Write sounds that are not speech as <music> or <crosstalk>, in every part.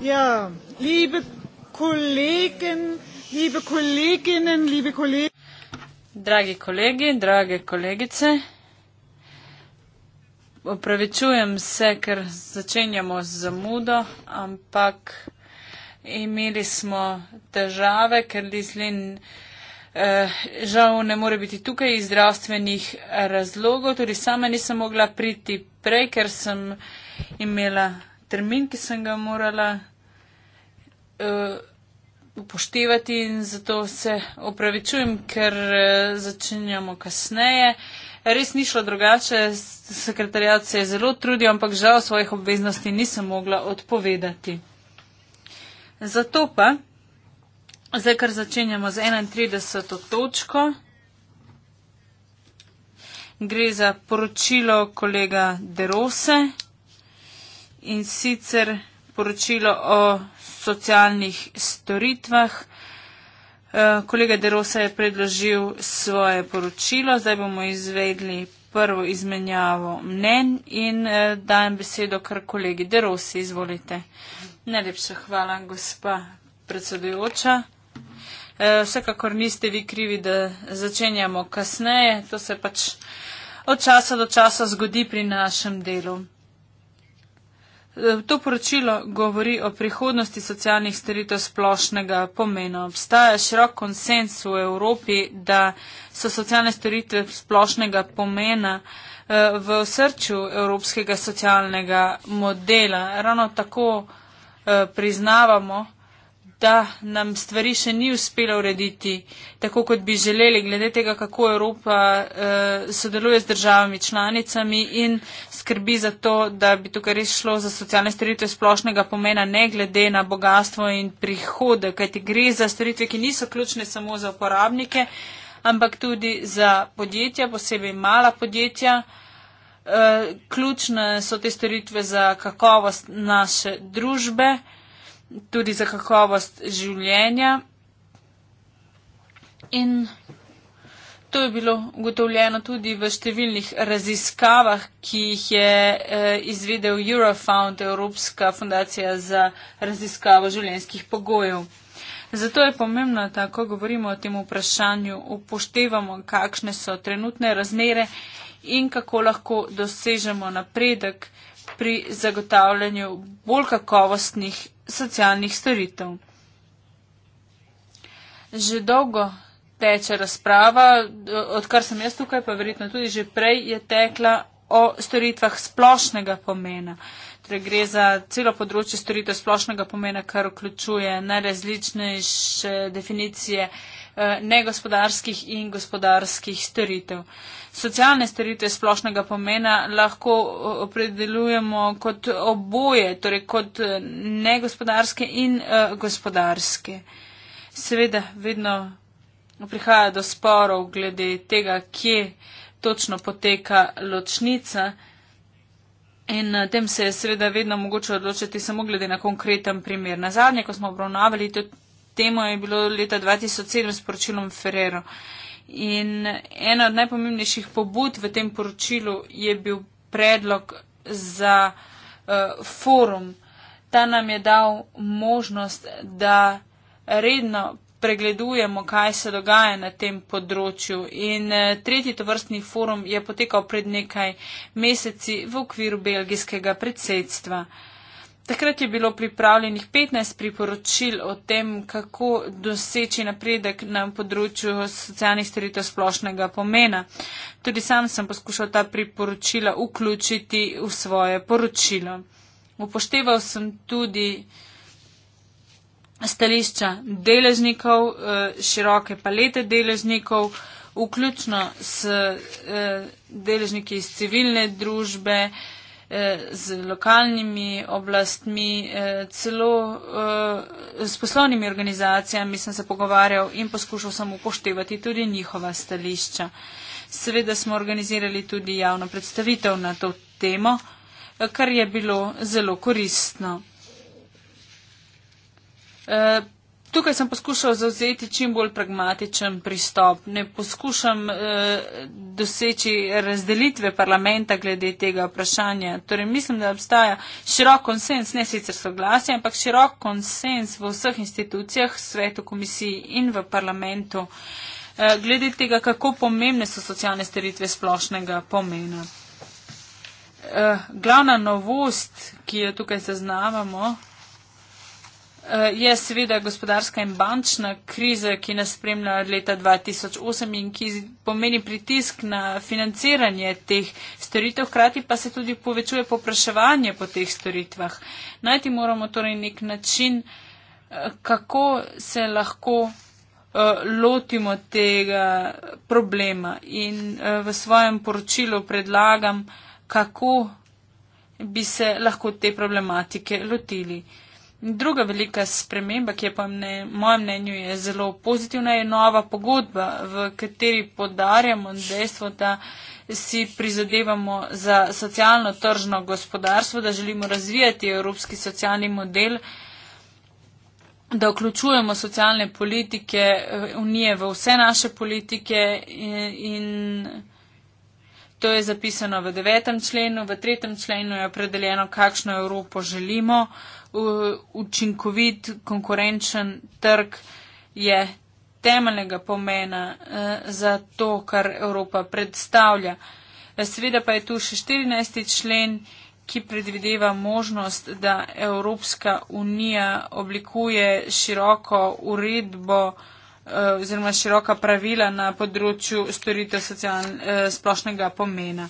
Ja, liebe Kollegen, liebe Kolleginnen, liebe Kollegen. Dragi kolegi, drage kolegice, opravičujem se, ker začenjamo z zamudo, ampak imeli smo težave, ker Lislin eh, žal ne more biti tukaj iz zdravstvenih razlogov. Tudi sama nisem mogla priti prej, ker sem imela termin, ki sem ga morala uh, upoštevati in zato se opravičujem, ker uh, začenjamo kasneje. Res ni šlo drugače, sekretarjat se je zelo trudil, ampak žal svojih obveznosti nisem mogla odpovedati. Zato pa, zdaj kar začenjamo z 31. točko, gre za poročilo kolega Derose in sicer poročilo o socialnih storitvah. Eh, kolega Derosa je predložil svoje poročilo, zdaj bomo izvedli prvo izmenjavo mnen in eh, dajem besedo kar kolegi Derosi, izvolite. Najlepša hvala, gospa predsedujoča. Eh, vsekakor niste vi krivi, da začenjamo kasneje, to se pač od časa do časa zgodi pri našem delu. To poročilo govori o prihodnosti socialnih storitev splošnega pomena. Obstaja širok konsens v Evropi, da so socialne storitve splošnega pomena eh, v srču evropskega socialnega modela. Ravno tako eh, priznavamo, da nam stvari še ni uspelo urediti tako, kot bi želeli, glede tega, kako Evropa uh, sodeluje z državami članicami in skrbi za to, da bi tukaj res šlo za socialne storitve splošnega pomena, ne glede na bogatstvo in prihode, kajti gre za storitve, ki niso ključne samo za uporabnike, ampak tudi za podjetja, posebej mala podjetja. Uh, ključne so te storitve za kakovost naše družbe tudi za kakovost življenja. In to je bilo ugotovljeno tudi v številnih raziskavah, ki jih je eh, izvedel Eurofound, Evropska fundacija za raziskavo življenjskih pogojev. Zato je pomembno, da ko govorimo o tem vprašanju, upoštevamo, kakšne so trenutne razmere in kako lahko dosežemo napredek pri zagotavljanju bolj kakovostnih socialnih storitev. Že dolgo teče razprava, odkar sem jaz tukaj, pa verjetno tudi že prej je tekla o storitvah splošnega pomena. Torej gre za celo področje storitev splošnega pomena, kar vključuje najrazličnejše definicije eh, negospodarskih in gospodarskih storitev socialne storitve splošnega pomena lahko eh, opredeljujemo kot oboje, torej kot eh, negospodarske in uh, gospodarske. Seveda, vedno prihaja do sporov glede tega, kje točno poteka ločnica. In na tem se je seveda vedno mogoče odločiti samo glede na konkreten primer. Na zadnje, ko smo obravnavali to temo, je bilo leta 2007 s poročilom Ferrero. Uh, In ena od najpomembnejših pobud v tem poročilu je bil predlog za uh, forum. Ta nam je dal možnost, da redno pregledujemo, kaj se dogaja na tem področju. In eh, tretji tovrstni forum je potekal pred nekaj meseci v okviru belgijskega predsedstva. Uh, Takrat je bilo pripravljenih 15 priporočil o tem, kako doseči napredek na področju socialnih storitev splošnega pomena. Tudi sam sem poskušal ta priporočila vključiti v svoje poročilo. Upošteval sem tudi stališča deležnikov, eh, široke palete deležnikov, vključno s eh, deležniki iz civilne družbe, z lokalnimi oblastmi, eh, celo eh, s poslovnimi organizacijami sem se pogovarjal in poskušal sem upoštevati tudi njihova stališča. Seveda smo organizirali tudi javno predstavitev na to temo, eh, kar je bilo zelo koristno. Tukaj sem poskušal zauzeti čim bolj pragmatičen pristop. Ne poskušam eh, doseči razdelitve parlamenta glede tega vprašanja. Torej, mislim, da obstaja širok konsens, ne sicer soglasje, ampak širok konsens v vseh institucijah, svetu, komisiji in v parlamentu eh, glede tega, kako pomembne so socialne storitve splošnega pomena. Eh, glavna novost, ki jo tukaj zaznavamo, Eh, je seveda gospodarska in bančna kriza, ki nas spremlja od leta 2008 in ki pomeni pritisk na financiranje teh storitev, hkrati pa se tudi povečuje popraševanje po teh storitvah. Najti moramo torej nek način, eh, kako se lahko eh, lotimo tega problema in v svojem poročilu predlagam, kako bi se lahko te problematike lotili. Druga velika sprememba, ki je po mne, mojem mnenju je zelo pozitivna, je nova pogodba, v kateri podarjamo dejstvo, da si prizadevamo za socialno tržno gospodarstvo, da želimo razvijati evropski socialni model, da vključujemo socialne politike eh, unije v vse naše politike in. in To je zapisano v devetem členu, v tretjem členu je opredeljeno, kakšno Evropo želimo. Uh, učinkovit, konkurenčen trg je temeljnega pomena eh, za to, kar Evropa predstavlja. Eh, seveda pa je tu še 14. člen, ki predvideva možnost, da Evropska unija oblikuje široko uredbo eh, oziroma široka pravila na področju storitev socialn, splošnega pomena.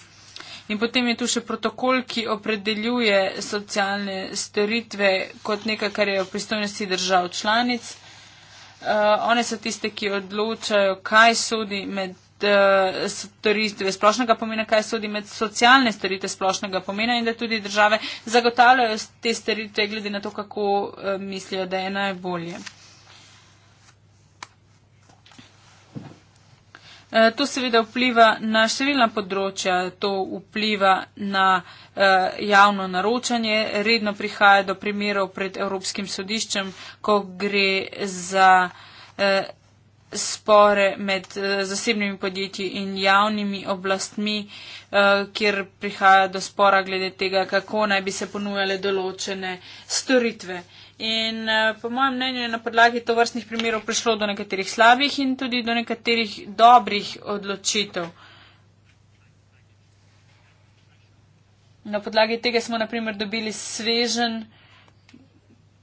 In potem je tu še protokol, ki opredeljuje socialne storitve kot nekaj, kar je v pristojnosti držav članic. Uh, one so tiste, ki odločajo, kaj sodi med eh, storitve splošnega pomena, kaj sodi med socialne storitve splošnega pomena in da tudi države zagotavljajo te storitve glede na to, kako eh, mislijo, da je najbolje. Eh, to seveda vpliva na številna področja, to vpliva na eh, javno naročanje, redno prihaja do primerov pred Evropskim sodiščem, ko gre za eh, spore med zasebnimi podjetji in javnimi oblastmi, kjer prihaja do spora glede tega, kako naj bi se ponujale določene storitve. In uh, po mojem mnenju je na podlagi to vrstnih primerov prišlo do nekaterih slabih in tudi do nekaterih dobrih odločitev. Na podlagi tega smo naprimer dobili svežen,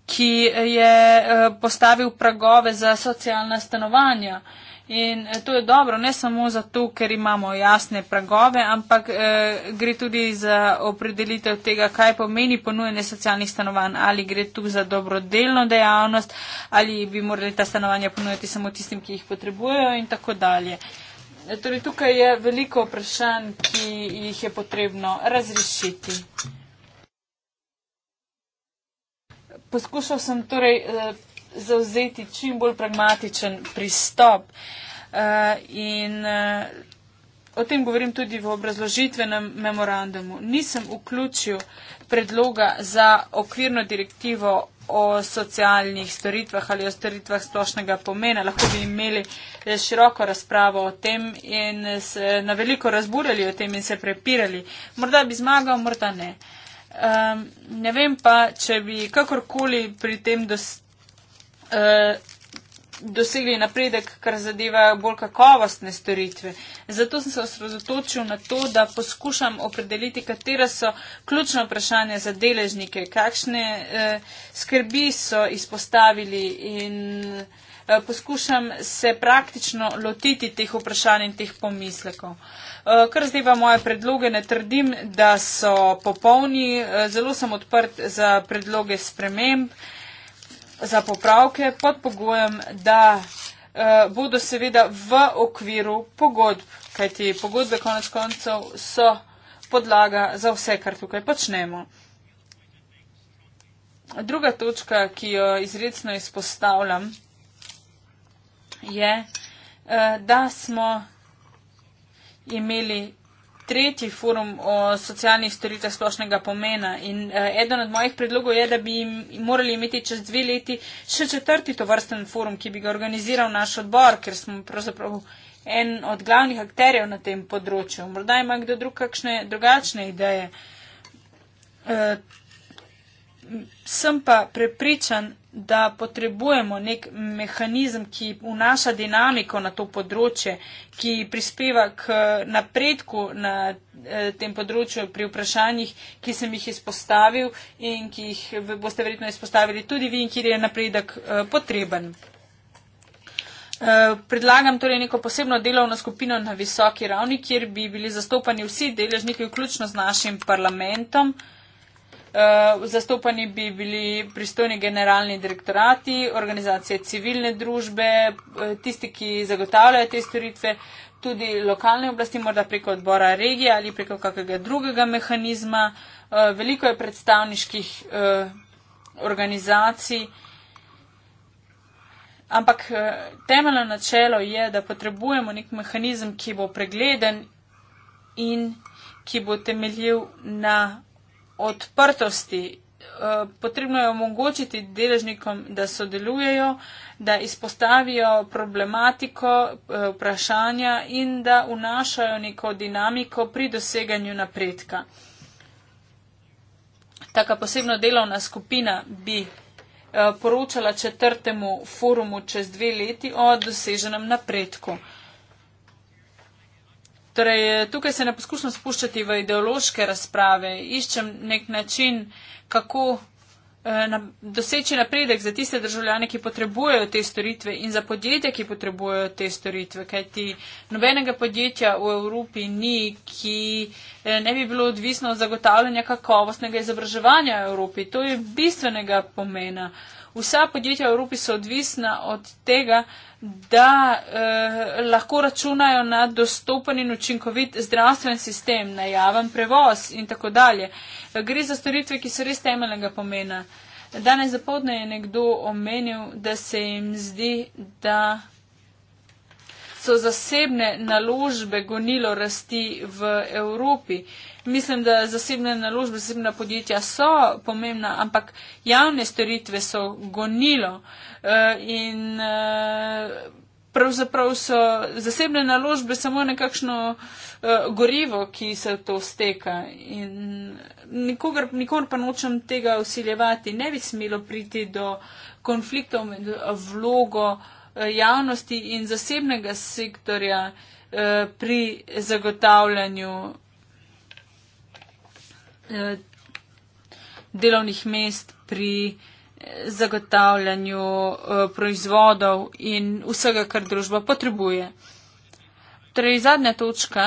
ki je uh, postavil pragove za socialna stanovanja. Uh, In eh, to je dobro, ne samo zato, ker imamo jasne pragove, ampak eh, gre tudi za opredelitev tega, kaj pomeni ponujanje socialnih stanovanj, ali gre tu za dobrodelno dejavnost, ali bi morali ta stanovanja ponujati samo tistim, ki jih potrebujejo in tako dalje. Eh, torej, tukaj je veliko vprašanj, ki jih je potrebno razrešiti. Poskušal sem torej. Eh, zauzeti čim bolj pragmatičen pristop. Eh, in eh, o tem govorim tudi v obrazložitvenem memorandumu. Nisem vključil predloga za okvirno direktivo o socialnih storitvah ali o storitvah splošnega pomena. Lahko bi imeli eh, široko razpravo o tem in se na veliko razburjali o tem in se prepirali. Morda bi zmagal, morda ne. Um, ne vem pa, če bi kakorkoli pri tem dostopili. Eh, dosegli napredek, kar zadeva bolj kakovostne storitve. Zato sem se osredotočil na to, da poskušam opredeliti, katera so ključna vprašanja za deležnike, kakšne eh, skrbi so izpostavili in eh, poskušam se praktično lotiti teh vprašanj in teh pomislekov. Eh, kar zdaj pa moje predloge ne trdim, da so popolni, eh, zelo sem odprt za predloge sprememb. Eh, za popravke pod pogojem, da eh, bodo seveda v okviru pogodb, kajti pogodbe konec koncev so podlaga za vse, kar tukaj počnemo. Druga točka, ki jo izredno izpostavljam, je, eh, da smo imeli tretji forum o socialnih storitev splošnega pomena in uh, eden od mojih predlogov je, da bi morali imeti čez dve leti še četrti tovrsten forum, ki bi ga organiziral naš odbor, ker smo pravzaprav en od glavnih akterjev na tem področju. Morda ima kdo drug kakšne drugačne ideje. Uh, sem pa prepričan, da potrebujemo nek mehanizem, ki vnaša dinamiko na to področje, ki prispeva k napredku na eh, tem področju pri vprašanjih, ki sem jih izpostavil in ki jih boste verjetno izpostavili tudi vi in kjer je napredek eh, potreben. Eh, predlagam torej neko posebno delovno skupino na visoki ravni, kjer bi bili zastopani vsi deležniki, vključno z našim parlamentom. Eh, zastopani bi bili pristojni generalni direktorati, organizacije civilne družbe, eh, tisti, ki zagotavljajo te storitve, tudi lokalne oblasti, morda preko odbora regije ali preko kakega drugega mehanizma. Eh, veliko je predstavniških organizacij. Ampak temeljno načelo je, da potrebujemo nek mehanizem, ki bo pregleden in ki bo temeljil na odprtosti. E, potrebno je omogočiti deležnikom, da sodelujejo, da izpostavijo problematiko, e, vprašanja in da vnašajo neko dinamiko pri doseganju napredka. Taka posebno delovna skupina bi e, poročala četrtemu forumu čez dve leti o doseženem napredku. Torej, eh, tukaj se ne poskušam spuščati v ideološke razprave, iščem nek način, kako eh, na, doseči napredek za tiste državljane, ki potrebujejo te storitve in za podjetja, ki potrebujejo te storitve, kajti nobenega podjetja v Evropi ni, ki eh, ne bi bilo odvisno od zagotavljanja kakovostnega izobraževanja v Evropi. To je bistvenega pomena. Vsa podjetja v Evropi so odvisna od tega, da eh, lahko računajo na dostopen in učinkovit zdravstven sistem, na javen prevoz in tako dalje. Gre za storitve, ki so res temeljnega pomena. Danes zapodne je nekdo omenil, da se jim zdi, da so zasebne naložbe gonilo rasti v Evropi mislim, da zasebne naložbe, zasebna podjetja so pomembna, ampak javne storitve so gonilo eh, in eh, pravzaprav so zasebne naložbe samo nekakšno eh, gorivo, ki se v to steka in nikogar, nikogar pa nočem tega usiljevati. Ne bi smelo priti do konfliktov med vlogo javnosti in zasebnega sektorja pri zagotavljanju Eh, delovnih mest pri eh, zagotavljanju eh, proizvodov in vsega, kar družba potrebuje. Torej, zadnja točka,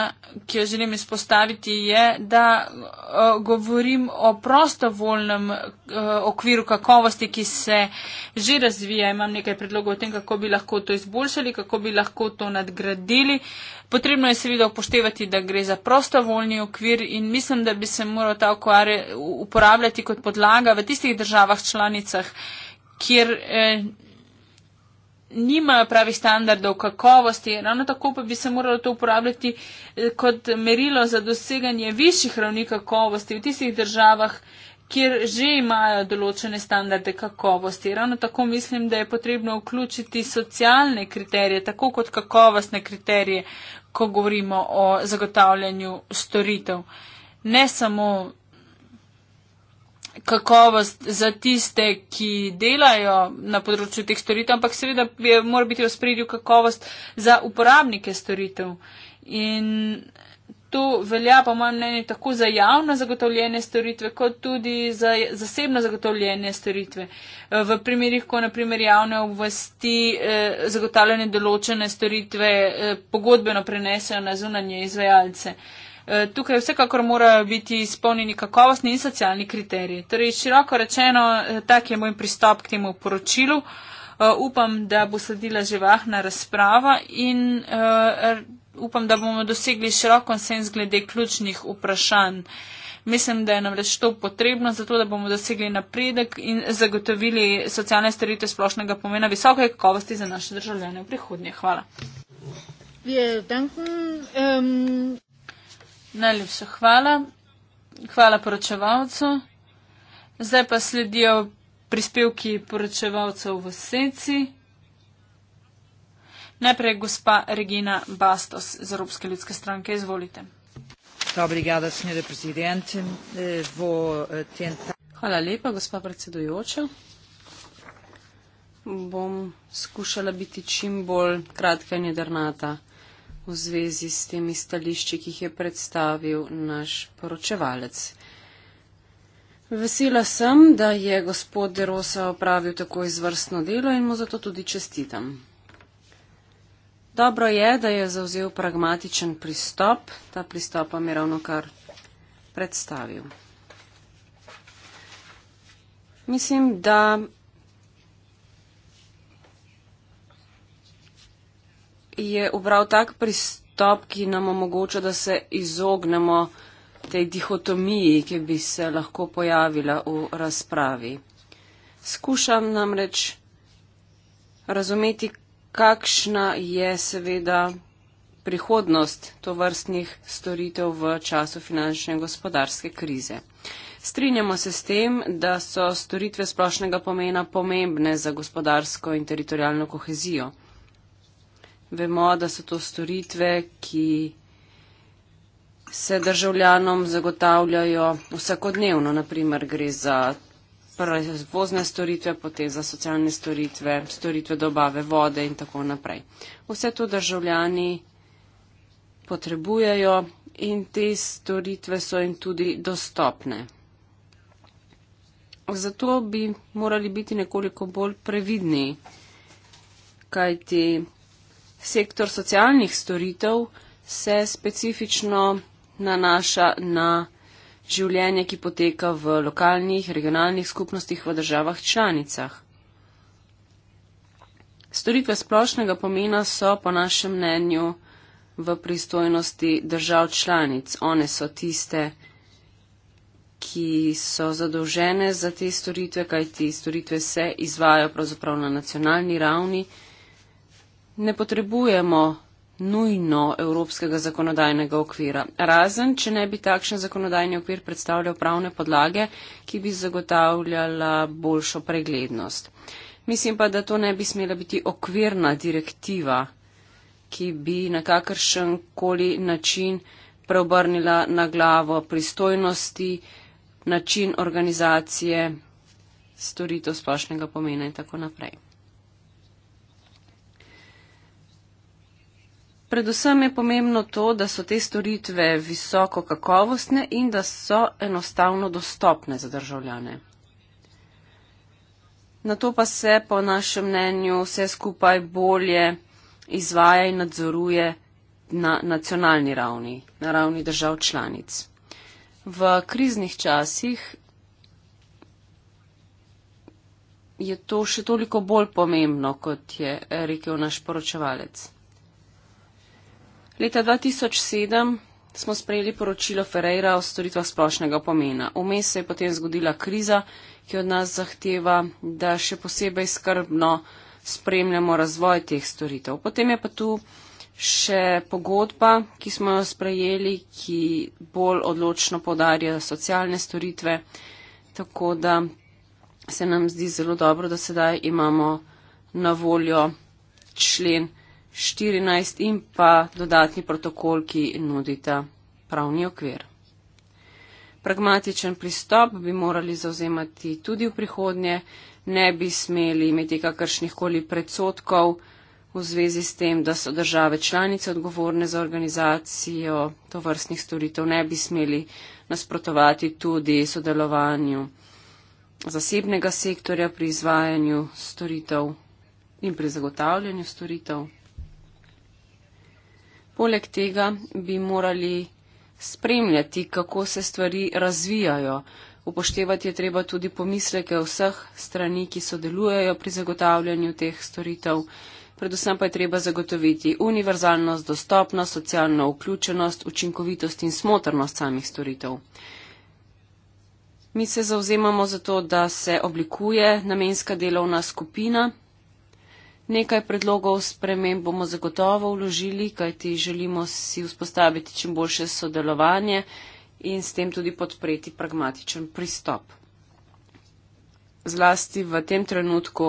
ki jo želim izpostaviti, je, da uh, govorim o prostovoljnem uh, okviru kakovosti, ki se že razvija. Imam nekaj predlogov o tem, kako bi lahko to izboljšali, kako bi lahko to nadgradili. Potrebno je seveda upoštevati, da gre za prostovoljni okvir in mislim, da bi se moral ta okvar uporabljati kot podlaga v tistih državah članicah, kjer. Eh, nimajo pravih standardov kakovosti, ravno tako pa bi se moralo to uporabljati eh, kot merilo za doseganje višjih ravni kakovosti v tistih državah, kjer že imajo določene standarde kakovosti. Ravno tako mislim, da je potrebno vključiti socialne kriterije, tako kot kakovostne kriterije, ko govorimo o zagotavljanju storitev. Ne samo kakovost za tiste, ki delajo na področju teh storitev, ampak seveda je, mora biti v spredju kakovost za uporabnike storitev. In to velja, po mojem mnenju, tako za javno zagotovljene storitve, kot tudi za zasebno zagotovljene storitve. V primerih, ko naprimer javne oblasti eh, zagotavljene določene storitve eh, pogodbeno prenesejo na zunanje izvajalce. Eh, tukaj vsekakor morajo biti izpolnjeni kakovostni in socialni kriteriji. Torej, široko rečeno, eh, tak je moj pristop k temu poročilu. Eh, upam, da bo sledila živahna razprava in eh, upam, da bomo dosegli širok konsens glede ključnih vprašanj. Mislim, da je nam reč to potrebno, zato da bomo dosegli napredek in zagotovili socialne storitve splošnega pomena visoke kakovosti za naše državljane v prihodnje. Hvala. Wir danken. Ähm Najlepša hvala. Hvala poročevalcu. Zdaj pa sledijo prispevki poročevalcev v senci. Najprej gospa Regina Bastos iz Evropske ljudske stranke. Izvolite. Eh, eh, hvala lepa, gospa predsedujoča. Bom skušala biti čim bolj kratka in jedrnata v zvezi s temi stališči, ki jih je predstavil naš poročevalec. Vesela sem, da je gospod Derosa opravil tako izvrstno delo in mu zato tudi čestitam. Dobro je, da je zauzel pragmatičen pristop, ta pristop pa mi ravno kar predstavil. Mislim, da je ubral tak pristop, ki nam omogoča, da se izognemo tej dihotomiji, ki bi se lahko pojavila v razpravi. Skušam namreč razumeti, kakšna je seveda prihodnost tovrstnih storitev v času finančne in gospodarske krize. Strinjamo se s tem, da so storitve splošnega pomena pomembne za gospodarsko in teritorijalno kohezijo. Vemo, da so to storitve, ki se državljanom zagotavljajo vsakodnevno. Naprimer gre za vozne storitve, potem za socialne storitve, storitve dobave vode in tako naprej. Vse to državljani potrebujejo in te storitve so jim tudi dostopne. Zato bi morali biti nekoliko bolj previdni, kajti sektor socialnih storitev se specifično nanaša na življenje, ki poteka v lokalnih, regionalnih skupnostih v državah članicah. Storitve splošnega pomena so po našem mnenju v pristojnosti držav članic. One so tiste, ki so zadolžene za te storitve, kajti storitve se izvajo pravzaprav na nacionalni ravni ne potrebujemo nujno evropskega zakonodajnega okvira. Razen, če ne bi takšen zakonodajni okvir predstavljal pravne podlage, ki bi zagotavljala boljšo preglednost. Mislim pa, da to ne bi smela biti okvirna direktiva, ki bi na kakršen koli način preobrnila na glavo pristojnosti, način organizacije, storitev splošnega pomena in tako naprej. Predvsem je pomembno to, da so te storitve visoko kakovostne in da so enostavno dostopne za državljane. Na to pa se, po našem mnenju, vse skupaj bolje izvaja in nadzoruje na nacionalni ravni, na ravni držav članic. V kriznih časih je to še toliko bolj pomembno, kot je rekel naš poročevalec. Leta 2007 smo sprejeli poročilo Ferreira o storitvah splošnega pomena. Vmes se je potem zgodila kriza, ki od nas zahteva, da še posebej skrbno spremljamo razvoj teh storitev. Potem je pa tu še pogodba, ki smo jo sprejeli, ki bolj odločno podarja socialne storitve, tako da se nam zdi zelo dobro, da sedaj imamo na voljo člen 14 in pa dodatni protokol, ki nudita pravni okvir. Pragmatičen pristop bi morali zauzemati tudi v prihodnje, ne bi smeli imeti kakršnih koli predsotkov v zvezi s tem, da so države članice odgovorne za organizacijo tovrstnih storitev, ne bi smeli nasprotovati tudi sodelovanju zasebnega sektorja pri izvajanju storitev in pri zagotavljanju storitev. Poleg tega bi morali spremljati, kako se stvari razvijajo. Upoštevati je treba tudi pomisleke vseh strani, ki sodelujejo pri zagotavljanju teh storitev. Predvsem pa je treba zagotoviti univerzalnost, dostopnost, socialno vključenost, učinkovitost in smotrnost samih storitev. Mi se zauzemamo za to, da se oblikuje namenska delovna skupina Nekaj predlogov sprememb bomo zagotovo vložili, kajti želimo si vzpostaviti čim boljše sodelovanje in s tem tudi podpreti pragmatičen pristop. Zlasti v tem trenutku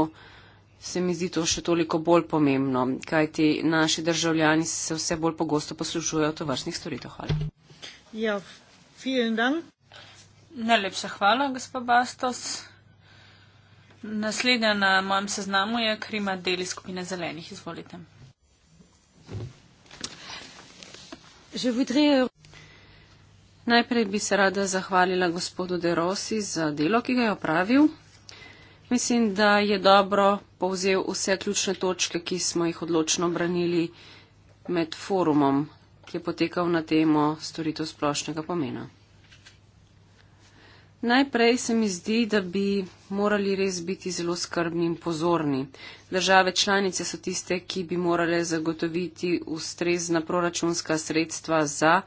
se mi zdi to še toliko bolj pomembno, kajti naši državljani se vse bolj pogosto poslužujejo to vrstnih storitev. Hvala. Ja, vielen Dank. Najlepša hvala, gospod Bastos. Naslednja na mojem seznamu je Krima Deli skupine zelenih. Izvolite. Euh, Najprej bi se rada zahvalila gospodu De Rossi za delo, ki ga je opravil. Mislim, da je dobro povzel vse ključne točke, ki smo jih odločno branili med forumom, ki je potekal na temo storitev splošnega pomena. Najprej se mi zdi, da bi morali res biti zelo skrbni in pozorni. Države članice so tiste, ki bi morale zagotoviti ustrezna proračunska sredstva za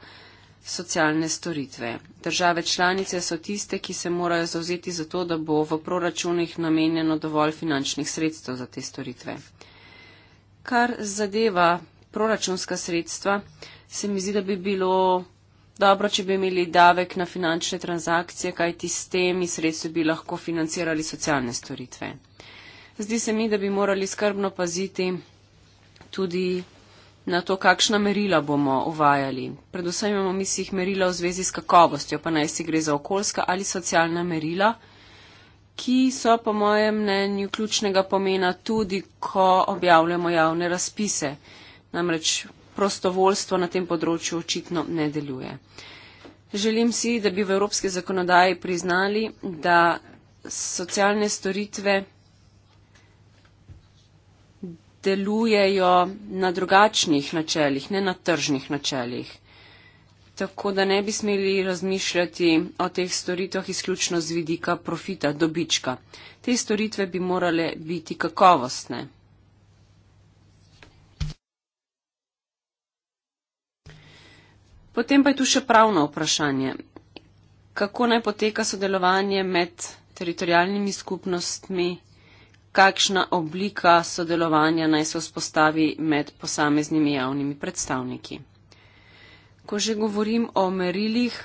socialne storitve. Države članice so tiste, ki se morajo zauzeti za to, da bo v proračunih namenjeno dovolj finančnih sredstev za te storitve. Kar zadeva proračunska sredstva, se mi zdi, da bi bilo Dobro, če bi imeli davek na finančne transakcije, kajti s temi sredstvi bi lahko financirali socialne storitve. Zdi se mi, da bi morali skrbno paziti tudi na to, kakšna merila bomo uvajali. Predvsem imamo v mislih merila v zvezi s kakovostjo, pa naj si gre za okoljska ali socialna merila, ki so po mojem mnenju ključnega pomena tudi, ko objavljamo javne razpise. Namreč prostovoljstvo na tem področju očitno ne deluje. Želim si, da bi v evropski zakonodaji priznali, da socialne storitve delujejo na drugačnih načeljih, ne na tržnih načeljih. Tako da ne bi smeli razmišljati o teh storitvah izključno z vidika profita, dobička. Te storitve bi morale biti kakovostne. Potem pa je tu še pravno vprašanje. Kako naj poteka sodelovanje med teritorijalnimi skupnostmi, kakšna oblika sodelovanja naj se vzpostavi med posameznimi javnimi predstavniki. Ko že govorim o merilih,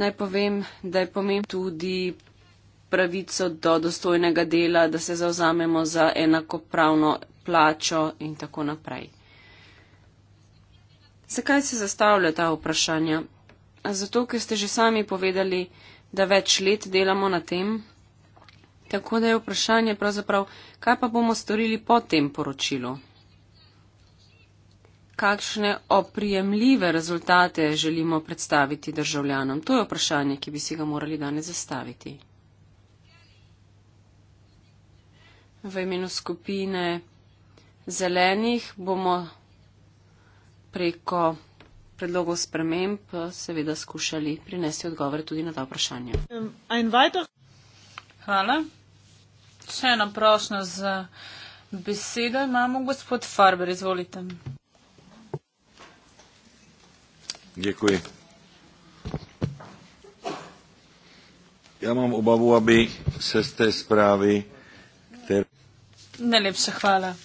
naj povem, da je pomembno tudi pravico do dostojnega dela, da se zauzamemo za enakopravno plačo in tako naprej. Zakaj se zastavlja ta vprašanja? Zato, ker ste že sami povedali, da več let delamo na tem. Tako da je vprašanje pravzaprav, kaj pa bomo storili po tem poročilu? Kakšne oprijemljive rezultate želimo predstaviti državljanom? To je vprašanje, ki bi si ga morali danes zastaviti. V imenu skupine zelenih bomo preko predlogov sprememb eh, seveda skušali prinesti odgovore tudi na ta vprašanja. Um, hvala. Še ena prošnja z besedo imamo gospod Farber, izvolite. Děkuji. Já mám obavu, aby se z té zprávy, které... Nejlepší chvála.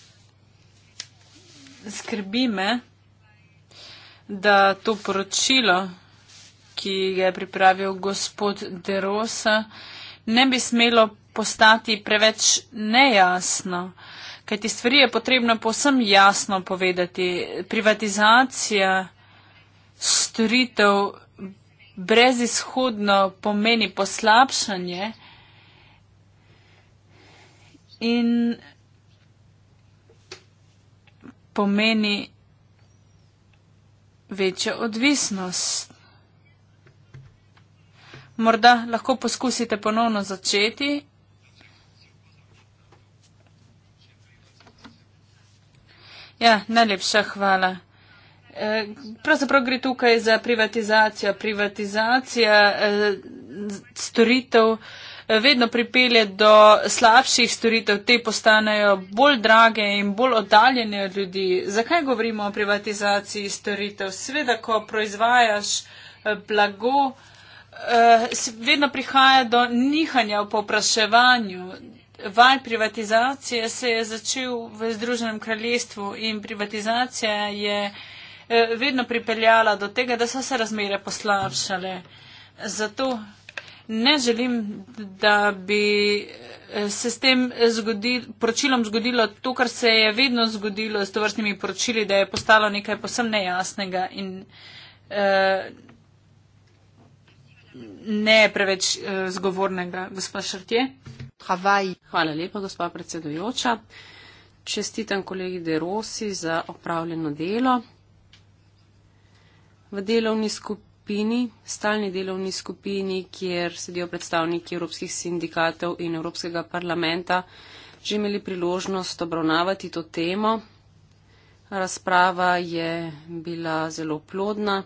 Skrbíme da to poročilo, ki je pripravil gospod Derosa, ne bi smelo postati preveč nejasno, kaj ti stvari je potrebno posem jasno povedati. Privatizacija storitev brezizhodno pomeni poslabšanje in pomeni večjo odvisnost. Morda lahko poskusite ponovno začeti. Ja, najlepša hvala. E, pravzaprav gre tukaj za privatizacijo. Privatizacija e, storitev vedno pripelje do slabših storitev, te postanejo bolj drage in bolj oddaljene od ljudi. Zakaj govorimo o privatizaciji storitev? Sveda, ko proizvajaš eh, blago, eh, vedno prihaja do nihanja v popraševanju. Val privatizacije se je začel v Združenem kraljestvu in privatizacija je eh, vedno pripeljala do tega, da so se razmere poslavšale. Zato ne želim, da bi eh, se s tem zgodil, poročilom zgodilo to, kar se je vedno zgodilo s tovrstnimi poročili, da je postalo nekaj posebno nejasnega in uh, ne preveč uh, zgovornega, gospod Šrtje. Hvala lepa, gospod predsedujoča. Čestitam kolegi De Rosi za opravljeno delo. V delovni skupini skupini, stalni delovni skupini, kjer sedijo predstavniki evropskih sindikatov in Evropskega parlamenta, že imeli priložnost obravnavati to temo. Razprava je bila zelo plodna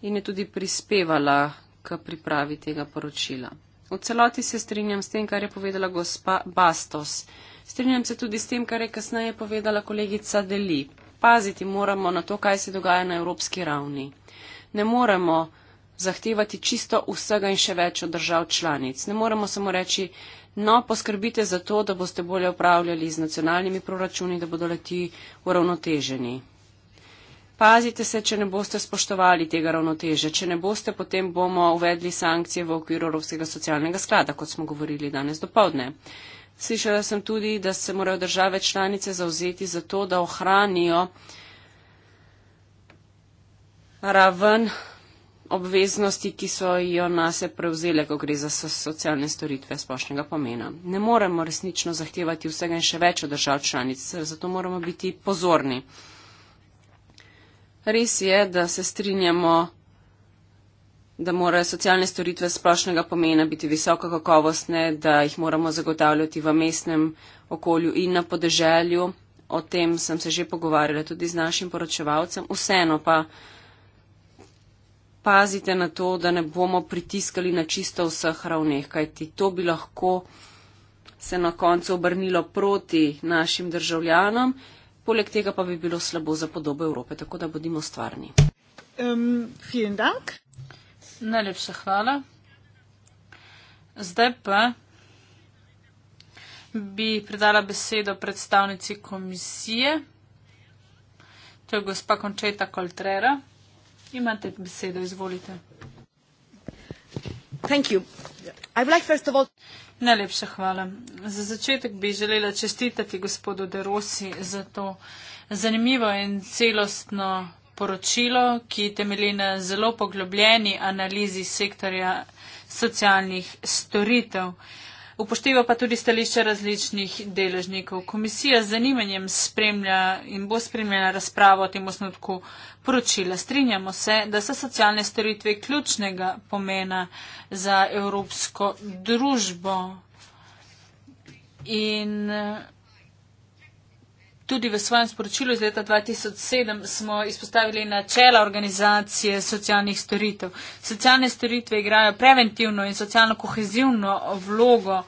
in je tudi prispevala k pripravi tega poročila. V celoti se strinjam s tem, kar je povedala gospa Bastos. Strinjam se tudi s tem, kar je kasneje povedala kolegica Deli paziti moramo na to, kaj se dogaja na evropski ravni. Ne moremo zahtevati čisto vsega in še več od držav članic. Ne moremo samo reči, no, poskrbite za to, da boste bolje upravljali z nacionalnimi proračuni, da bodo leti uravnoteženi. Pazite se, če ne boste spoštovali tega ravnoteže, če ne boste, potem bomo uvedli sankcije v okviru Evropskega socialnega sklada, kot smo govorili danes do povdne. Slišala sem tudi, da se morajo države članice zauzeti za to, da ohranijo raven obveznosti, ki so jo nase prevzele, ko gre za socialne storitve splošnega pomena. Ne moremo resnično zahtevati vsega in še več od držav članic, zato moramo biti pozorni. Res je, da se strinjamo da morajo socialne storitve splošnega pomena biti visoko kakovostne, da jih moramo zagotavljati v mestnem okolju in na podeželju. O tem sem se že pogovarjala tudi z našim poročevalcem. Vseeno pa pazite na to, da ne bomo pritiskali na čisto vseh ravneh, kajti to bi lahko se na koncu obrnilo proti našim državljanom, poleg tega pa bi bilo slabo za podobo Evrope. Tako da bodimo stvarni. Um, Najlepša hvala. Zdaj pa bi predala besedo predstavnici komisije. To je gospa Končeta Koltrera. Imate besedo, izvolite. Thank you. I would like first of all... Najlepša hvala. Za začetek bi želela čestitati gospodu Derosi za to zanimivo in celostno poročilo, ki temelji na zelo poglobljeni analizi sektorja socialnih storitev. Upošteva pa tudi stališče različnih deležnikov. Komisija z zanimanjem spremlja in bo spremljena razpravo o tem osnutku poročila. Strinjamo se, da so socialne storitve ključnega pomena za evropsko družbo. In Tudi v svojem sporočilu iz leta 2007 smo izpostavili načela organizacije socialnih storitev. Socialne storitve igrajo preventivno in socialno kohezivno vlogo.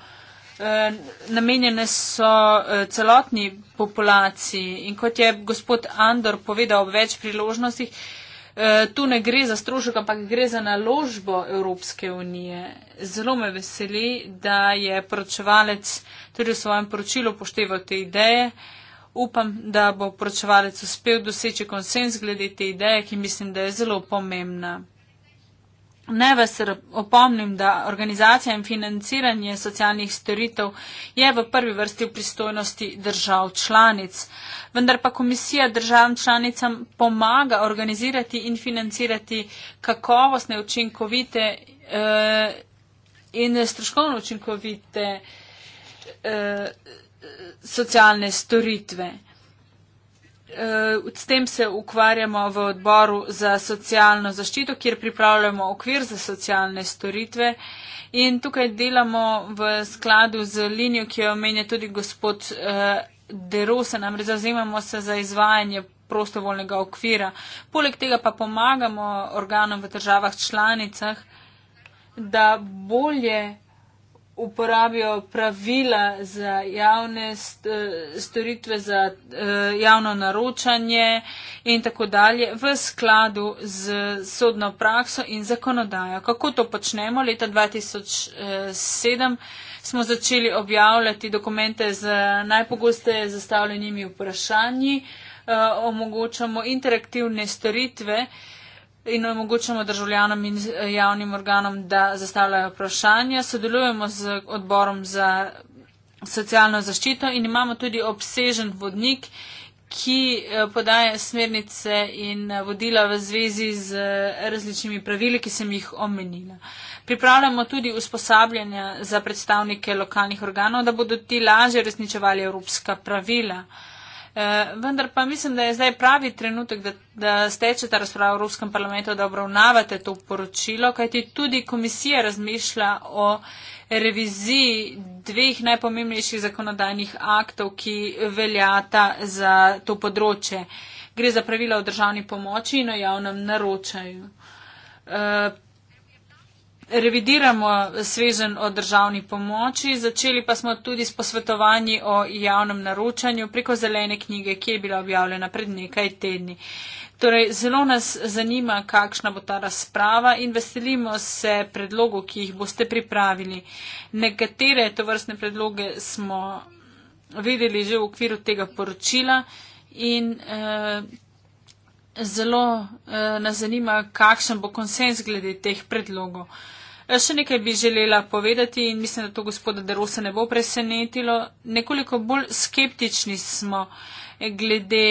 Eh, namenjene so eh, celotni populaciji in kot je gospod Andor povedal ob več priložnostih, eh, tu ne gre za strošek, ampak gre za naložbo Evropske unije. Zelo me veseli, da je poročevalec tudi v svojem poročilu upošteval te ideje upam, da bo poročevalec uspel doseči konsens glede te ideje, ki mislim, da je zelo pomembna. Naj vas opomnim, da organizacija in financiranje socialnih storitev je v prvi vrsti v pristojnosti držav članic, vendar pa komisija državam članicam pomaga organizirati in financirati kakovostne, učinkovite eh, in stroškovno učinkovite. Eh, socialne storitve. Eh, s tem se ukvarjamo v odboru za socialno zaščito, kjer pripravljamo okvir za socialne storitve in tukaj delamo v skladu z linijo, ki jo menja tudi gospod eh, Derosa, namreč zazemamo se za izvajanje prostovoljnega okvira. Poleg tega pa pomagamo organom v državah članicah, da bolje uporabijo pravila za javne eh, storitve, za eh, javno naročanje in tako dalje v skladu z sodno prakso in zakonodajo. Kako to počnemo? Leta 2007 eh, smo začeli objavljati dokumente z najpogosteje zastavljenimi vprašanji, omogočamo interaktivne storitve, in omogočamo državljanom in eh, javnim organom, da zastavljajo vprašanja. Sodelujemo z odborom za socialno zaščito in imamo tudi obsežen vodnik, ki eh, podaje smernice in eh, vodila v zvezi z različnimi pravili, ki sem jih omenila. Pripravljamo tudi usposabljanja za predstavnike lokalnih organov, da bodo ti lažje resničevali evropska pravila. Eh, vendar pa mislim, da je zdaj pravi trenutek, da, da steče ta razprava v Evropskem parlamentu, da obravnavate to poročilo, kajti tudi komisija razmišlja o reviziji dveh najpomembnejših zakonodajnih aktov, ki veljata za to področje. Gre za pravila o državni pomoči in o javnem naročaju. Eh, revidiramo svežen o državni pomoči, začeli pa smo tudi s posvetovanji o javnem naročanju preko zelene knjige, ki je bila objavljena pred nekaj tedni. Torej, zelo nas zanima, kakšna bo ta razprava in veselimo se predlogov, ki jih boste pripravili. Nekatere to vrstne predloge smo videli že v okviru tega poročila in eh, zelo eh, nas zanima, kakšen bo konsens glede teh predlogov. Eh, Jaz še nekaj bi želela povedati in mislim, da to gospoda Derosa ne bo presenetilo. Nekoliko bolj skeptični smo eh, glede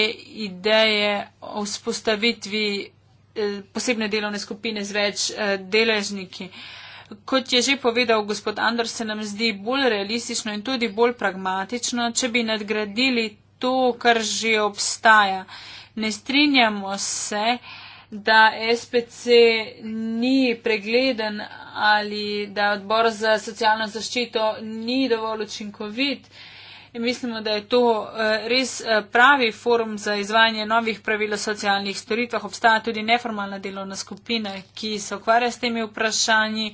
ideje o vzpostavitvi eh, posebne delovne skupine z več eh, deležniki. Kot je že povedal gospod Andor, se nam zdi bolj realistično in tudi bolj pragmatično, če bi nadgradili to, kar že obstaja. Ne strinjamo se, da SPC ni pregleden ali da odbor za socialno zaščito ni dovolj učinkovit. In mislimo, da je to eh, res eh, pravi forum za izvajanje novih pravil o socialnih storitvah. Obstaja tudi neformalna delovna skupina, ki se ukvarja s temi vprašanji.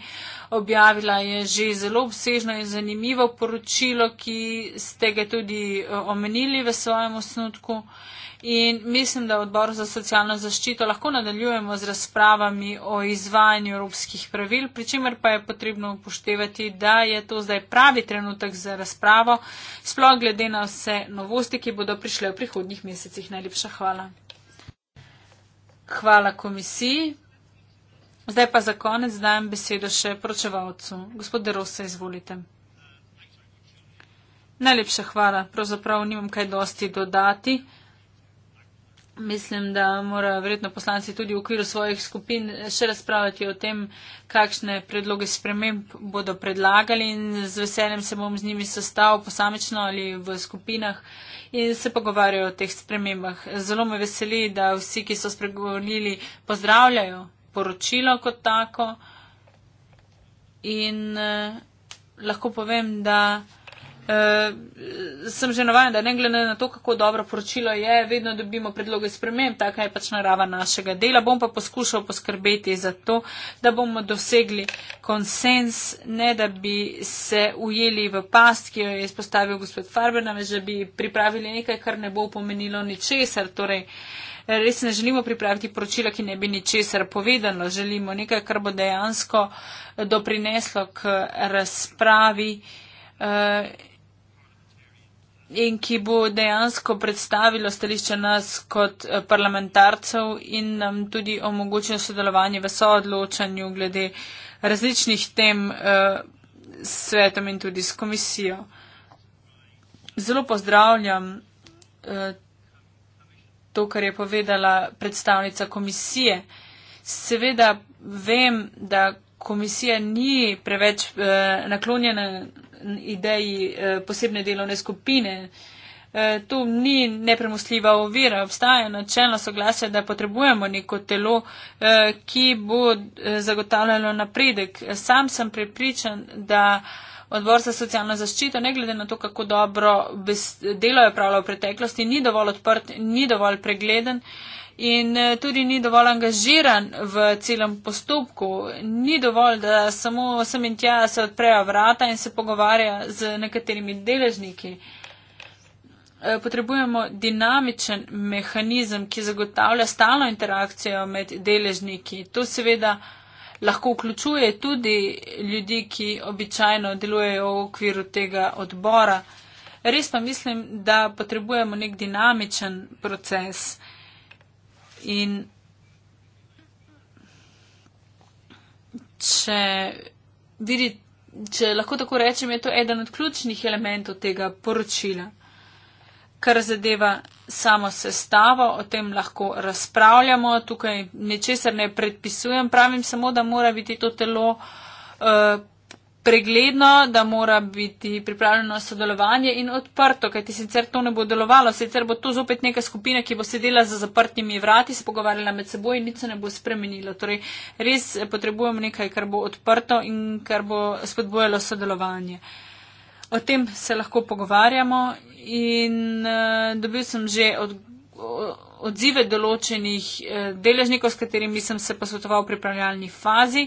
Objavila je že zelo obsežno in zanimivo poročilo, ki ste ga tudi eh, omenili v svojem osnutku in mislim, da v odboru za socialno zaščito lahko nadaljujemo z razpravami o izvajanju evropskih pravil, pri čemer pa je potrebno upoštevati, da je to zdaj pravi trenutek za razpravo, sploh glede na vse novosti, ki bodo prišle v prihodnjih mesecih. Najlepša hvala. Hvala komisiji. Zdaj pa za konec dajem besedo še pročevalcu. Gospod Derosa, izvolite. Najlepša hvala. Pravzaprav nimam kaj dosti dodati. Mislim, da morajo verjetno poslanci tudi v okviru svojih skupin še razpravljati o tem, kakšne predloge sprememb bodo predlagali in z veseljem se bom z njimi sestal posamično ali v skupinah in se pogovarjajo o teh spremembah. Zelo me veseli, da vsi, ki so spregovorili, pozdravljajo poročilo kot tako in eh, lahko povem, da. Uh, sem že navajen, da ne glede na to, kako dobro poročilo je, vedno dobimo predloge sprememb, taka je pač narava našega dela. Bom pa poskušal poskrbeti za to, da bomo dosegli konsens, ne da bi se ujeli v past, ki jo je izpostavil gospod Farber, namreč da bi pripravili nekaj, kar ne bo pomenilo ničesar. Torej, res ne želimo pripraviti poročila, ki ne bi ničesar povedalo, želimo nekaj, kar bo dejansko doprineslo k razpravi. Uh, in ki bo dejansko predstavilo stališče nas kot eh, parlamentarcev in nam tudi omogočilo sodelovanje v soodločanju glede različnih tem eh, s svetom in tudi s komisijo. Zelo pozdravljam eh, to, kar je povedala predstavnica komisije. Seveda vem, da komisija ni preveč naklonjena ideji eh, posebne delovne skupine. Eh, tu ni nepremostljiva ovira, obstaja načelno soglasje, da potrebujemo neko telo, eh, ki bo zagotavljalo napredek. Sam sem prepričan, da odbor za socialno zaščito, ne glede na to, kako dobro delo je pravilo v preteklosti, ni dovolj odprt, ni dovolj pregleden in eh, tudi ni dovolj angažiran v celem postopku. Ni dovolj, da samo sem in tja se odprejo vrata in se pogovarja z nekaterimi deležniki. Eh, potrebujemo dinamičen mehanizem, ki zagotavlja stalno interakcijo med deležniki. To seveda lahko vključuje tudi ljudi, ki običajno delujejo v okviru tega odbora. Res pa mislim, da potrebujemo nek dinamičen proces. In če, vidi, če lahko tako rečem, je to eden od ključnih elementov tega poročila. Kar zadeva samo sestavo, o tem lahko razpravljamo, tukaj ničesar ne predpisujem, pravim samo, da mora biti to telo uh, pregledno, da mora biti pripravljeno sodelovanje in odprto, kajti sicer to ne bo delovalo, sicer bo to zopet neka skupina, ki bo sedela za zaprtimi vrati, se pogovarjala med seboj in nič se ne bo spremenilo. Torej, res potrebujemo nekaj, kar bo odprto in kar bo spodbojalo sodelovanje. O tem se lahko pogovarjamo in uh, dobil sem že odgovor odzive določenih eh, deležnikov, s katerimi sem se posvetoval v pripravljalni fazi.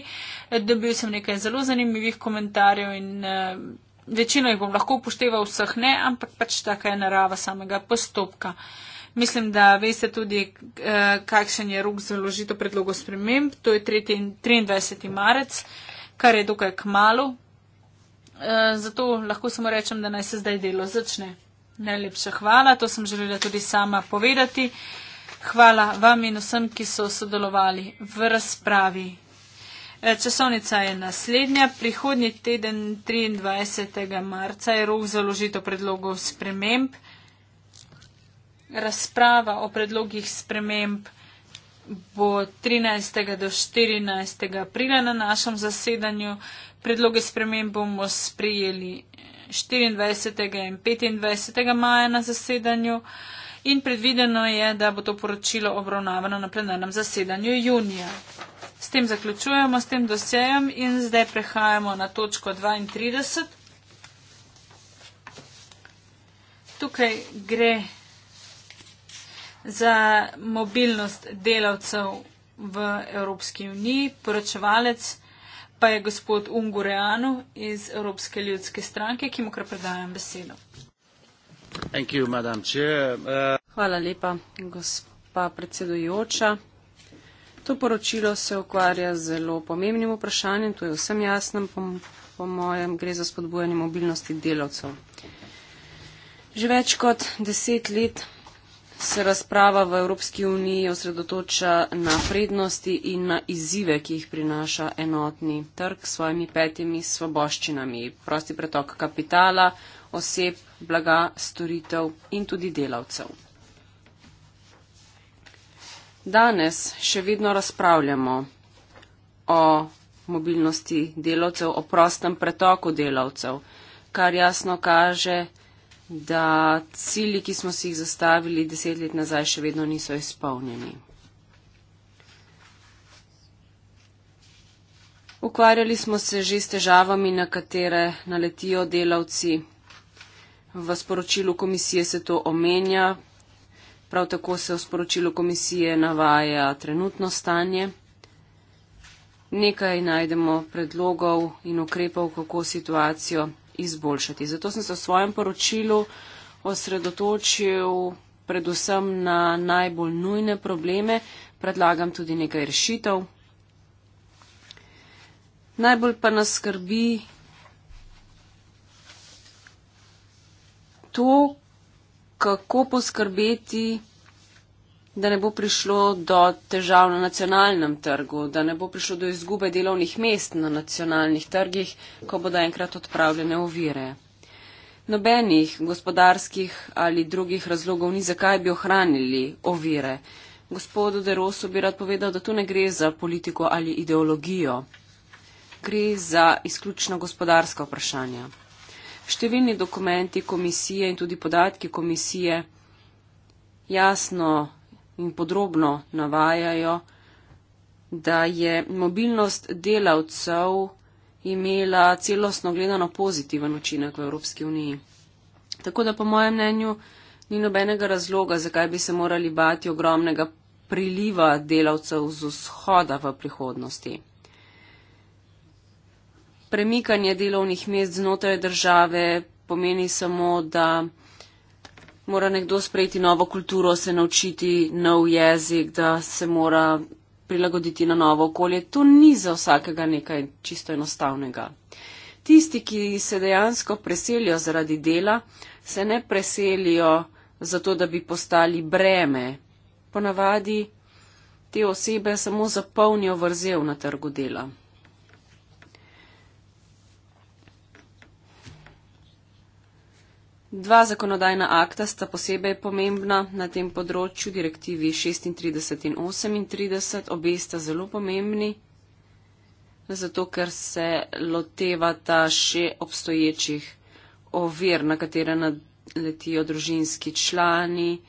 Eh, dobil sem nekaj zelo zanimivih komentarjev in eh, večino jih bom lahko upošteval, vseh ne, ampak pač taka je narava samega postopka. Mislim, da veste tudi, kakšen je rok za ložitev predlogo sprememb. To je 23. marec, kar je dokaj k malu. Zato lahko samo rečem, da naj se zdaj delo začne. Najlepša hvala, to sem želela tudi sama povedati. Hvala vam in vsem, ki so sodelovali v razpravi. E, časovnica je naslednja. Prihodnji teden 23. marca je rok za ložitev predlogov sprememb. Razprava o predlogih sprememb bo 13. do 14. aprila na našem zasedanju. Predloge sprememb bomo sprijeli 24. in 25. maja na zasedanju in predvideno je, da bo to poročilo obravnavano na plenarnem zasedanju junija. S tem zaključujemo s tem dosejem in zdaj prehajamo na točko 32. Tukaj gre za mobilnost delavcev v Evropski uniji, poročevalec pa je gospod Ungureanu iz Evropske ljudske stranke, ki mu kar predajam besedo. You, uh... Hvala lepa, gospa predsedujoča. To poročilo se ukvarja z zelo pomembnim vprašanjem, to je vsem jasnem, po, po mojem, gre za spodbujanje mobilnosti delavcev. Že več kot deset let se razprava v Evropski uniji osredotoča na prednosti in na izzive, ki jih prinaša enotni trg s svojimi petimi svoboščinami, prosti pretok kapitala, oseb, blaga, storitev in tudi delavcev. Danes še vedno razpravljamo o mobilnosti delavcev, o prostem pretoku delavcev, kar jasno kaže, da cilji, ki smo si jih zastavili deset let nazaj, še vedno niso izpolnjeni. Ukvarjali smo se že s težavami, na katere naletijo delavci. V sporočilu komisije se to omenja. Prav tako se v sporočilu komisije navaja trenutno stanje. Nekaj najdemo predlogov in ukrepov, kako situacijo izboljšati. Zato sem se v svojem poročilu osredotočil predvsem na najbolj nujne probleme, predlagam tudi nekaj rešitev. Najbolj pa nas skrbi to, kako poskrbeti, da ne bo prišlo do težav na nacionalnem trgu, da ne bo prišlo do izgube delovnih mest na nacionalnih trgih, ko bodo enkrat odpravljene ovire. Nobenih gospodarskih ali drugih razlogov ni, zakaj bi ohranili ovire. Gospodu Derosu bi rad povedal, da tu ne gre za politiko ali ideologijo. Gre za izključno gospodarska vprašanja. Številni dokumenti komisije in tudi podatki komisije jasno podrobno navajajo, da je mobilnost delavcev imela celostno gledano pozitiven učinek v Evropski uniji. Tako da po mojem mnenju ni nobenega razloga, zakaj bi se morali bati ogromnega priliva delavcev z vzhoda v prihodnosti. Premikanje delovnih mest znotraj države pomeni samo, da mora nekdo sprejeti novo kulturo, se naučiti nov jezik, da se mora prilagoditi na novo okolje. To ni za vsakega nekaj čisto enostavnega. Tisti, ki se dejansko preselijo zaradi dela, se ne preselijo zato, da bi postali breme. Ponavadi te osebe samo zapolnijo vrzel na trgu dela. Dva zakonodajna akta sta posebej pomembna na tem področju, direktivi 36 in 38, obe sta zelo pomembni, zato ker se lotevata še obstoječih ovir, na katere naletijo družinski člani,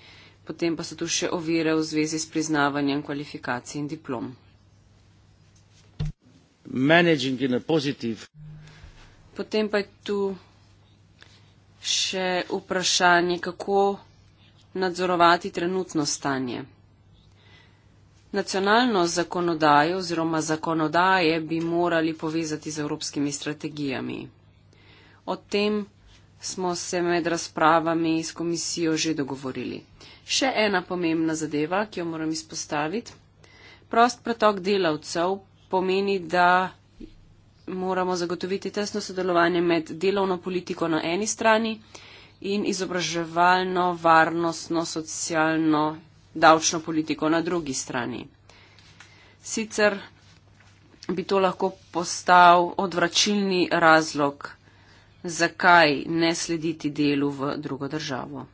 potem pa so tu še ovire v zvezi s priznavanjem kvalifikacij in diplom. Potem pa je tu še vprašanje, kako nadzorovati trenutno stanje. Nacionalno zakonodajo oziroma zakonodaje bi morali povezati z evropskimi strategijami. O tem smo se med razpravami s komisijo že dogovorili. Še ena pomembna zadeva, ki jo moram izpostaviti. Prost pretok delavcev pomeni, da moramo zagotoviti tesno sodelovanje med delovno politiko na eni strani in izobraževalno, varnostno, socialno, davčno politiko na drugi strani. Sicer bi to lahko postal odvračilni razlog, zakaj ne slediti delu v drugo državo.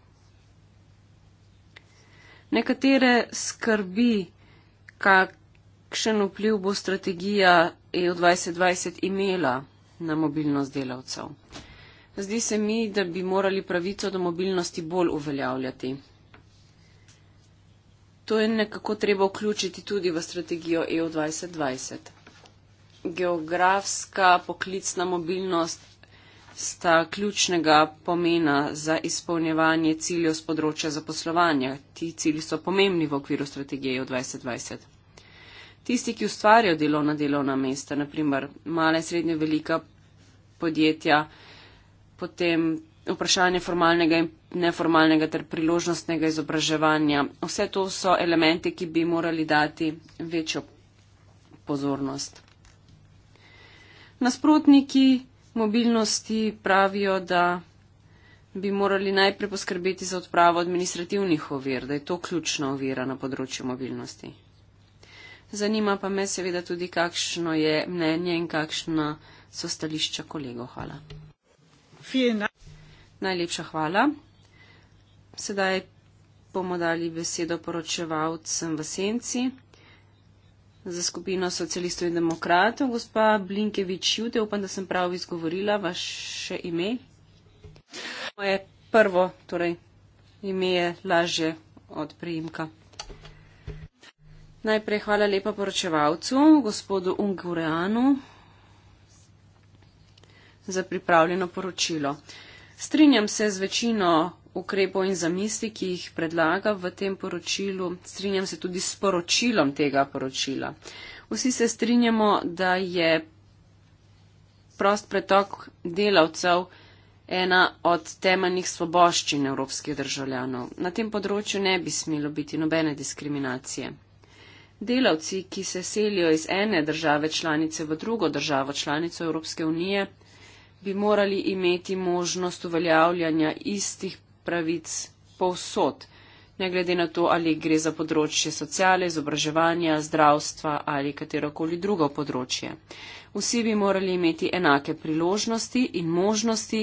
Nekatere skrbi, kak kakšen vpliv bo strategija EU 2020 imela na mobilnost delavcev? Zdi se mi, da bi morali pravico do mobilnosti bolj uveljavljati. To je nekako treba vključiti tudi v strategijo EU 2020. Geografska poklicna mobilnost sta ključnega pomena za izpolnjevanje ciljev z področja zaposlovanja. Ti cilji so pomembni v okviru strategije EU 2020 tisti, ki ustvarjajo delovna delovna mesta, naprimer male, srednje, velika podjetja, potem vprašanje formalnega in neformalnega ter priložnostnega izobraževanja. Vse to so elementi, ki bi morali dati večjo pozornost. Nasprotniki mobilnosti pravijo, da bi morali najprej poskrbeti za odpravo administrativnih ovir, da je to ključna ovira na področju mobilnosti. Zanima pa me seveda tudi, kakšno je mnenje in kakšna so stališča kolegov. Hvala. Fijena. Najlepša hvala. Sedaj bomo dali besedo poročevalcem v senci. Za skupino socialistov in demokratov, gospa Blinkevič Jude, upam, da sem prav izgovorila vaše ime. Moje prvo, torej ime je lažje od prijimka. Najprej hvala lepa poročevalcu, gospodu Ungureanu, za pripravljeno poročilo. Strinjam se z večino ukrepov in zamisli, ki jih predlaga v tem poročilu. Strinjam se tudi s poročilom tega poročila. Vsi se strinjamo, da je prost pretok delavcev ena od temeljnih svoboščin evropskih državljanov. Na tem področju ne bi smelo biti nobene diskriminacije. Delavci, ki se selijo iz ene države članice v drugo državo članico Evropske unije, bi morali imeti možnost uveljavljanja istih pravic povsod, ne glede na to, ali gre za področje sociale, izobraževanja, zdravstva ali katerokoli drugo področje. Vsi bi morali imeti enake priložnosti in možnosti,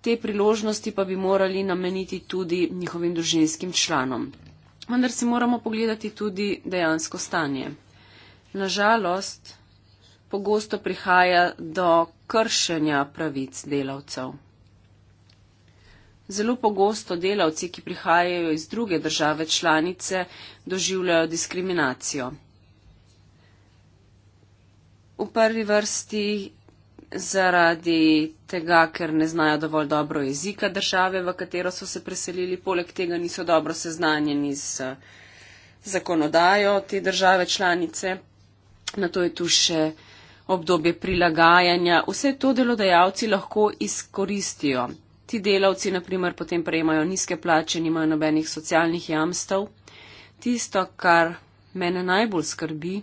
te priložnosti pa bi morali nameniti tudi njihovim družinskim članom vendar si moramo pogledati tudi dejansko stanje. Nažalost, pogosto prihaja do kršenja pravic delavcev. Zelo pogosto delavci, ki prihajajo iz druge države članice, doživljajo diskriminacijo. V prvi vrsti zaradi tega, ker ne znajo dovolj dobro jezika države, v katero so se preselili, poleg tega niso dobro seznanjeni z eh, zakonodajo te države članice. Na to je tu še obdobje prilagajanja. Vse to delodajalci lahko izkoristijo. Ti delavci, naprimer, potem prejemajo nizke plače, nimajo nobenih socialnih jamstev. Tisto, kar mene najbolj skrbi,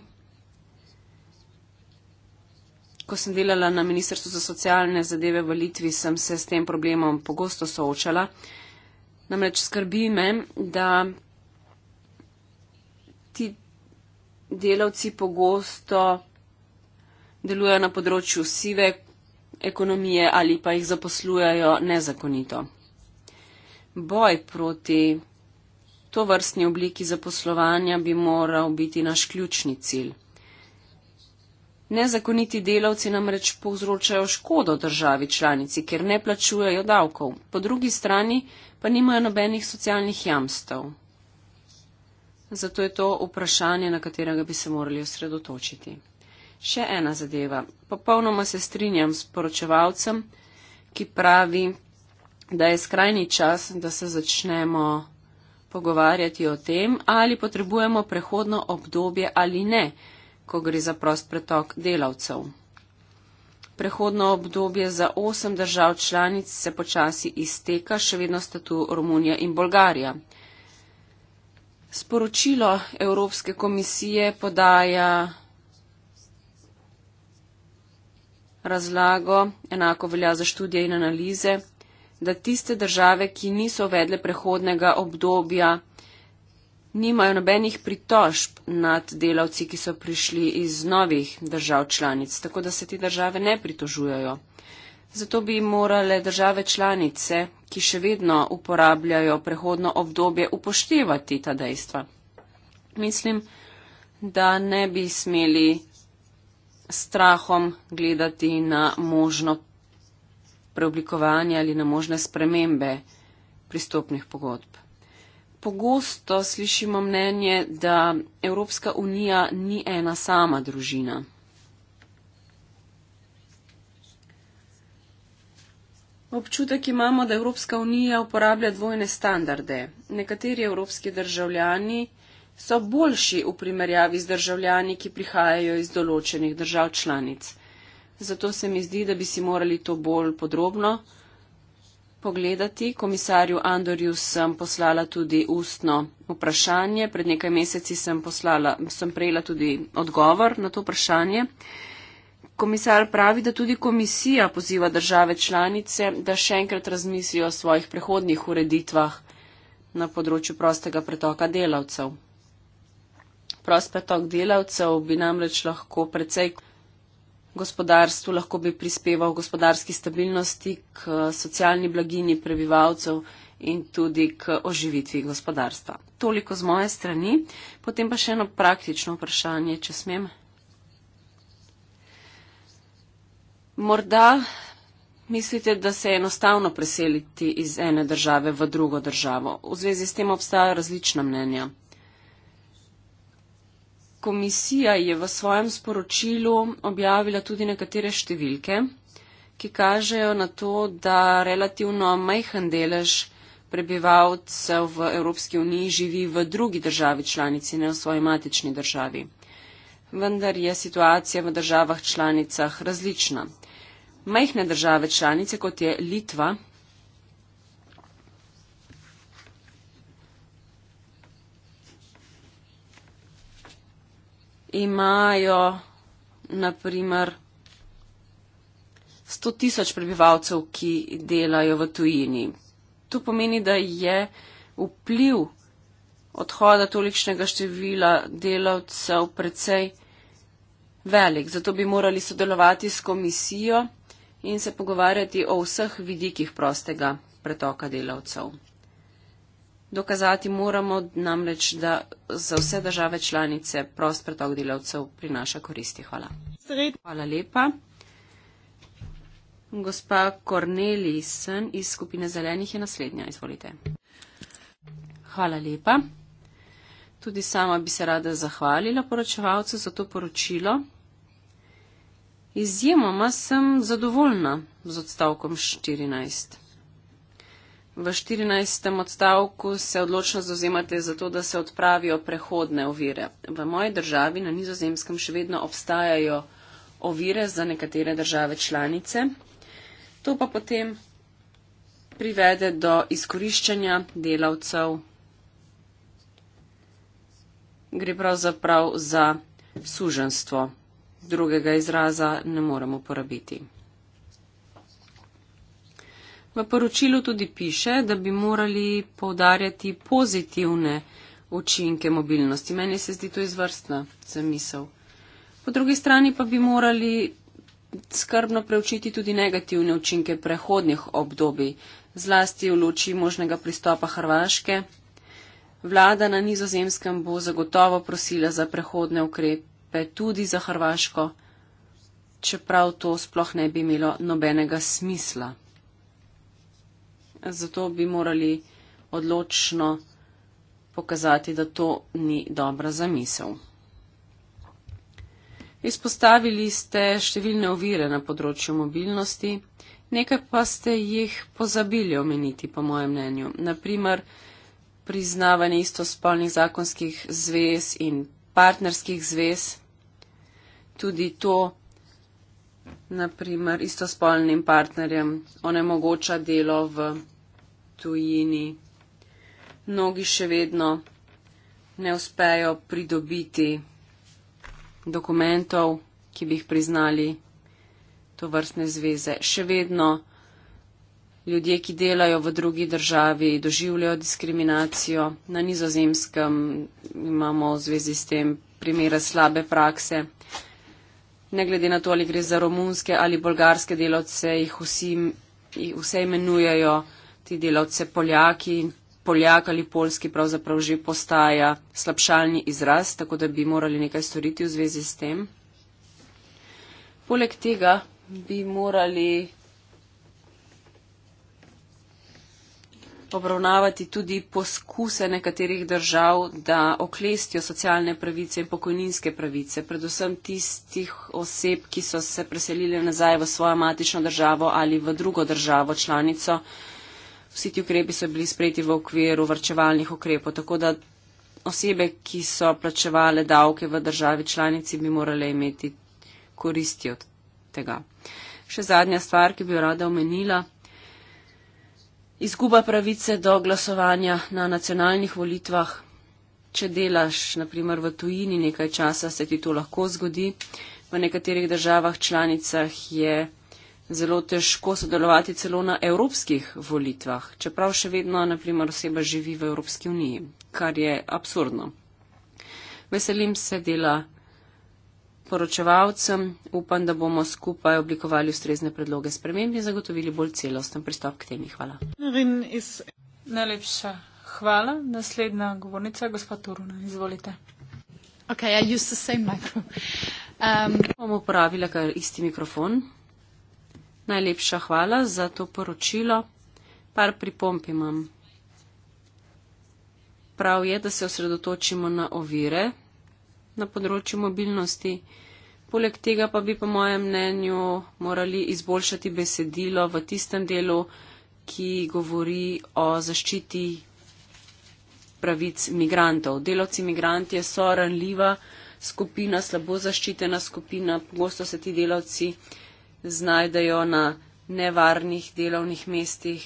ko sem delala na Ministrstvu za socialne zadeve v Litvi, sem se s tem problemom pogosto soočala. Namreč skrbi me, da ti delavci pogosto delujejo na področju sive ekonomije ali pa jih zaposlujejo nezakonito. Boj proti to vrstni obliki zaposlovanja bi moral biti naš ključni cilj. Nezakoniti delavci namreč povzročajo škodo državi članici, ker ne plačujejo davkov, po drugi strani pa nimajo nobenih socialnih jamstev. Zato je to vprašanje, na katerega bi se morali osredotočiti. Še ena zadeva. Popolnoma se strinjam s poročevalcem, ki pravi, da je skrajni čas, da se začnemo pogovarjati o tem, ali potrebujemo prehodno obdobje ali ne ko gre za prost pretok delavcev. Prehodno obdobje za osem držav članic se počasi izteka, še vedno sta tu Romunija in Bolgarija. Sporočilo Evropske komisije podaja razlago, enako velja za študije in analize, da tiste države, ki niso vedle prehodnega obdobja, nimajo nobenih pritožb nad delavci, ki so prišli iz novih držav članic, tako da se te države ne pritožujejo. Zato bi morale države članice, ki še vedno uporabljajo prehodno obdobje, upoštevati ta dejstva. Mislim, da ne bi smeli strahom gledati na možno preoblikovanje ali na možne spremembe pristopnih pogodb pogosto slišimo mnenje, da Evropska unija ni ena sama družina. Občutek imamo, da Evropska unija uporablja dvojne standarde. Nekateri evropski državljani so boljši v primerjavi z državljani, ki prihajajo iz določenih držav članic. Zato se mi zdi, da bi si morali to bolj podrobno pogledati. Komisarju Andorju sem poslala tudi ustno vprašanje. Pred nekaj meseci sem, poslala, sem prejela tudi odgovor na to vprašanje. Komisar pravi, da tudi komisija poziva države članice, da še enkrat razmislijo o svojih prehodnih ureditvah na področju prostega pretoka delavcev. Prost pretok delavcev bi namreč lahko precej gospodarstvu, lahko bi prispeval gospodarski stabilnosti, k socialni blagini prebivalcev in tudi k oživitvi gospodarstva. Toliko z moje strani, potem pa še eno praktično vprašanje, če smem. Morda mislite, da se je enostavno preseliti iz ene države v drugo državo. V zvezi s tem obstajajo različna mnenja komisija je v svojem sporočilu objavila tudi nekatere številke, ki kažejo na to, da relativno majhen delež prebivalcev v Evropski uniji živi v drugi državi članici, ne v svoji matični državi. Vendar je situacija v državah članicah različna. Majhne države članice, kot je Litva, imajo naprimer 100 tisoč prebivalcev, ki delajo v tujini. To pomeni, da je vpliv odhoda tolikšnega števila delavcev precej velik. Zato bi morali sodelovati s komisijo in se pogovarjati o vseh vidikih prostega pretoka delavcev. Dokazati moramo namreč, da za vse države članice prost pretok delavcev prinaša koristi. Hvala. Hvala lepa. Gospa Kornelisen iz skupine zelenih je naslednja. Izvolite. Hvala lepa. Tudi sama bi se rada zahvalila poročevalcu za to poročilo. Izjemoma sem zadovoljna z odstavkom 14 v 14. odstavku se odločno zauzemate za to, da se odpravijo prehodne ovire. V moji državi na nizozemskem še vedno obstajajo ovire za nekatere države članice. To pa potem privede do izkoriščanja delavcev. Gre pravzaprav za suženstvo. Drugega izraza ne moremo porabiti. V poročilu tudi piše, da bi morali povdarjati pozitivne učinke mobilnosti. Meni se zdi to izvrstna zamisel. Po drugi strani pa bi morali skrbno preučiti tudi negativne učinke prehodnih obdobij, zlasti v luči možnega pristopa Hrvaške. Vlada na nizozemskem bo zagotovo prosila za prehodne ukrepe tudi za Hrvaško, čeprav to sploh ne bi imelo nobenega smisla zato bi morali odločno pokazati, da to ni dobra zamisel. Izpostavili ste številne ovire na področju mobilnosti, nekaj pa ste jih pozabili omeniti, po mojem mnenju. Naprimer, priznavanje istospolnih zakonskih zvez in partnerskih zvez. Tudi to naprimer istospolnim partnerjem onemogoča delo v tujini. Mnogi še vedno ne uspejo pridobiti dokumentov, ki bi jih priznali to vrstne zveze. Še vedno ljudje, ki delajo v drugi državi, doživljajo diskriminacijo. Na nizozemskem imamo v zvezi s tem primere slabe prakse ne glede na to, ali gre za romunske ali bolgarske delavce, jih vsi, vse imenujejo ti delavce Poljaki. Poljak ali polski pravzaprav že postaja slabšalni izraz, tako da bi morali nekaj storiti v zvezi s tem. Poleg tega bi morali obravnavati tudi poskuse nekaterih držav, da oklestijo socialne pravice in pokojninske pravice, predvsem tistih oseb, ki so se preselili nazaj v svojo matično državo ali v drugo državo članico. Vsi ti ukrepi so bili sprejeti v okviru vrčevalnih ukrepov, tako da osebe, ki so plačevale davke v državi članici, bi morale imeti koristi od tega. Še zadnja stvar, ki bi jo rada omenila izguba pravice do glasovanja na nacionalnih volitvah. Če delaš, naprimer, v tujini nekaj časa, se ti to lahko zgodi. V nekaterih državah članicah je zelo težko sodelovati celo na evropskih volitvah, čeprav še vedno, naprimer, oseba živi v Evropski uniji, kar je absurdno. Veselim se dela poročevalcem. Upam, da bomo skupaj oblikovali ustrezne predloge sprememb in zagotovili bolj celosten pristop k temi. Hvala. Najlepša hvala. Naslednja govornica, gospod Turun, izvolite. Okay, I use the same microphone. Um, bom uporabila kar isti mikrofon. Najlepša hvala za to poročilo. Par pripomp imam. Prav je, da se osredotočimo na ovire, na področju mobilnosti. Poleg tega pa bi, po mojem mnenju, morali izboljšati besedilo v tistem delu, ki govori o zaščiti pravic migrantov. Delovci migrantje so ranljiva skupina, slabo zaščitena skupina, pogosto se ti delavci znajdejo na nevarnih delovnih mestih,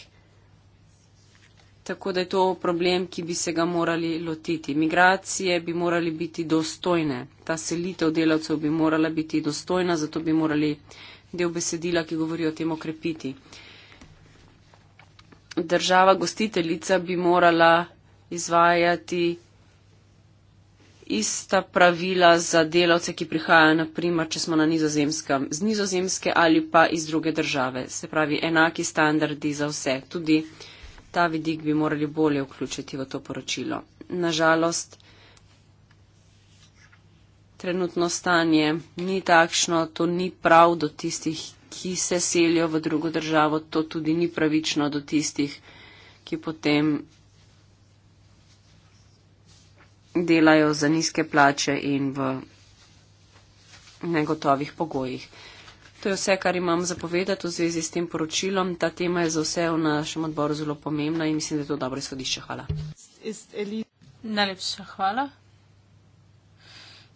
Tako da je to problem, ki bi se ga morali lotiti. Migracije bi morali biti dostojne, ta selitev delavcev bi morala biti dostojna, zato bi morali del besedila, ki govori o tem, okrepiti. Država gostiteljica bi morala izvajati ista pravila za delavce, ki prihajajo, naprimer, če smo na nizozemskem, z nizozemske ali pa iz druge države. Se pravi, enaki standardi za vse. Tudi ta vidik bi morali bolje vključiti v to poročilo. Nažalost, trenutno stanje ni takšno, to ni prav do tistih, ki se selijo v drugo državo, to tudi ni pravično do tistih, ki potem delajo za nizke plače in v negotovih pogojih. To je vse, kar imam zapovedati v zvezi s tem poročilom. Ta tema je za vse v našem odboru zelo pomembna in mislim, da je to dobro izhodišče. Hvala. Najlepša hvala.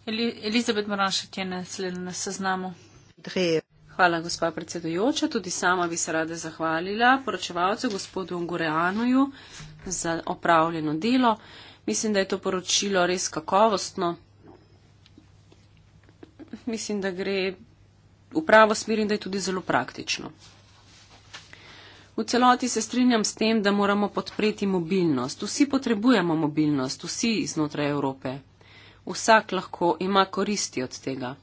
Eli Elizabet Moranšek je naslednja na seznamu. Hvala, gospa predsedujoča. Tudi sama bi se rada zahvalila poročevalcu gospodu Ungureanoju za opravljeno delo. Mislim, da je to poročilo res kakovostno. Mislim, da gre v pravo smer in da je tudi zelo praktično. V celoti se strinjam s tem, da moramo podpreti mobilnost. Vsi potrebujemo mobilnost, vsi iznotraj Evrope. Vsak lahko ima koristi od tega.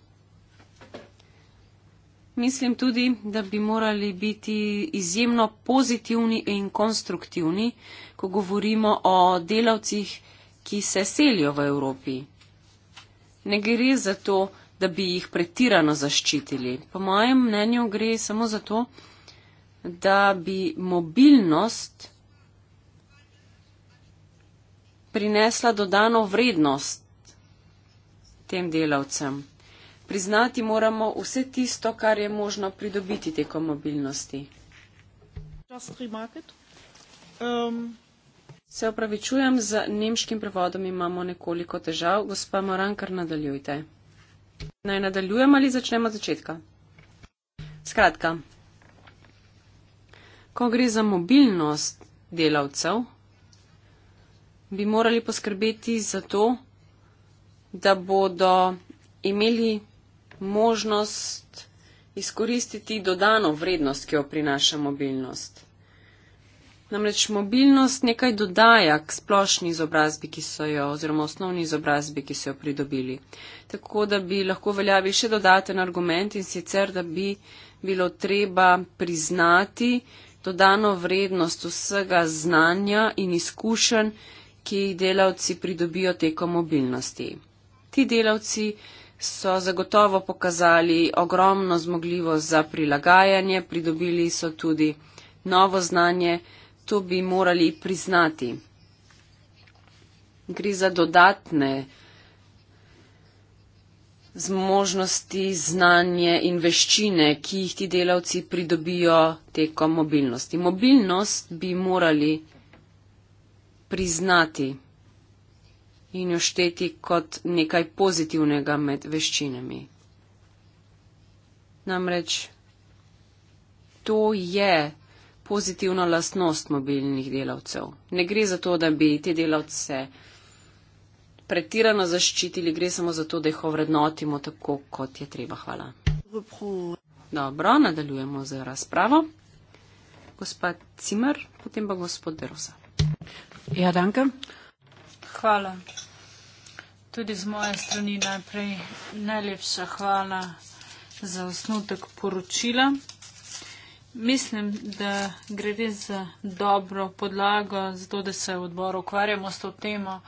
Mislim tudi, da bi morali biti izjemno pozitivni in konstruktivni, ko govorimo o delavcih, ki se selijo v Evropi. Ne gre za to, da da bi jih pretirano zaščitili. Po mojem mnenju gre samo za to, da bi mobilnost prinesla dodano vrednost tem delavcem. Priznati moramo vse tisto, kar je možno pridobiti tekom mobilnosti. Um, Se opravičujem, z nemškim prevodom imamo nekoliko težav. Gospa Moran, kar nadaljujte. Naj nadaljujemo ali začnemo začetka? Skratka, ko gre za mobilnost delavcev, bi morali poskrbeti za to, da bodo imeli možnost izkoristiti dodano vrednost, ki jo prinaša mobilnost. Namreč mobilnost nekaj dodaja k splošni izobrazbi, ki so jo, oziroma osnovni izobrazbi, ki so jo pridobili. Tako da bi lahko veljavi še dodaten argument in sicer, da bi bilo treba priznati dodano vrednost vsega znanja in izkušenj, ki jih delavci pridobijo tekom mobilnosti. Ti delavci so zagotovo pokazali ogromno zmogljivost za prilagajanje, pridobili so tudi novo znanje, to bi morali priznati. Gre za dodatne zmožnosti, znanje in veščine, ki jih ti delavci pridobijo tekom mobilnosti. Mobilnost bi morali priznati in jo šteti kot nekaj pozitivnega med veščinami. Namreč to je pozitivno lastnost mobilnih delavcev. Ne gre za to, da bi te delavce pretirano zaščitili, gre samo za to, da jih ovrednotimo tako, kot je treba. Hvala. Dobro, nadaljujemo z razpravo. Gospod Cimer, potem pa gospod Derosa. Ja, danke. Hvala. Tudi z moje strani najprej najlepša hvala za osnutek poročila. Mislim, da gre res za dobro podlago, zato da se v odboru ukvarjamo s to temo.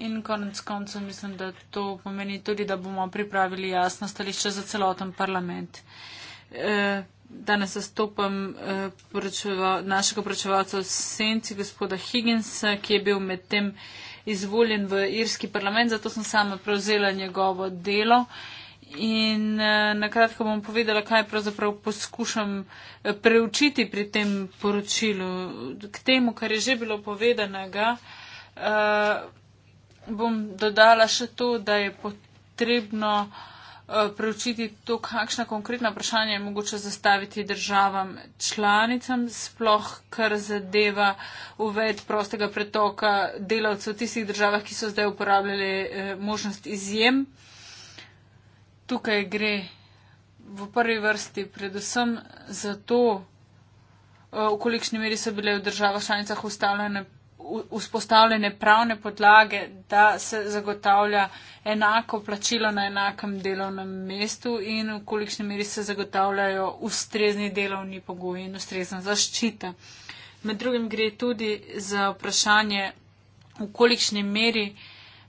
In konec koncev mislim, da to pomeni tudi, da bomo pripravili jasno stališče za celoten parlament. E, danes zastopam e, našega poročevalca v senci, gospoda Higginsa, ki je bil medtem izvoljen v irski parlament, zato sem sama prevzela njegovo delo. In eh, na kratko bom povedala, kaj pravzaprav poskušam eh, preučiti pri tem poročilu. K temu, kar je že bilo povedanega, eh, bom dodala še to, da je potrebno preučiti to, kakšna konkretna vprašanja je mogoče zastaviti državam članicam, sploh kar zadeva uved prostega pretoka delavcev v tistih državah, ki so zdaj uporabljali možnost izjem tukaj gre v prvi vrsti predvsem za to, eh, v kolikšni meri so bile v državah članicah ustavljene, vzpostavljene pravne podlage, da se zagotavlja enako plačilo na enakem delovnem mestu in v kolikšni meri se zagotavljajo ustrezni delovni pogoji in ustrezna zaščita. Med drugim gre tudi za vprašanje, v kolikšni meri uh,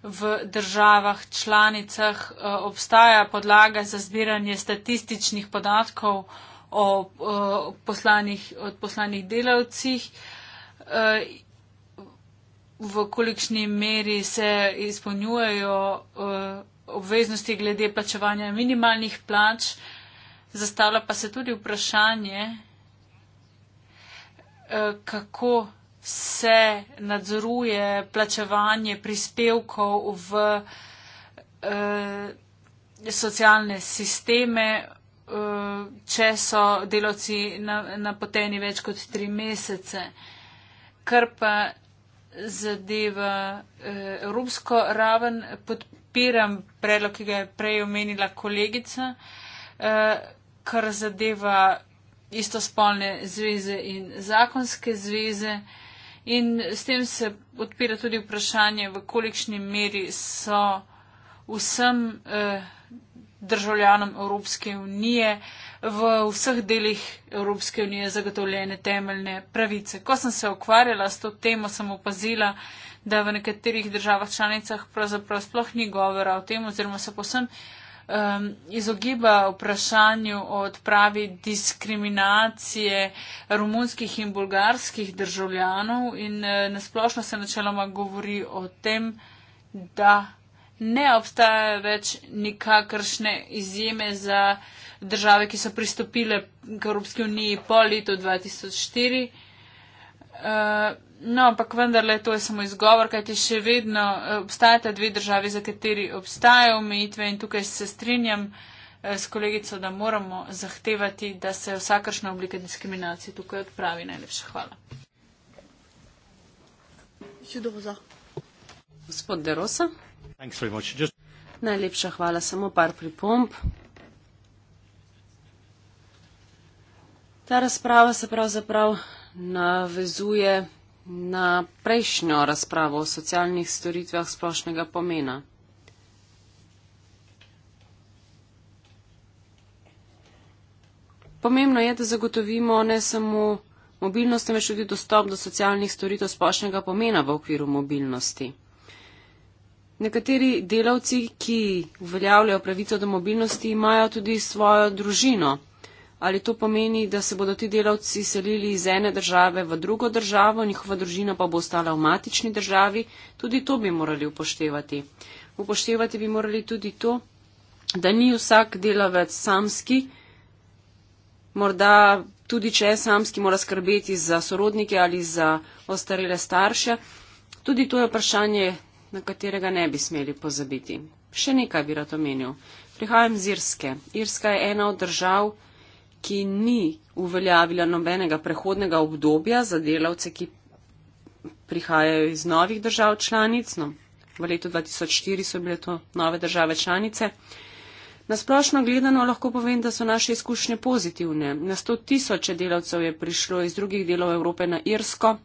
v državah članicah eh, obstaja podlaga za zbiranje statističnih podatkov o, o eh, poslanih, poslanih delavcih, eh, v kolikšni meri se izpolnjujejo obveznosti glede plačevanja minimalnih plač. Zastavlja pa se tudi vprašanje, kako se nadzoruje plačevanje prispevkov v eh, socialne sisteme, eh, če so delavci napoteni več kot tri mesece. Kar pa zadeva eh, evropsko raven, podpiram predlog, ki ga je prej omenila kolegica, eh, kar zadeva istospolne zveze in zakonske zveze. In s tem se odpira tudi vprašanje, v kolikšni meri so vsem eh, državljanom Evropske unije v vseh delih Evropske unije zagotovljene temeljne pravice. Ko sem se ukvarjala s to temo, sem opazila, da v nekaterih državah članicah pravzaprav sploh ni govora o tem oziroma so posebno um, izogiba vprašanju o odpravi diskriminacije romunskih in bulgarskih državljanov in uh, eh, nasplošno se načeloma govori o tem, da ne obstaja več nikakršne izjeme za države, ki so pristopile k Evropski uniji po letu 2004. Uh, No, ampak vendarle to je samo izgovor, kajti še vedno eh, obstajata dve državi, za kateri obstajajo omejitve in tukaj se strinjam eh, s kolegico, da moramo zahtevati, da se vsakršna oblika diskriminacije tukaj odpravi. Najlepša hvala. Gospod Derosa. Just... Najlepša hvala, samo par pripomp. Ta razprava se pravzaprav navezuje na prejšnjo razpravo o socialnih storitvah splošnega pomena. Pomembno je, da zagotovimo ne samo mobilnost, temveč tudi dostop do socialnih storitev splošnega pomena v okviru mobilnosti. Nekateri delavci, ki uveljavljajo pravico do mobilnosti, imajo tudi svojo družino. Ali to pomeni, da se bodo ti delavci selili iz ene države v drugo državo, njihova družina pa bo ostala v matični državi? Tudi to bi morali upoštevati. Upoštevati bi morali tudi to, da ni vsak delavec samski, morda tudi če je samski, mora skrbeti za sorodnike ali za ostarele starše. Tudi to je vprašanje, na katerega ne bi smeli pozabiti. Še nekaj bi rad omenil. Prihajam z Irske. Irska je ena od držav, ki ni uveljavila nobenega prehodnega obdobja za delavce, ki prihajajo iz novih držav članic. No, v letu 2004 so bile to nove države članice. Nasplošno gledano lahko povem, da so naše izkušnje pozitivne. Na 100 tisoče delavcev je prišlo iz drugih delov Evrope na Irsko.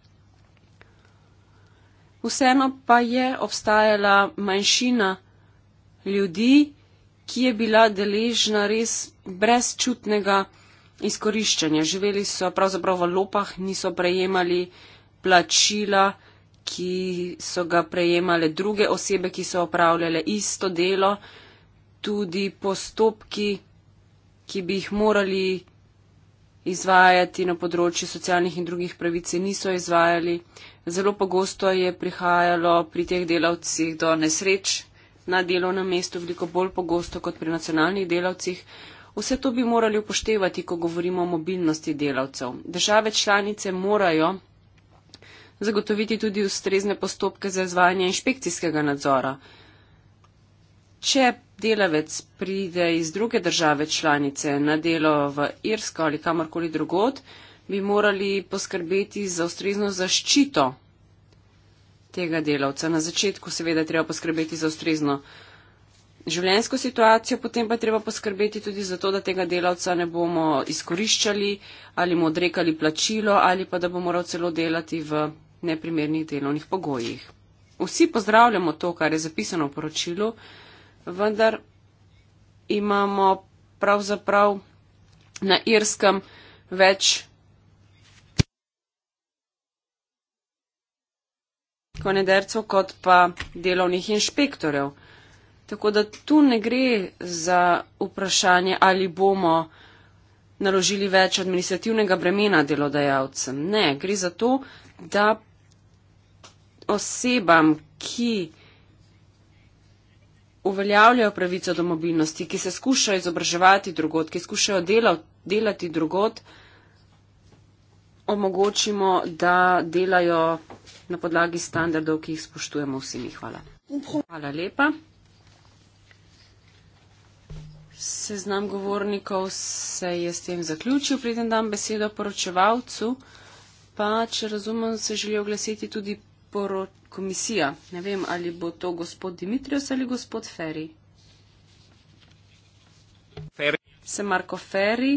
Vseeno pa je obstajala manjšina ljudi, ki je bila deležna res brezčutnega izkoriščanja. Živeli so pravzaprav v lopah, niso prejemali plačila, ki so ga prejemale druge osebe, ki so opravljale isto delo, tudi postopki, ki bi jih morali izvajati na področju socialnih in drugih pravic, niso izvajali. Zelo pogosto je prihajalo pri teh delavcih do nesreč na delovnem mestu, veliko bolj pogosto kot pri nacionalnih delavcih. Vse to bi morali upoštevati, ko govorimo o mobilnosti delavcev. Države članice morajo zagotoviti tudi ustrezne postopke za izvajanje inšpekcijskega nadzora. Če delavec pride iz druge države članice na delo v Irsko ali kamorkoli drugot, bi morali poskrbeti za ustrezno zaščito tega delavca. Na začetku seveda treba poskrbeti za ustrezno življenjsko situacijo, potem pa je treba poskrbeti tudi za to, da tega delavca ne bomo izkoriščali ali mu odrekali plačilo ali pa da bo moral celo delati v neprimernih delovnih pogojih. Vsi pozdravljamo to, kar je zapisano v poročilu, vendar imamo pravzaprav na irskem več. konedercov kot pa delovnih inšpektorjev. Tako da tu ne gre za vprašanje, ali bomo naložili več administrativnega bremena delodajalcem. Ne, gre za to, da osebam, ki uveljavljajo pravico do mobilnosti, ki se skušajo izobraževati drugot, ki skušajo delati drugot, omogočimo, da delajo na podlagi standardov, ki jih spoštujemo vsi mi. Hvala. Hvala lepa. Seznam govornikov se je s tem zaključil, preden dam besedo poročevalcu, pa če razumem, se želi oglasiti tudi poro komisija. Ne vem, ali bo to gospod Dimitrios ali gospod Feri. Feri. Sem Marko Feri,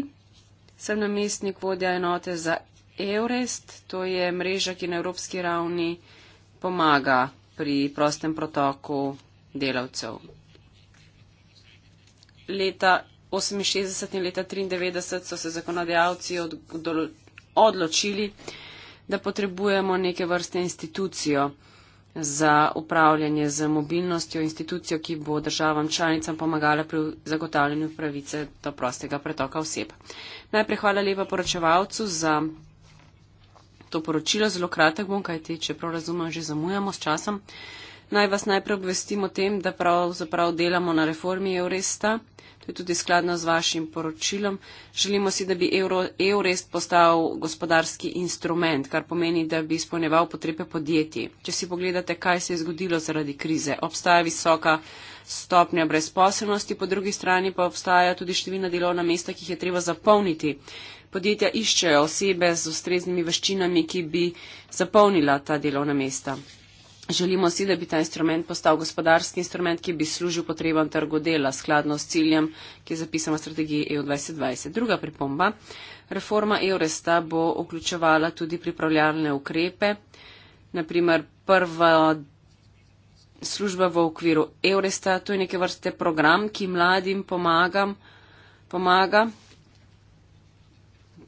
sem namestnik vodja enote za Eurest, to je mreža, ki na evropski ravni pomaga pri prostem protoku delavcev leta 68 in leta 93 so se zakonodajalci od, odločili, da potrebujemo neke vrste institucijo za upravljanje z mobilnostjo, institucijo, ki bo državam članicam pomagala pri zagotavljanju pravice do prostega pretoka oseb. Najprej hvala lepa poročevalcu za to poročilo. Zelo kratek bom, kajti, če prav razumem, že zamujamo s časom. Naj vas najprej obvestim o tem, da pravzaprav delamo na reformi Eurosta. To je tudi skladno z vašim poročilom. Želimo si, da bi Eurost postal gospodarski instrument, kar pomeni, da bi izpolneval potrebe podjetij. Če si pogledate, kaj se je zgodilo zaradi krize, obstaja visoka stopnja brezposobnosti, po drugi strani pa obstaja tudi številna delovna mesta, ki jih je treba zapolniti. Podjetja iščejo osebe z ustreznimi veščinami, ki bi zapolnila ta delovna mesta. Želimo si, da bi ta instrument postal gospodarski instrument, ki bi služil potrebam trgu dela skladno s ciljem, ki je zapisan v strategiji EU 2020. Druga pripomba. Reforma EURESTA bo vključevala tudi pripravljalne ukrepe. Naprimer, prva služba v okviru EURESTA, to je neke vrste program, ki mladim pomaga, pomaga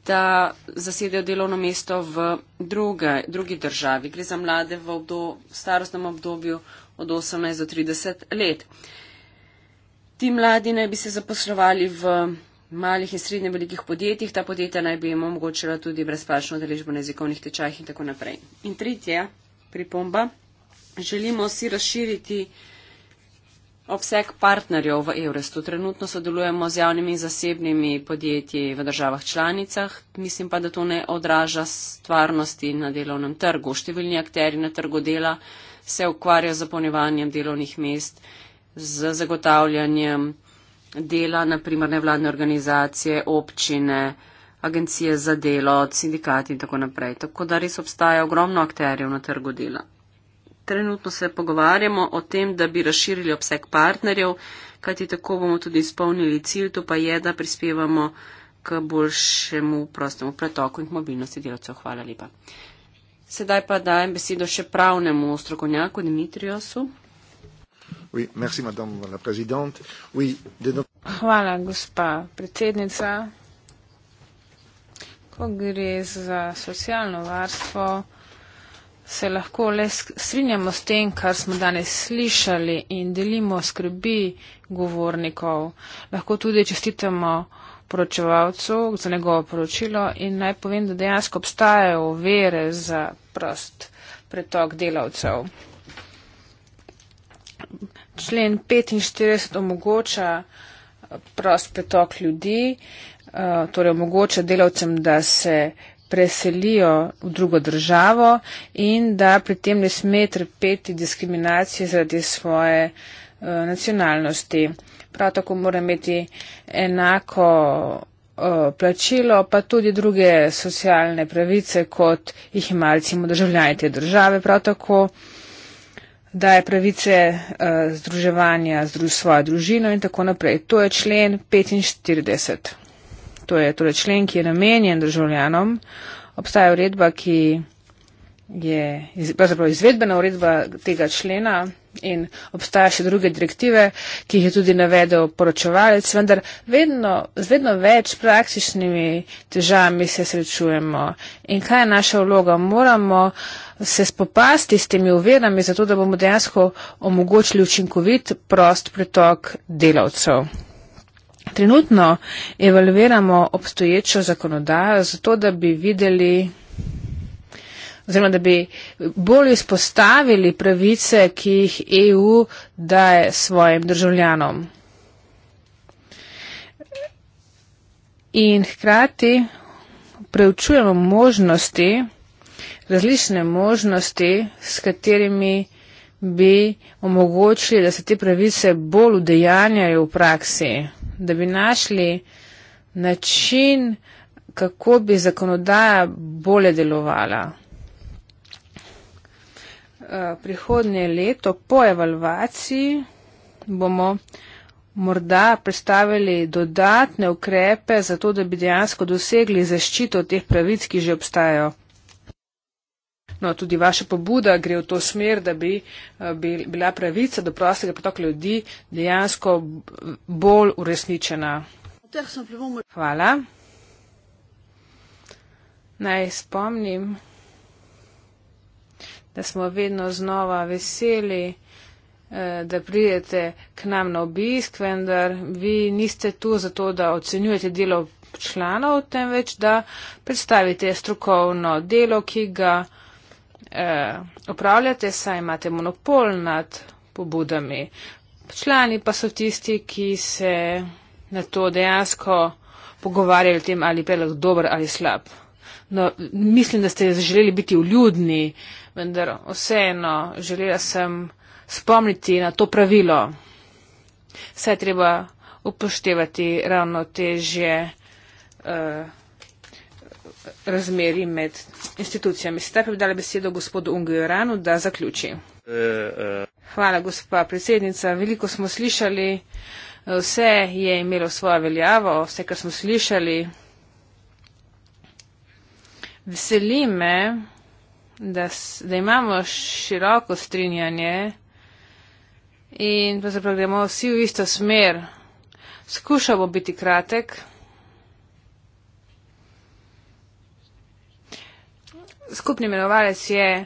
da zasedejo delovno mesto v druge, drugi državi. Gre za mlade v obdo, starostnem obdobju od 18 do 30 let. Ti mladi naj bi se zaposlovali v malih in srednje velikih podjetjih, ta podjetja naj bi jim omogočila tudi brezplačno deležbo na jezikovnih tečajih in tako naprej. In tretja pripomba, želimo si razširiti obseg partnerjev v Eurostu. Trenutno sodelujemo z javnimi in zasebnimi podjetji v državah članicah. Mislim pa, da to ne odraža stvarnosti na delovnem trgu. Številni akteri na trgu dela se ukvarjajo z zapolnjevanjem delovnih mest, z zagotavljanjem dela, naprimer nevladne organizacije, občine, agencije za delo, sindikati in tako naprej. Tako da res obstaja ogromno akterjev na trgu dela trenutno se pogovarjamo o tem, da bi razširili obseg partnerjev, kajti tako bomo tudi izpolnili cilj, to pa je, da prispevamo k boljšemu prostemu pretoku in k mobilnosti delavcev. Hvala lepa. Sedaj pa dajem besedo še pravnemu strokovnjaku Dimitriosu. Oui, merci, madame, oui, de... No- Hvala, gospa predsednica. Ko gre za socialno varstvo, se lahko le strinjamo s tem, kar smo danes slišali in delimo skrbi govornikov. Lahko tudi čestitamo poročevalcu za njegovo poročilo in naj povem, da dejansko obstajajo vere za prost pretok delavcev. Člen 45 omogoča eh, prost pretok ljudi, eh, torej omogoča delavcem, da se preselijo v drugo državo in da pri tem ne sme trpeti diskriminacije zaradi svoje eh, nacionalnosti. Prav tako mora imeti enako eh, plačilo, pa tudi druge socialne pravice, kot jih ima recimo državljanje te države. Prav tako daje pravice eh, združevanja z svojo družino in tako naprej. To je člen 45 to je torej člen, ki je namenjen državljanom, obstaja uredba, ki je pravzaprav izvedbena uredba tega člena in obstaja še druge direktive, ki jih je tudi navedel poročevalec, vendar vedno, z vedno več praktičnimi težavami se srečujemo. In kaj je naša vloga? Moramo se spopasti s temi uverami, zato da bomo dejansko omogočili učinkovit prost pretok delavcev. Trenutno evalviramo obstoječo zakonodajo zato, da bi videli oziroma da bi bolj izpostavili pravice, ki jih EU daje svojim državljanom. In hkrati preučujemo možnosti, različne možnosti, s katerimi bi omogočili, da se te pravice bolj udejanjajo v praksi, da bi našli način, kako bi zakonodaja bolje delovala. Eh, prihodnje leto po evalvaciji bomo morda predstavili dodatne ukrepe za to, da bi dejansko dosegli zaščito teh pravic, ki že obstajajo. No, tudi vaša pobuda gre v to smer, da bi eh, bila pravica do prostega potoka ljudi dejansko bolj uresničena. Hvala. Naj spomnim, da smo vedno znova veseli, eh, da pridete k nam na obisk, vendar vi niste tu zato, da ocenjujete delo članov, temveč da predstavite strokovno delo, ki ga. Eh, upravljate, saj imate monopol nad pobudami. Člani pa so tisti, ki se na to dejansko pogovarjajo o tem, ali je predlog dober ali slab. No, mislim, da ste želeli biti vljudni, vendar vseeno želela sem spomniti na to pravilo. Vse treba upoštevati ravno težje. Uh, razmeri med institucijami. Sedaj pa bi dala besedo gospodu Ungeranu, da zaključi. Eh, eh. Hvala, gospa predsednica. Veliko smo slišali, vse je imelo svojo veljavo, vse, kar smo slišali. Veseli me, da, da imamo široko strinjanje in pravzaprav gremo vsi v isto smer. Skušamo biti kratek. skupni imenovalec je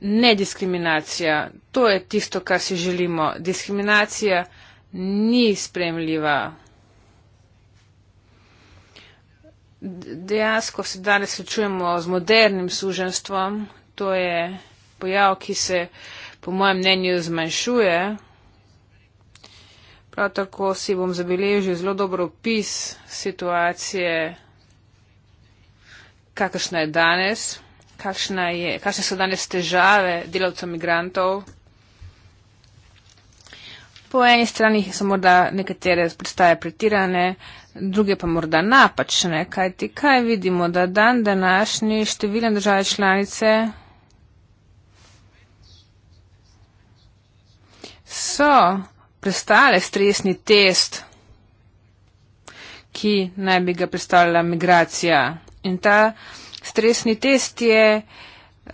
nediskriminacija. To je tisto, kar si želimo. Diskriminacija ni spremljiva. Dejansko se danes srečujemo z modernim suženstvom. To je pojav, ki se po mojem mnenju zmanjšuje. Prav tako si bom zabeležil zelo dober opis situacije, kakršna je danes je, kakšne so danes težave delavcev migrantov. Po eni strani so morda nekatere predstave pretirane, druge pa morda napačne, kaj ti kaj vidimo, da dan današnji številne države članice so prestale stresni test, ki naj bi ga predstavljala migracija. In ta Stresni test je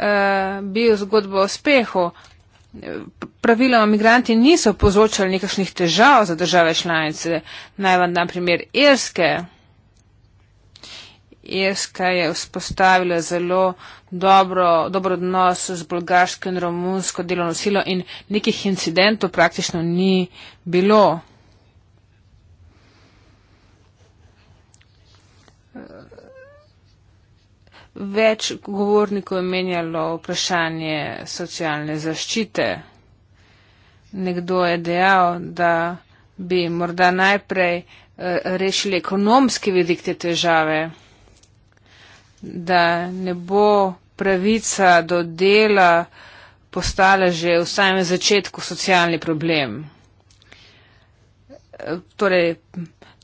uh, bil zgodba o uspehu. Praviloma migranti niso povzročali nekakšnih težav za države članice. Naj vam dam primer Irske. Irska je vzpostavila zelo dobro, dobro odnos z bolgarsko in romunsko delovno silo in nekih incidentov praktično ni bilo. Več govornikov je menjalo vprašanje socialne zaščite. Nekdo je dejal, da bi morda najprej eh, rešili ekonomski vidik te težave, da ne bo pravica do dela postala že v samem začetku socialni problem. Eh, torej,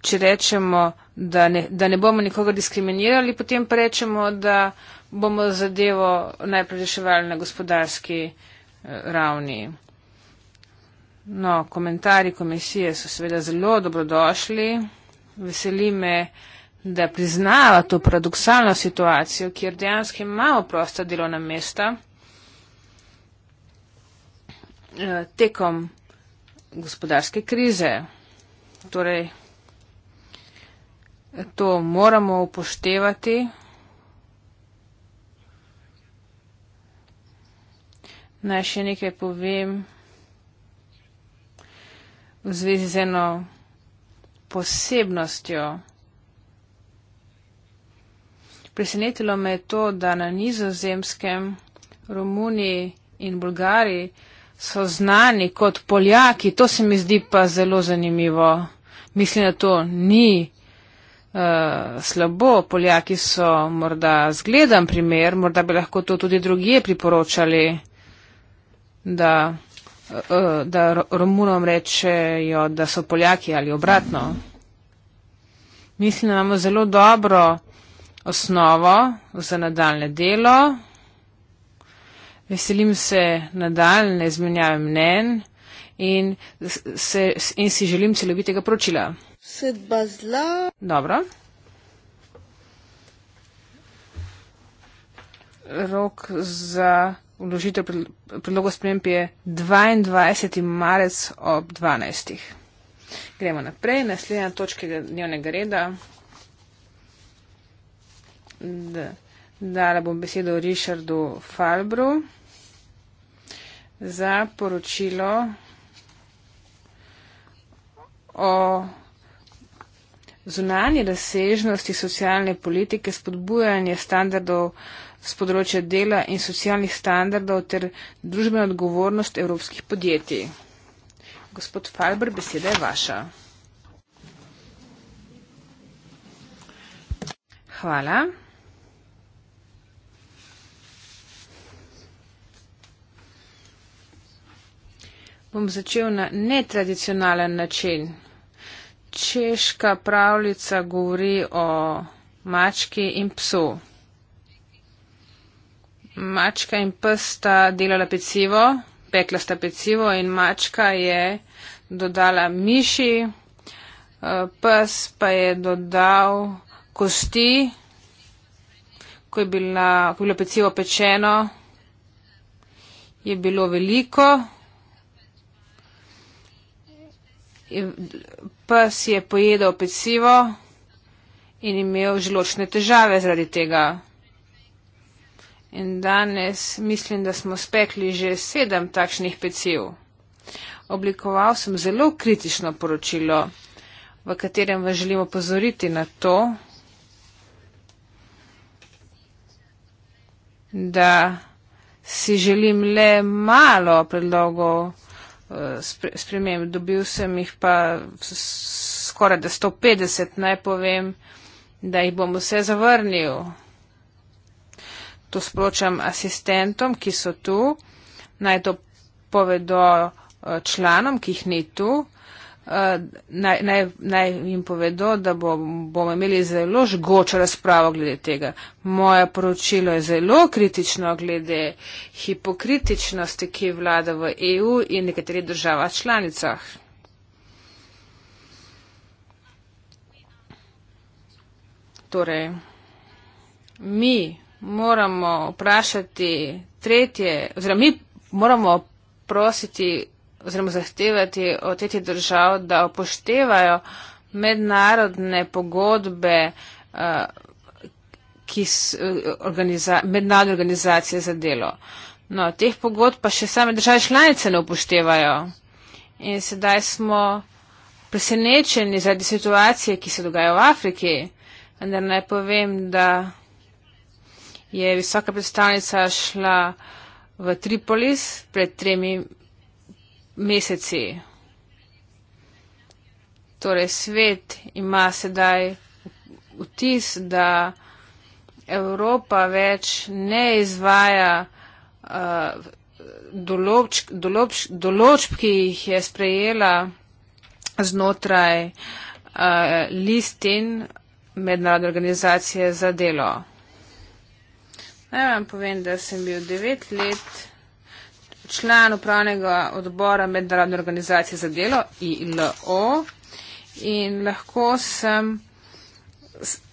če rečemo, da ne, da ne bomo nikoga diskriminirali, potem pa rečemo, da bomo zadevo najprej reševali na gospodarski eh, ravni. No, komentarji komisije so seveda zelo dobrodošli. Veseli me, da priznava to paradoksalno situacijo, kjer dejansko imamo prosta delovna mesta. Eh, tekom gospodarske krize, torej to moramo upoštevati. Naj še nekaj povem v zvezi z eno posebnostjo. Presenetilo me je to, da na nizozemskem, Romuniji in Bulgariji so znani kot Poljaki. To se mi zdi pa zelo zanimivo. Mislim, da to ni Eh, slabo. Poljaki so morda zgledan primer, morda bi lahko to tudi drugje priporočali, da, uh, da Romunom rečejo, da so Poljaki ali obratno. Mislim, da imamo zelo dobro osnovo za nadaljne delo. Veselim se nadaljne izmenjave mnen in, se, in si želim celovitega poročila. Sedba zla. Dobro. Rok za vložitev predloga sprememb je 22. marec ob 12. Gremo naprej. Naslednja točka dnevnega reda. Dala bom besedo Richardu Falbru za poročilo o zunanje razsežnosti socialne politike, spodbujanje standardov z področja dela in socialnih standardov ter družbeno odgovornost evropskih podjetij. Gospod Falber, beseda je vaša. Hvala. Bom začel na netradicionalen način češka pravljica govori o mački in psu. Mačka in pes sta delala pecivo, pekla sta pecivo in mačka je dodala miši, eh, pes pa je dodal kosti, ko je, bila, ko je bilo pecivo pečeno, je bilo veliko. pes je pojedel pecivo in imel želočne težave zaradi tega. In danes mislim, da smo spekli že sedem takšnih peciv. Oblikoval sem zelo kritično poročilo, v katerem vas želim opozoriti na to, da si želim le malo predlogov sprememb, dobil sem jih pa skoraj da 150, naj povem, da jih bom vse zavrnil. To sporočam asistentom, ki so tu, naj to povedo eh, članom, ki jih ni tu, Eh, naj, naj jim povedo, da bo, bomo imeli zelo žgočo razpravo glede tega. Moje poročilo je zelo kritično glede hipokritičnosti, ki vlada v EU in nekaterih državah članicah. Torej, mi moramo vprašati tretje, oziroma mi moramo prositi oziroma zahtevati od tretjih držav, da upoštevajo mednarodne pogodbe, eh, ki eh, organiza, mednarodne organizacije za delo. No, teh pogodb pa še same države članice ne upoštevajo. In sedaj smo presenečeni zaradi situacije, ki se dogaja v Afriki. Vendar naj povem, da je visoka predstavnica šla v Tripolis pred tremi meseci. Torej, svet ima sedaj vtis, da Evropa več ne izvaja uh, določk, določ, določb, ki jih je sprejela znotraj uh, eh, listin mednarodne organizacije za delo. Naj vam povem, da sem bil devet let član upravnega odbora Mednarodne organizacije za delo ILO in lahko sem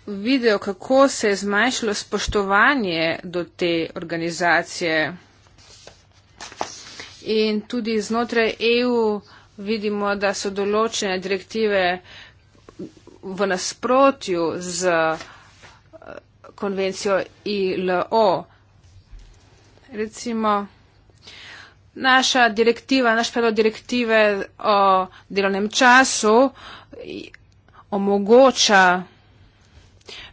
videl, kako se je zmanjšalo spoštovanje do te organizacije. In tudi znotraj EU vidimo, da so določene direktive v nasprotju z eh, konvencijo ILO. Recimo, naša direktiva, naš predlog direktive o delovnem času omogoča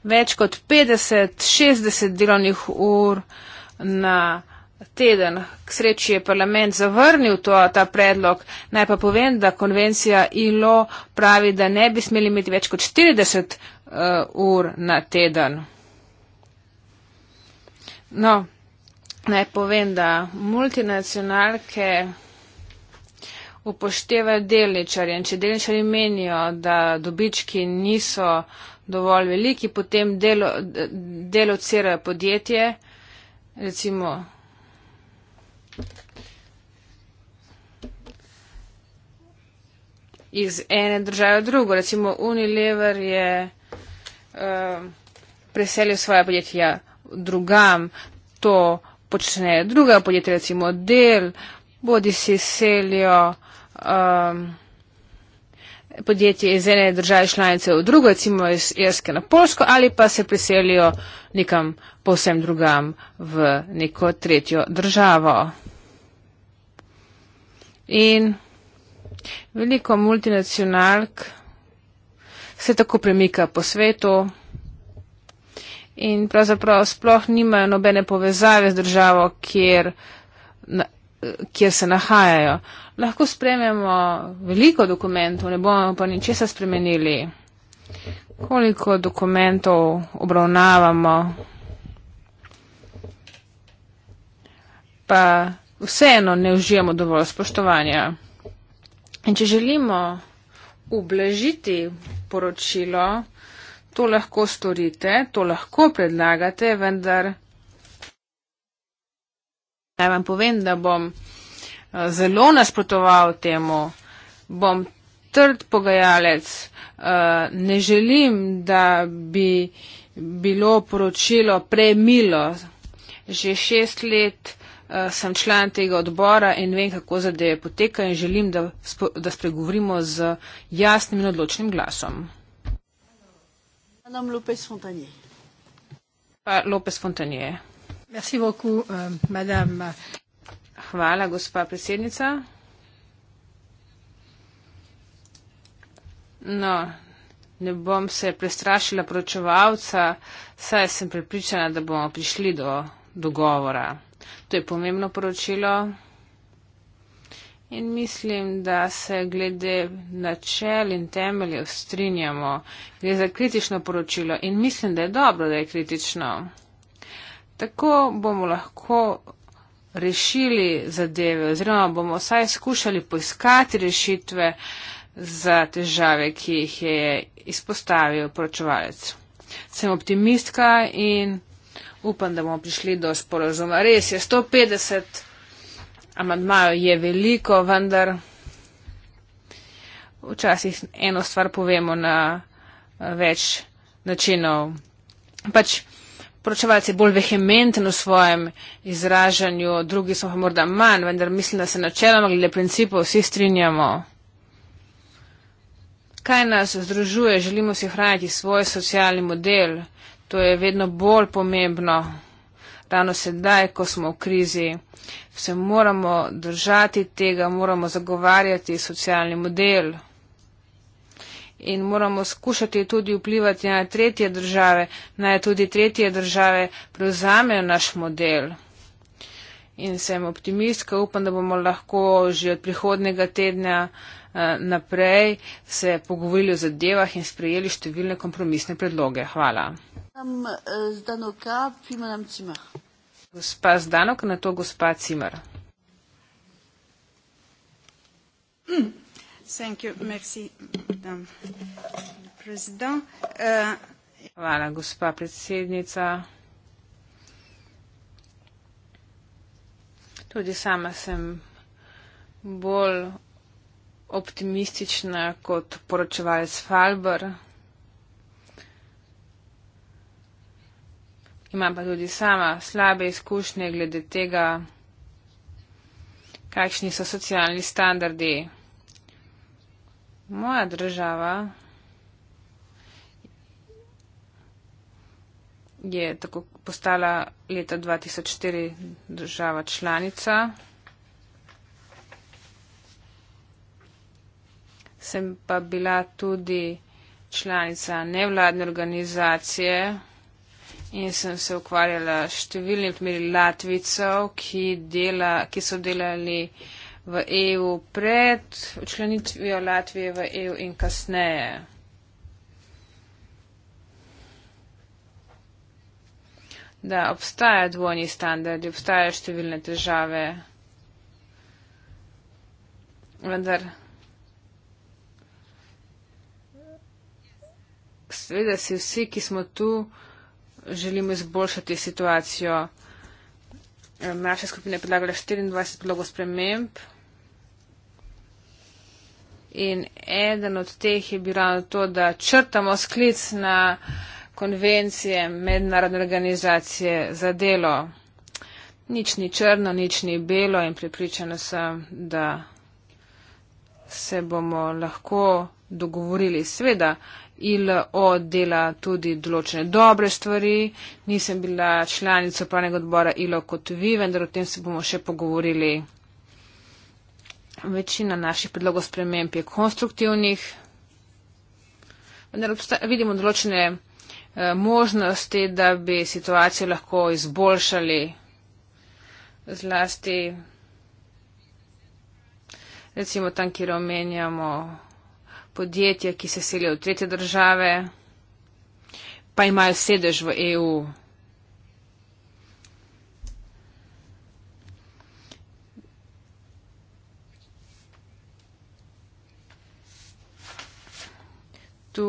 več kot 50-60 delovnih ur na teden. K sreči je parlament zavrnil to, ta predlog. Naj pa povem, da konvencija ILO pravi, da ne bi smeli imeti več kot 40 uh, eh, ur na teden. No, Naj povem, da multinacionalke upoštevajo delničarje in če delničarji menijo, da dobički niso dovolj veliki, potem delo, delo cerajo podjetje, recimo. iz ene države v drugo. Recimo Unilever je uh, preselil svoje podjetje ja, drugam. To počnejo druga podjetja, recimo del, bodi si selijo um, podjetje iz ene države članice v drugo, recimo iz Irske na Polsko, ali pa se priselijo nekam povsem drugam v neko tretjo državo. In veliko multinacionalk se tako premika po svetu in pravzaprav sploh nimajo nobene povezave z državo, kjer, na, kjer se nahajajo. Lahko sprememo veliko dokumentov, ne bomo pa ničesa spremenili. Koliko dokumentov obravnavamo, pa vseeno ne užijemo dovolj spoštovanja. In če želimo ublažiti poročilo, To lahko storite, to lahko predlagate, vendar. Naj vam povem, da bom eh, zelo nasprotoval temu, bom trd pogajalec, eh, ne želim, da bi bilo poročilo premilo. Že šest let eh, sem član tega odbora in vem, kako zadeve potekajo in želim, da spregovorimo z jasnim in odločnim glasom. Madame López Fontanier. López Fontanier. Merci beaucoup, euh, Madame. Hvala, gospa predsednica. No, ne bom se prestrašila poročevalca, saj sem prepričana, da bomo prišli do dogovora. To je pomembno poročilo. In mislim, da se glede načel in temeljev strinjamo. Gre za kritično poročilo in mislim, da je dobro, da je kritično. Tako bomo lahko rešili zadeve oziroma bomo vsaj skušali poiskati rešitve za težave, ki jih je izpostavil poročevalec. Sem optimistka in upam, da bomo prišli do sporozuma. Res je 150. Amandmajev je veliko, vendar včasih eno stvar povemo na eh, več načinov. Pač poročevalci je bolj vehementen v svojem izražanju, drugi so pa morda manj, vendar mislim, da se načeloma glede principov vsi strinjamo. Kaj nas združuje? Želimo si hraniti svoj socialni model. To je vedno bolj pomembno ravno sedaj, ko smo v krizi, se moramo držati tega, moramo zagovarjati socialni model in moramo skušati tudi vplivati na tretje države, naj tudi tretje države prevzamejo naš model. In sem optimistka, upam, da bomo lahko že od prihodnega tedna eh, naprej se pogovorili o zadevah in sprejeli številne kompromisne predloge. Hvala. Um, uh, gospa Zdanok, na to gospa Cimer. Hmm. Euh, Hvala, gospa predsednica. Tudi sama sem bolj optimistična kot poročevalec Falber. imam pa tudi sama slabe izkušnje glede tega, kakšni so socialni standardi. Moja država je tako postala leta 2004 država članica. Sem pa bila tudi članica nevladne organizacije. In sem se ukvarjala s številnimi primeri Latvicov, ki, dela, ki so delali v EU pred učlenitvijo Latvije v EU in kasneje. Da, obstaja dvojni standardi, obstaja številne težave. Vendar. Seveda si vsi, ki smo tu, želimo izboljšati situacijo. Naša skupina je predlagala 24 blogov sprememb. In eden od teh je bil ravno to, da črtamo sklic na konvencije mednarodne organizacije za delo. Nič ni črno, nič ni belo in pripričana sem, da se bomo lahko dogovorili. Sveda ILO dela tudi določene dobre stvari. Nisem bila članica upravnega odbora ILO kot vi, vendar o tem se bomo še pogovorili. Večina naših predlogov sprememb je konstruktivnih, vendar vidimo določene eh, možnosti, da bi situacijo lahko izboljšali zlasti recimo tam, kjer omenjamo podjetja, ki se selijo v tretje države, pa imajo sedež v EU. Tu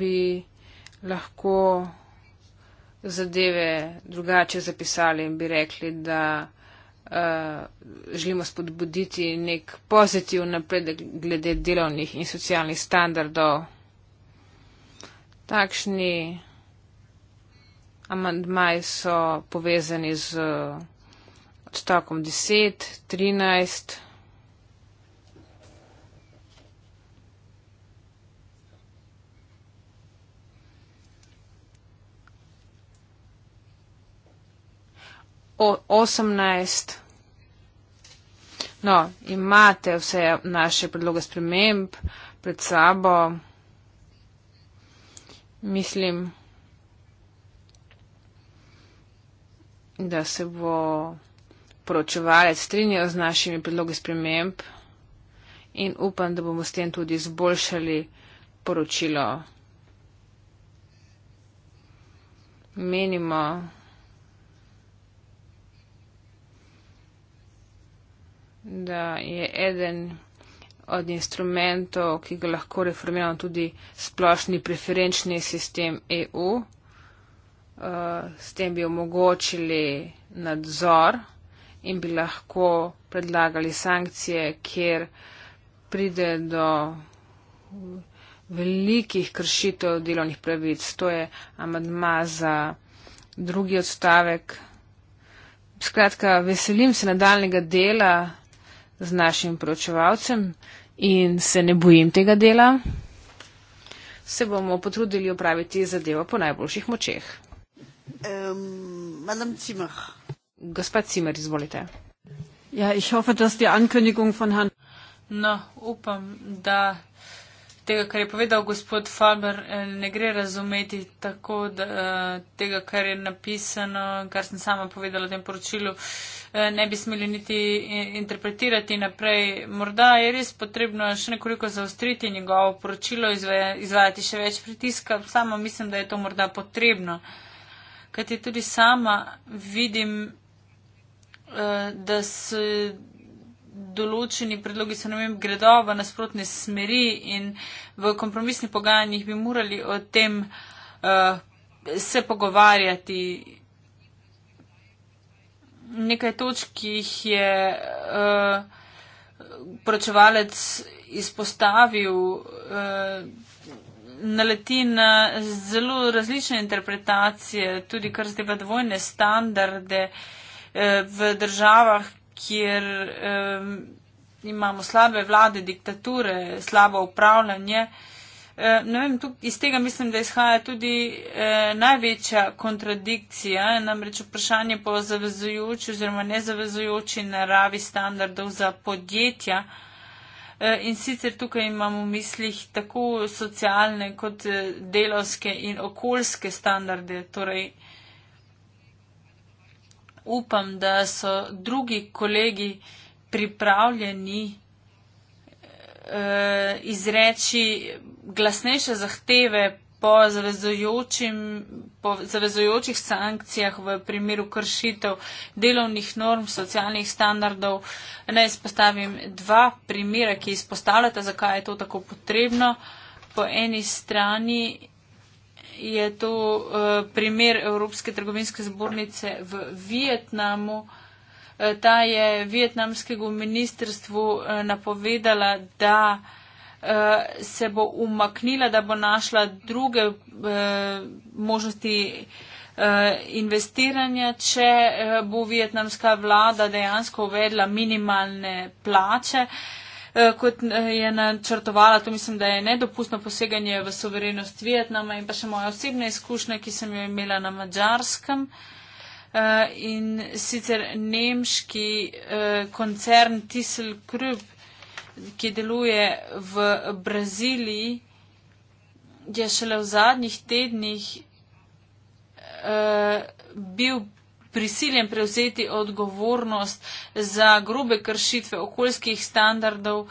bi lahko zadeve drugače zapisali in bi rekli, da Eh, želimo spodbuditi nek pozitiv napredek glede delovnih in socialnih standardov. Takšni amandmaj so povezani z odstavkom 10, 13, 14. 18. No, imate vse naše predloge sprememb pred sabo. Mislim, da se bo poročevalec strinjal z našimi predlogi sprememb in upam, da bomo s tem tudi izboljšali poročilo. Menimo, da je eden od instrumentov, ki ga lahko reformiramo, tudi splošni preferenčni sistem EU. Eh, s tem bi omogočili nadzor in bi lahko predlagali sankcije, kjer pride do velikih kršitev delovnih pravic. To je amadma za drugi odstavek. Skratka, veselim se nadaljnega dela z našim proučevalcem in se ne bojim tega dela, se bomo potrudili opraviti zadevo po najboljših močeh. Um, Cimer. Gospod Cimer, izvolite. Ja, ich hoffe, dass die Ankündigung von Herrn. No, upam, da tega, kar je povedal gospod Faber, eh, ne gre razumeti tako, da eh, tega, kar je napisano, kar sem sama povedala v tem poročilu, eh, ne bi smeli niti interpretirati naprej. Morda je res potrebno še nekoliko zaostriti njegovo poročilo, izvajati še več pritiska, sama mislim, da je to morda potrebno. Kaj ti tudi sama vidim, da se določeni predlogi se namem gredo v nasprotne smeri in v kompromisni pogajanjih bi morali o tem uh, se pogovarjati. Nekaj točk, ki jih je uh, eh, pročevalec izpostavil, uh, naleti na zelo različne interpretacije, tudi kar zdaj v dvojne standarde uh, v državah, kjer um, imamo slabe vlade, diktature, slabo upravljanje. E, vem, tuk, iz tega mislim, da izhaja tudi e, največja kontradikcija, namreč vprašanje po zavezujoči oziroma nezavezujoči naravi standardov za podjetja. In sicer tukaj imamo v mislih tako socialne kot delovske in okoljske standarde, torej upam, da so drugi kolegi pripravljeni eh, izreči glasnejše zahteve po, po zavezojočih sankcijah v primeru kršitev delovnih norm, socialnih standardov. Naj izpostavim dva primera, ki izpostavljata, zakaj je to tako potrebno. Po eni strani je to uh, primer Evropske trgovinske zbornice v Vietnamu. Uh, ta je vietnamskemu ministrstvu uh, napovedala, da uh, se bo umaknila, da bo našla druge uh, možnosti investiranja, če bo vietnamska vlada dejansko uvedla minimalne plače. Uh, Eh, kot eh, je načrtovala. To mislim, da je nedopustno poseganje v soverenost Vietnama in pa še moja osebna izkušnja, ki sem jo imela na Mačarskem. Eh, in sicer nemški koncern ThyssenKrupp, ki deluje v Braziliji, je šele v zadnjih tednih bil prisiljen prevzeti odgovornost za grobe kršitve okoljskih standardov,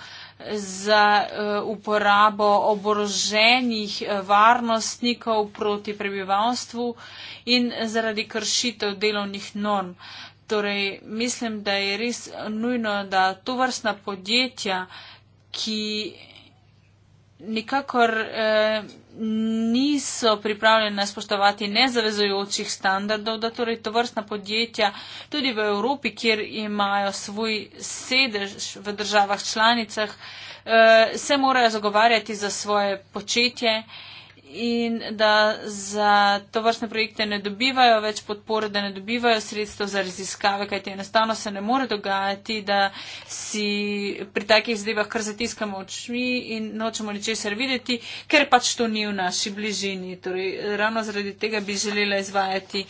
za eh, uporabo oboroženih eh, varnostnikov proti prebivalstvu in zaradi kršitev delovnih norm. Torej, mislim, da je res nujno, da to vrstna podjetja, ki nikakor eh, niso pripravljene spoštovati nezavezujočih standardov, da torej to vrstna podjetja tudi v Evropi, kjer imajo svoj sedež v državah članicah, eh, se morajo zagovarjati za svoje početje eh, in da za to vrstne projekte ne dobivajo več podpore, da ne dobivajo sredstev za raziskave, kajti enostavno se ne more dogajati, da si pri takih zadevah kar zatiskamo oči in nočemo ničesar videti, ker pač to ni v naši bližini. Torej, ravno zaradi tega bi želela izvajati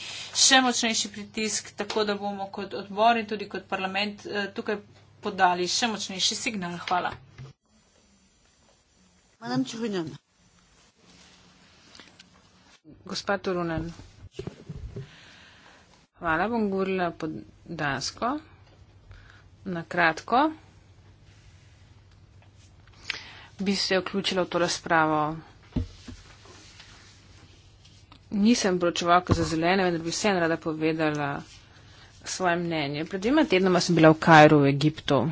še močnejši pritisk, tako da bomo kot odbor in tudi kot parlament eh, tukaj podali še močnejši signal. Hvala. Madame Churinon. Gospa Torunen. Hvala, bom govorila po dansko. Na kratko bi se vključila v to razpravo. Nisem poročevalka za zelene, vendar bi vseeno rada povedala svoje mnenje. Pred dvema tednoma sem bila v Kajru, v Egiptu.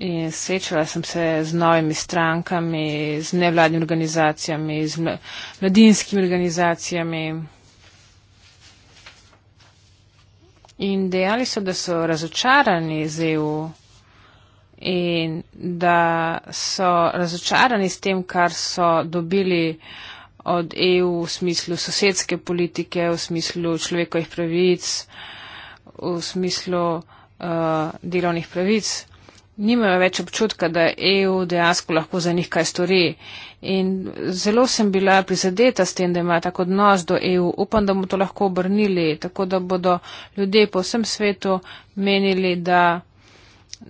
In srečala sem se z novimi strankami, z nevladnimi organizacijami, z mladinskimi organizacijami. In dejali so, da so razočarani z EU in da so razočarani s tem, kar so dobili od EU v smislu sosedske politike, v smislu človekovih pravic, v smislu uh, delovnih pravic nimajo več občutka, da EU dejansko lahko za njih kaj stori. In zelo sem bila prizadeta s tem, da ima tako odnos do EU. Upam, da bomo to lahko obrnili, tako da bodo ljudje po vsem svetu menili, da,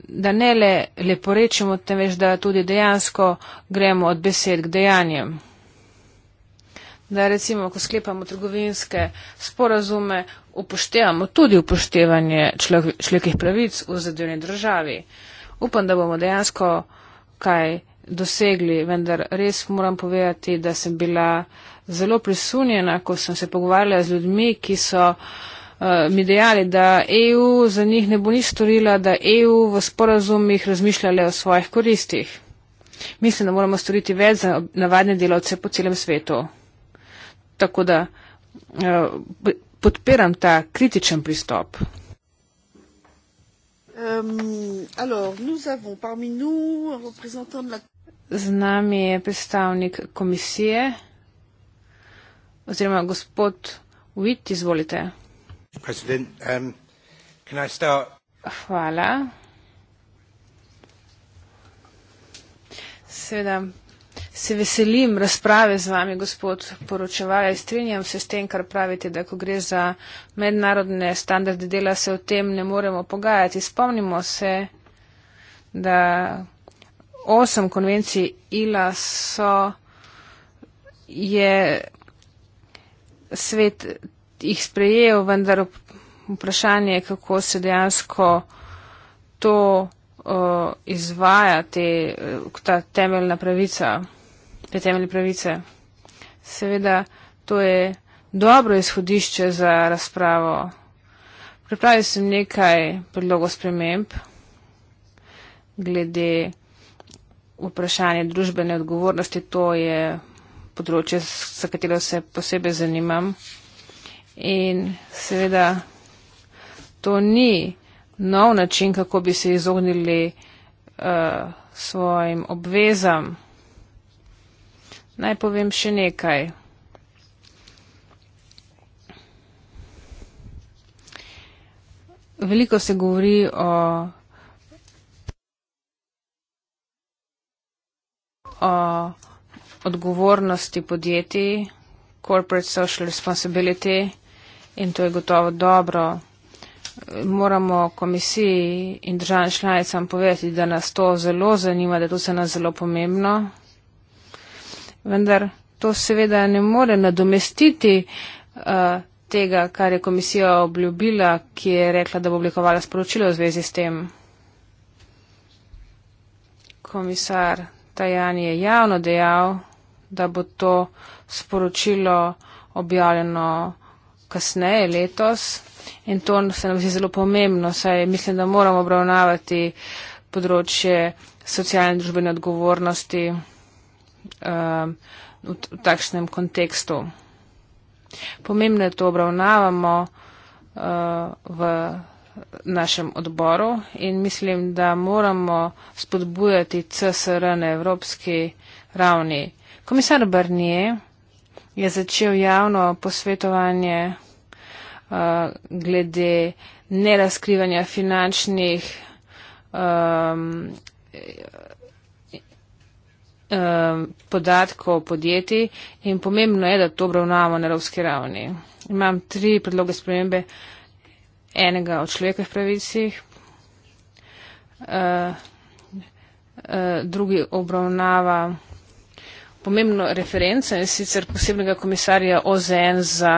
da ne le leporečemo, temveč da tudi dejansko gremo od besed k dejanjem. Da recimo, ko sklepamo trgovinske sporazume, upoštevamo tudi upoštevanje človekih pravic v zadnji državi upam, da bomo dejansko kaj dosegli, vendar res moram povedati, da sem bila zelo prisunjena, ko sem se pogovarjala z ljudmi, ki so uh, mi dejali, da EU za njih ne bo nič storila, da EU v sporazumih razmišljale o svojih koristih. Mislim, da moramo storiti več za navadne delavce po celem svetu. Tako da uh, podpiram ta kritičen pristop. Euh, Z nami je predstavnik komisije oziroma gospod Witt, izvolite. Um, Hvala. Seveda Se veselim razprave z vami, gospod poročevalec. Strinjam se s tem, kar pravite, da ko gre za mednarodne standarde dela, se o tem ne moremo pogajati. Spomnimo se, da osem konvencij ILA so, je svet jih sprejel, vendar vprašanje je, kako se dejansko to uh, izvaja, te, ta temeljna pravica te temeljne pravice. Seveda, to je dobro izhodišče za razpravo. Pripravil sem nekaj predlogov sprememb glede vprašanja družbene odgovornosti. To je področje, za katero se posebej zanimam. In seveda, to ni nov način, kako bi se izognili uh, svojim obvezam naj povem še nekaj. Veliko se govori o, o odgovornosti podjetij, corporate social responsibility in to je gotovo dobro. Moramo komisiji in državnim članicam povedati, da nas to zelo zanima, da to se nas zelo pomembno vendar to seveda ne more nadomestiti uh, tega, kar je komisija obljubila, ki je rekla, da bo oblikovala sporočilo v zvezi s tem. Komisar Tajani je javno dejal, da bo to sporočilo objavljeno kasneje letos in to se nam zdi zelo pomembno, saj mislim, da moramo obravnavati področje socialne in družbene odgovornosti uh, v, v takšnem kontekstu. Pomembno je to obravnavamo uh, v našem odboru in mislim, da moramo spodbujati CSR na evropski ravni. Komisar Barnier je začel javno posvetovanje uh, glede nerazkrivanja finančnih um, Eh, podatkov podjetij in pomembno je, da to obravnavamo na evropski ravni. Imam tri predloge spremembe enega o človekovih pravicih, eh, eh, drugi obravnava pomembno referenco in sicer posebnega komisarja OZN za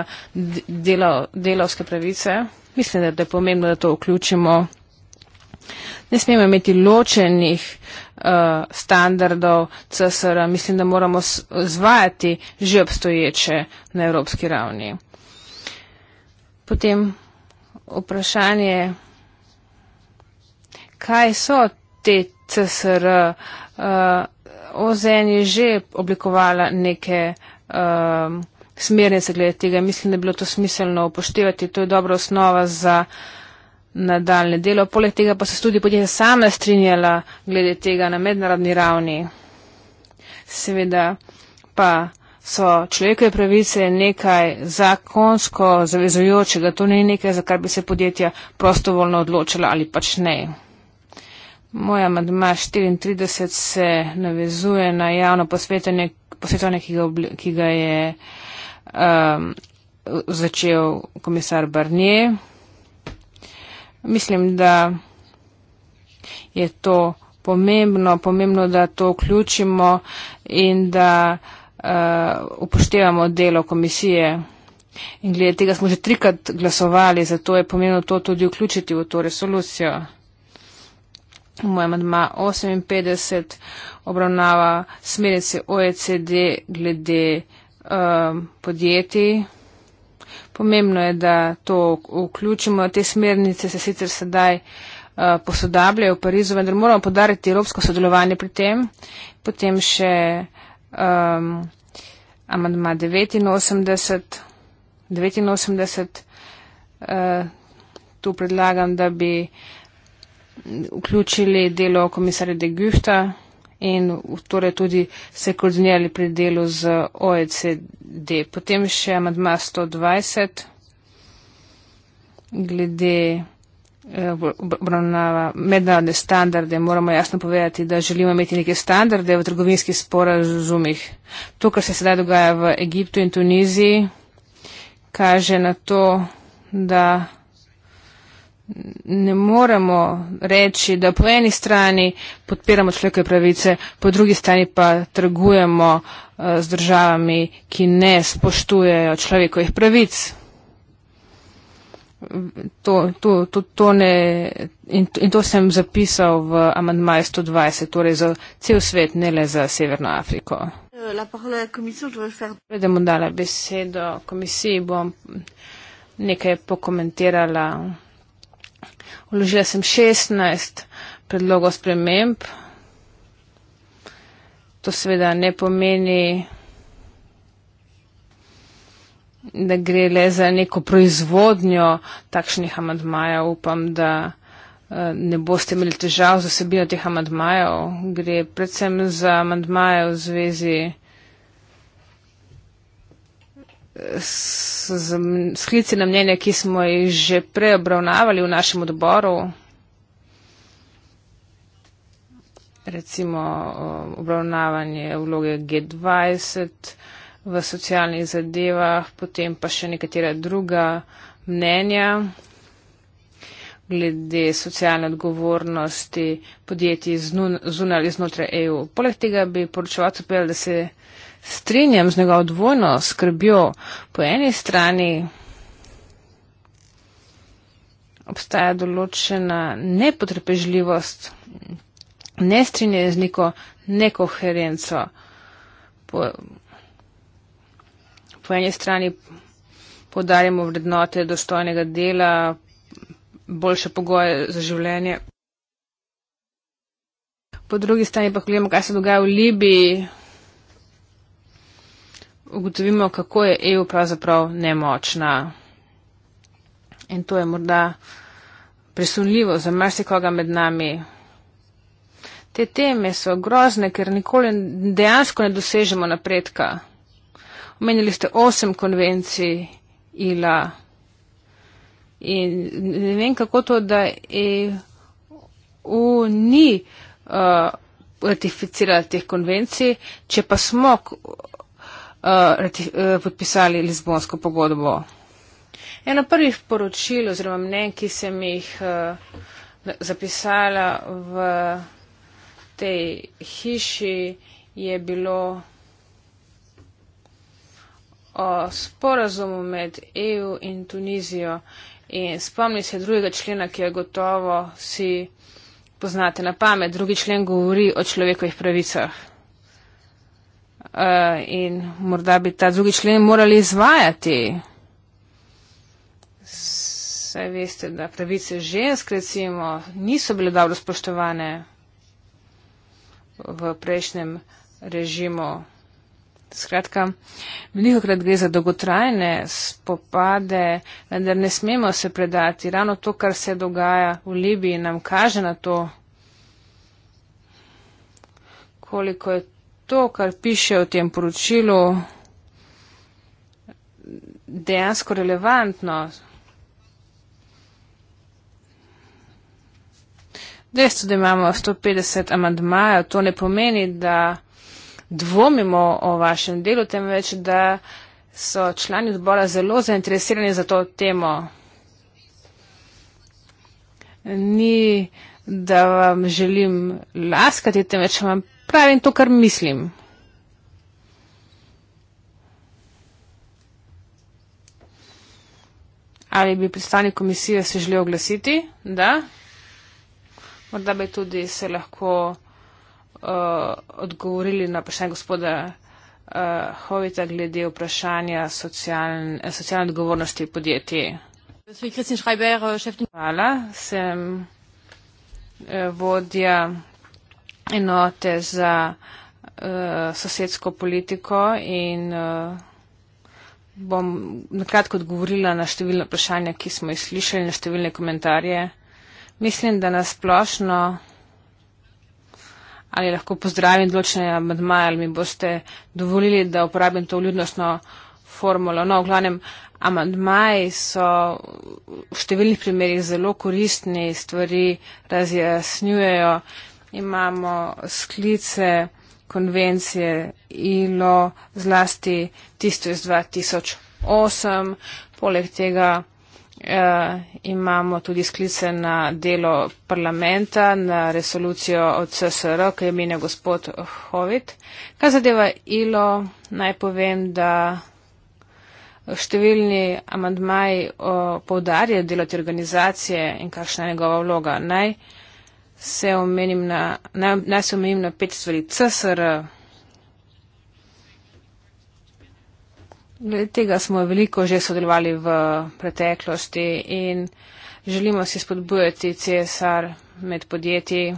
delovske pravice. Mislim, da je pomembno, da to vključimo. Ne smemo imeti ločenih uh, Eh, standardov CSR, mislim, da moramo zvajati že obstoječe na evropski ravni. Potem vprašanje, kaj so te CSR? Uh, eh, OZN je že oblikovala neke uh, smernice glede tega. Mislim, da je bilo to smiselno upoštevati. To je dobra osnova za. Uh, nadaljne delo. Poleg tega pa so tudi podjetja same strinjala glede tega na mednarodni ravni. Seveda pa so človekove pravice nekaj zakonsko zavezujočega, to ni nekaj, za kar bi se podjetja prostovoljno odločila ali pač ne. Moja madma 34 se navezuje na javno posvetanje, posvetanje ki, ga obli, ki ga je um, začel komisar Barnier. Mislim, da je to pomembno, pomembno, da to vključimo in da uh, upoštevamo delo komisije. In glede tega smo že trikrat glasovali, zato je pomembno to tudi vključiti v to resolucijo. Moj amadma 58 obravnava smerice OECD glede uh, podjetij pomembno je, da to vključimo. Te smernice se sicer sedaj uh, posodabljajo v Parizu, vendar moramo podariti evropsko sodelovanje pri tem. Potem še um, amandma 89. 89 uh, tu predlagam, da bi vključili delo komisarja de Gühta in torej tudi se koordinirali pri delu z OECD. Potem še amadma 120 glede eh, obravnava mednarodne standarde. Moramo jasno povedati, da želimo imeti neke standarde v trgovinskih sporazumih. To, kar se sedaj dogaja v Egiptu in Tuniziji, kaže na to, da ne moremo reči, da po eni strani podpiramo človekove pravice, po drugi strani pa trgujemo eh, z državami, ki ne spoštujejo človekovih pravic. To, to, to, to ne, in, in to sem zapisal v amandmaju 120, torej za cel svet, ne le za Severno Afriko. Predem dala besedo komisiji, bom nekaj pokomentirala vložila sem 16 predlogov sprememb. To seveda ne pomeni, da gre le za neko proizvodnjo takšnih amadmajev. Upam, da eh, ne boste imeli težav z osebino teh amadmajev. Gre predvsem za amadmaje v zvezi sklici na mnenje, ki smo jih že preobravnavali v našem odboru. Recimo obravnavanje vloge G20 v socialnih zadevah, potem pa še nekatera druga mnenja glede socialne odgovornosti podjetij zunaj ali znotraj EU. Poleg tega bi poročevalcu povedal, da se strinjam z njegovo dvojno skrbjo. Po eni strani obstaja določena nepotrpežljivost, ne strinje z neko nekoherenco. Po, po eni strani podarjamo vrednote dostojnega dela, boljše pogoje za življenje. Po drugi strani pa gledamo, kaj se dogaja v Libiji, ugotovimo, kako je EU pravzaprav nemočna. In to je morda presunljivo za marsikoga med nami. Te teme so grozne, ker nikoli dejansko ne dosežemo napredka. Omenili ste osem konvencij ILA in ne vem, kako to, da EU ni uh, ratificirala teh konvencij, če pa smo uh, uh, podpisali Lizbonsko pogodbo? Eno prvih poročil oziroma mnen, ki sem jih uh, zapisala v tej hiši, je bilo o sporazumu med EU in Tunizijo. In spomni se drugega člena, ki je gotovo si poznate na pamet. Drugi člen govori o človekovih pravicah uh, in morda bi ta drugi člen morali izvajati. Saj veste, da pravice žensk recimo niso bile dobro spoštovane v prejšnjem režimu. Skratka, veliko krat gre za dolgotrajne spopade, vendar ne smemo se predati. Ravno to, kar se dogaja v Libiji, nam kaže na to, koliko je to, kar piše v tem poročilu, dejansko relevantno. Dejstvo, da imamo 150 amadmajev, to ne pomeni, da dvomimo o vašem delu, temveč, da so člani odbora zelo zainteresirani za to temo. Ni, da vam želim laskati, temveč vam pravim to, kar mislim. Ali bi predstavnik komisije se želel oglasiti? Da. Morda bi tudi se lahko uh, odgovorili na vprašanje gospoda uh, Hovita glede vprašanja socialne, socialne odgovornosti podjetij. Uh, Hvala, sem uh, vodja enote za uh, sosedsko politiko in uh, bom nakratko odgovorila na številne vprašanja, ki smo jih slišali, na številne komentarje. Mislim, da nasplošno ali lahko pozdravim določene amadmaje ali mi boste dovolili, da uporabim to vljudnostno formulo. No, v glavnem, amadmaji so v številnih primerjih zelo koristni, stvari razjasnjujejo, imamo sklice konvencije ILO, zlasti tisto iz 2008. Poleg tega eh, imamo tudi sklice na delo parlamenta, na resolucijo od CSR, ki je menil gospod Hovit. Kar zadeva ILO, naj povem, da. Številni amandmaji poudarjajo delo te organizacije in kakšna je njegova vloga. Naj uh, se omenim na, naj, naj se omenim na pet stvari. CSR. Glede tega smo veliko že sodelovali v preteklosti in želimo si spodbujati CSR med podjetji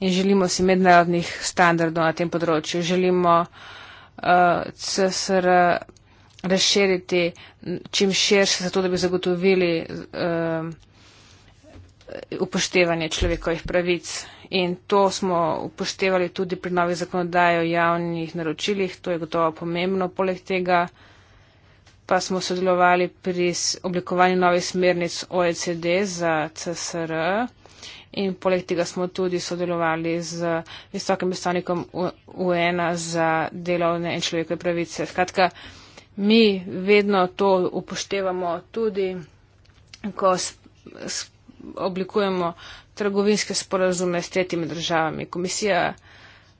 in želimo si mednarodnih standardov na tem področju. Želimo uh, CSR razširiti čim širše, zato da bi zagotovili. Uh, upoštevanje človekovih pravic. In to smo upoštevali tudi pri novih zakonodaji o javnih naročilih, to je gotovo pomembno. Poleg tega pa smo sodelovali pri oblikovanju novih smernic OECD za CSR in poleg tega smo tudi sodelovali z visokim predstavnikom UN e za delovne in človekove pravice. Skratka, mi vedno to upoštevamo tudi, ko oblikujemo trgovinske sporazume s tretjimi državami. Komisija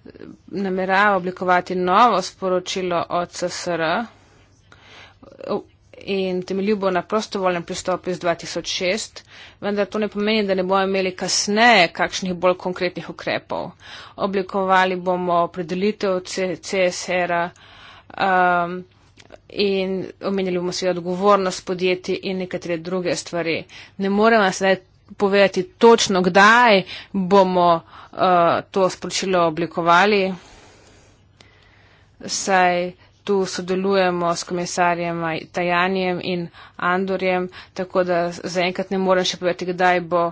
eh, namerava oblikovati novo sporočilo od CSR eh, in temeljil bo na prostovoljnem pristopu iz 2006, vendar to ne pomeni, da ne bomo imeli kasneje kakšnih bolj konkretnih ukrepov. Oblikovali bomo predelitev CSR-a um, in omenili bomo seveda odgovornost podjetij in nekatere druge stvari. Ne moremo sedaj povedati točno, kdaj bomo uh, to sporočilo oblikovali, saj tu sodelujemo s komisarjem Tajanjem in Andorjem, tako da zaenkrat ne morem še povedati, kdaj bo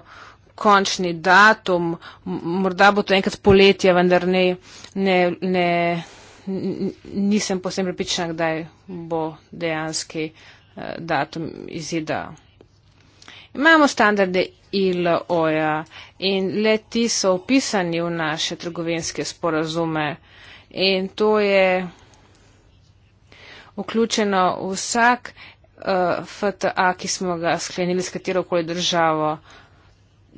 končni datum. Morda bo to enkrat poletje, vendar ne, ne, ne, nisem posebno pripričana, kdaj bo dejanski uh, datum izida. Imamo standarde ILO-ja in le ti so upisani v naše trgovinske sporazume in to je vključeno vsak uh, eh, FTA, ki smo ga sklenili s katerokoli državo,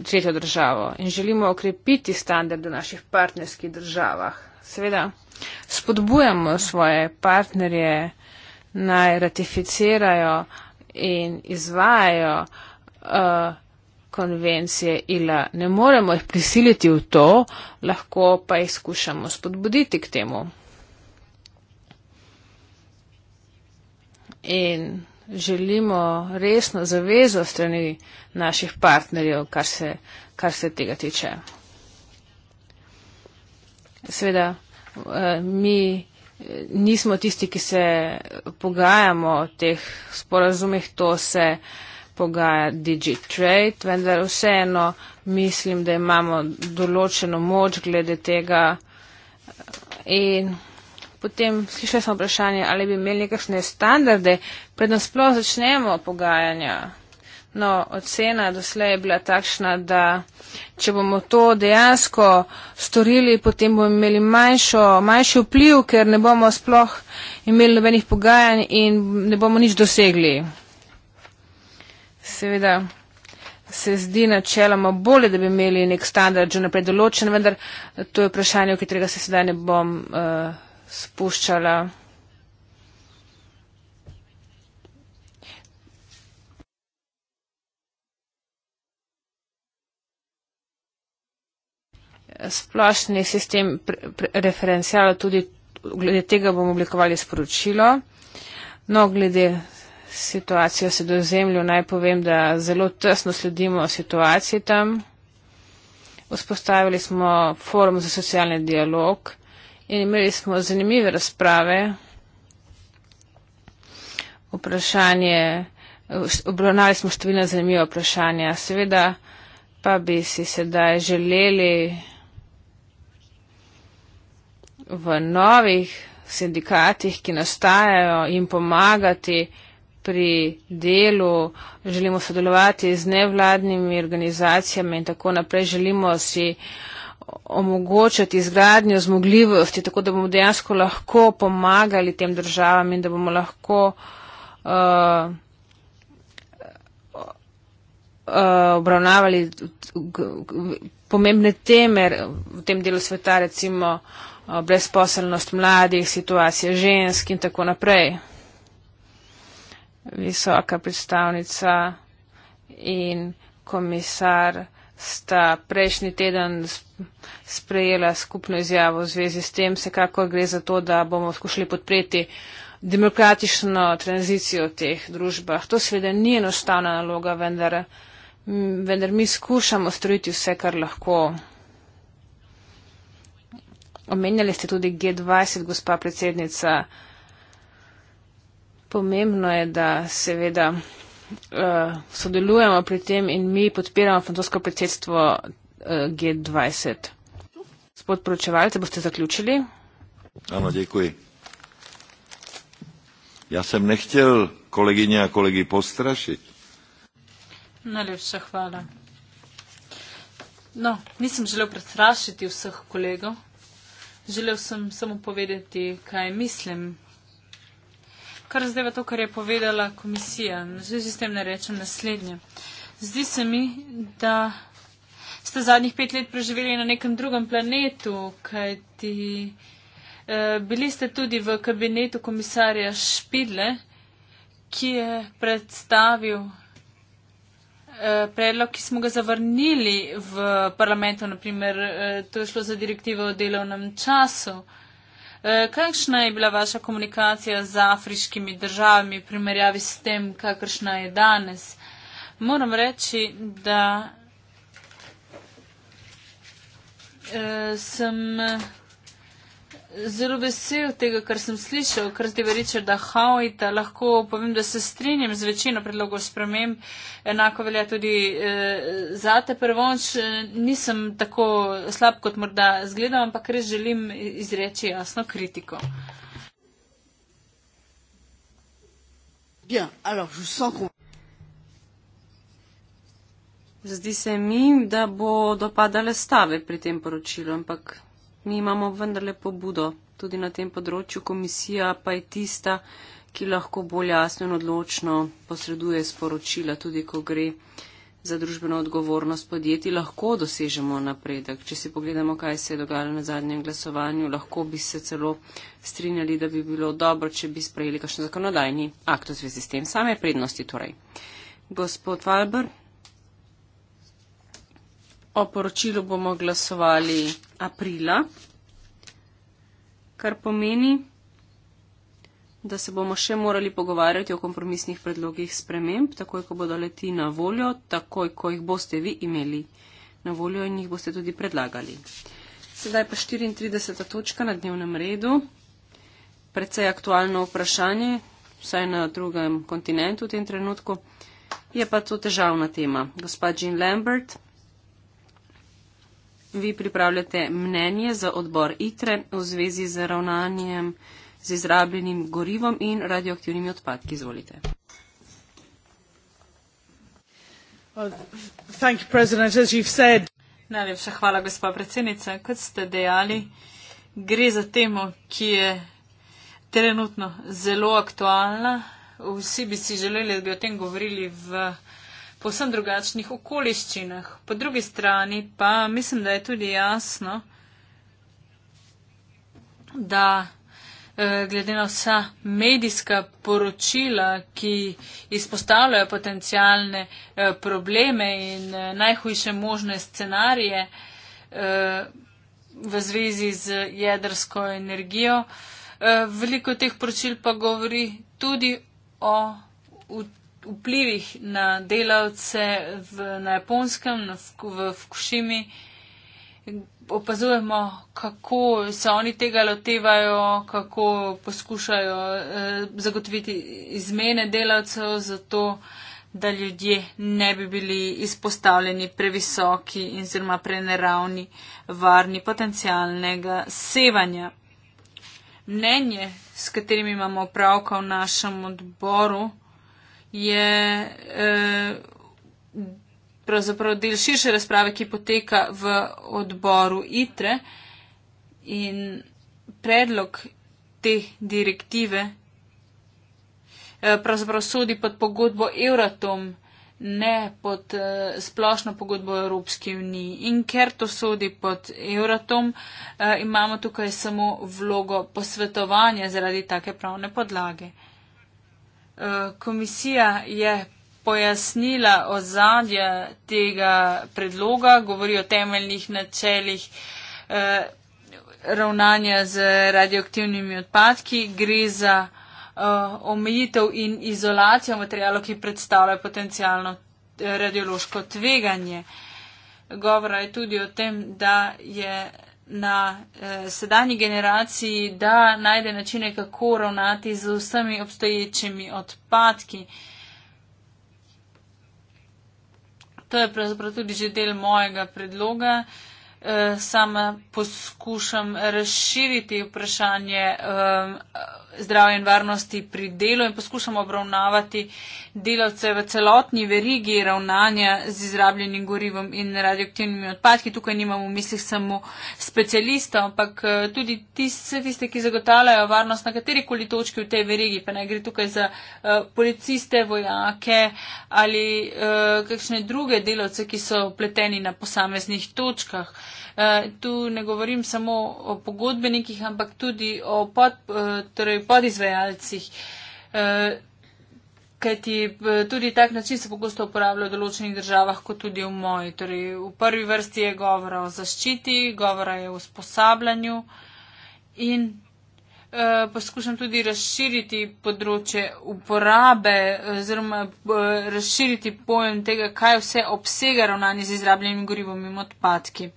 tretjo državo in želimo okrepiti standard v naših partnerskih državah. Seveda spodbujamo svoje partnerje, naj ratificirajo in izvajajo uh, Eh, konvencije ILA. Ne moremo jih prisiliti v to, lahko pa jih skušamo spodbuditi k temu. In želimo resno zavezo strani naših partnerjev, kar se, kar se tega tiče. Sveda, eh, mi eh, nismo tisti, ki se pogajamo o teh sporazumih, to se pogaja DigiTrade, vendar vseeno mislim, da imamo določeno moč glede tega. In potem slišali smo vprašanje, ali bi imeli nekakšne standarde, predno sploh začnemo pogajanja. No, ocena doslej je bila takšna, da če bomo to dejansko storili, potem bomo imeli manjšo, manjši vpliv, ker ne bomo sploh imeli nobenih pogajanj in ne bomo nič dosegli seveda se zdi načeloma bolje, da bi imeli nek standard že naprej določen, vendar to je vprašanje, v katerega se sedaj ne bom uh, spuščala. Splošni sistem pre, pre, referencijala tudi glede tega bomo oblikovali sporočilo. No, glede situacijo sredozemlju, naj povem, da zelo tesno sledimo situaciji tam. Vzpostavili smo forum za socialni dialog in imeli smo zanimive razprave. Vprašanje, obravnali smo številna zanimiva vprašanja. Seveda pa bi si sedaj želeli v novih sindikatih, ki nastajajo, jim pomagati pri delu, želimo sodelovati z nevladnimi organizacijami in tako naprej. Želimo si omogočati izgradnjo zmogljivosti, tako da bomo dejansko lahko pomagali tem državam in da bomo lahko uh, uh, obravnavali pomembne teme v tem delu sveta, recimo uh, brezposelnost mladih, situacija žensk in tako naprej visoka predstavnica in komisar sta prejšnji teden sprejela skupno izjavo v zvezi s tem, vsekakor gre za to, da bomo skušali podpreti demokratično tranzicijo v teh družbah. To seveda ni enostavna naloga, vendar, vendar mi skušamo storiti vse, kar lahko. Omenjali ste tudi G20, gospa predsednica pomembno je, da seveda uh, sodelujemo pri tem in mi podpiramo francosko predsedstvo uh, eh, G20. Spod poročevalce boste zaključili. Ano, děkuji. Já jsem nechtěl kolegyně a kolegy postrašit. Najlepša hvala. No, nisem želel prestrašiti vseh kolegov. Želel sem samo povedati, kaj mislim kar zdaj to, kar je povedala komisija. V zvezi s tem ne rečem naslednje. Zdi se mi, da ste zadnjih pet let preživeli na nekem drugem planetu, kajti eh, bili ste tudi v kabinetu komisarja Špidle, ki je predstavil eh, predlog, ki smo ga zavrnili v parlamentu, naprimer eh, to je šlo za direktivo o delovnem času. Eh, kakšna je bila vaša komunikacija z afriškimi državami, primerjavi s tem, kakršna je danes? Moram reči, da eh, sem zelo vesel tega, kar sem slišal, kar ti veriče, da haujta, lahko povem, da se strinjam z večino predlogov sprememb, enako velja tudi eh, za te prvonč, eh, nisem tako slab, kot morda zgledam, ampak res želim izreči jasno kritiko. Bien, alors, Zdi se mi, da bo dopadale stave pri tem poročilu, ampak mi imamo vendarle pobudo tudi na tem področju, komisija pa je tista, ki lahko bolj jasno in odločno posreduje sporočila, tudi ko gre za družbeno odgovornost podjetij, lahko dosežemo napredek. Če si pogledamo, kaj se je dogajalo na zadnjem glasovanju, lahko bi se celo strinjali, da bi bilo dobro, če bi sprejeli kakšen zakonodajni akt v zvezi s tem. Same prednosti torej. Gospod Valber, O poročilu bomo glasovali aprila, kar pomeni, da se bomo še morali pogovarjati o kompromisnih predlogih sprememb, takoj ko bodo leti na voljo, takoj ko jih boste vi imeli na voljo in jih boste tudi predlagali. Sedaj pa 34. točka na dnevnem redu. Predvsej aktualno vprašanje, vsaj na drugem kontinentu v tem trenutku, je pa to težavna tema. Gospa Jean Lambert vi pripravljate mnenje za odbor ITRE v zvezi z ravnanjem z izrabljenim gorivom in radioaktivnimi odpadki. Izvolite. Najlepša hvala, gospod predsednica. Kot ste dejali, gre za temo, ki je trenutno zelo aktualna. Vsi bi si želeli, da bi o tem govorili v povsem drugačnih okoliščinah. Po drugi strani pa mislim, da je tudi jasno, da eh, glede na vsa medijska poročila, ki izpostavljajo potencijalne eh, probleme in eh, najhujše možne scenarije v zvezi z jedrsko energijo, veliko teh poročil pa govori tudi o vplivih na delavce v, na japonskem, na, v Fukushimi. Opazujemo, kako se oni tega lotevajo, kako poskušajo eh, zagotoviti izmene delavcev, zato da ljudje ne bi bili izpostavljeni previsoki in zelo preneravni varni potencijalnega sevanja. Mnenje, s katerim imamo pravka v našem odboru, je eh, pravzaprav del širše razprave, ki poteka v odboru ITRE in predlog te direktive eh, pravzaprav sodi pod pogodbo Euratom, ne pod eh, splošno pogodbo Evropske unije. In ker to sodi pod Euratom, imamo tukaj samo vlogo posvetovanja zaradi take pravne podlage. Komisija je pojasnila ozadja tega predloga, govori o temeljnih načelih eh, ravnanja z radioaktivnimi odpadki, gre za eh, omejitev in izolacijo materijalov, ki predstavljajo potencijalno eh, radiološko tveganje. Govora je tudi o tem, da je na eh, sedanji generaciji, da najde načine, kako ravnati z vsemi obstoječimi odpadki. To je pravzaprav tudi že del mojega predloga. Eh, sama poskušam razširiti vprašanje. Eh, zdravja in varnosti pri delu in poskušamo obravnavati delavce v celotni verigi ravnanja z izrabljenim gorivom in radioaktivnimi odpadki. Tukaj nimamo v mislih samo specialista, ampak eh, tudi tiste, tiste, ki zagotavljajo varnost na kateri koli točki v tej verigi, pa naj gre tukaj za uh, policiste, vojake ali uh, kakšne druge delavce, ki so pleteni na posameznih točkah. Uh, Eh, tu ne govorim samo o pogodbenikih, ampak tudi o pod, eh, torej podizvajalcih. Eh, kajti tudi tak način se pogosto uporablja v določenih državah, kot tudi v moji. Torej, v prvi vrsti je govora o zaščiti, govora je o usposabljanju in eh, poskušam tudi razširiti področje uporabe oziroma eh, razširiti pojem tega, kaj vse obsega ravnanje z izrabljenimi gorivom in odpadki.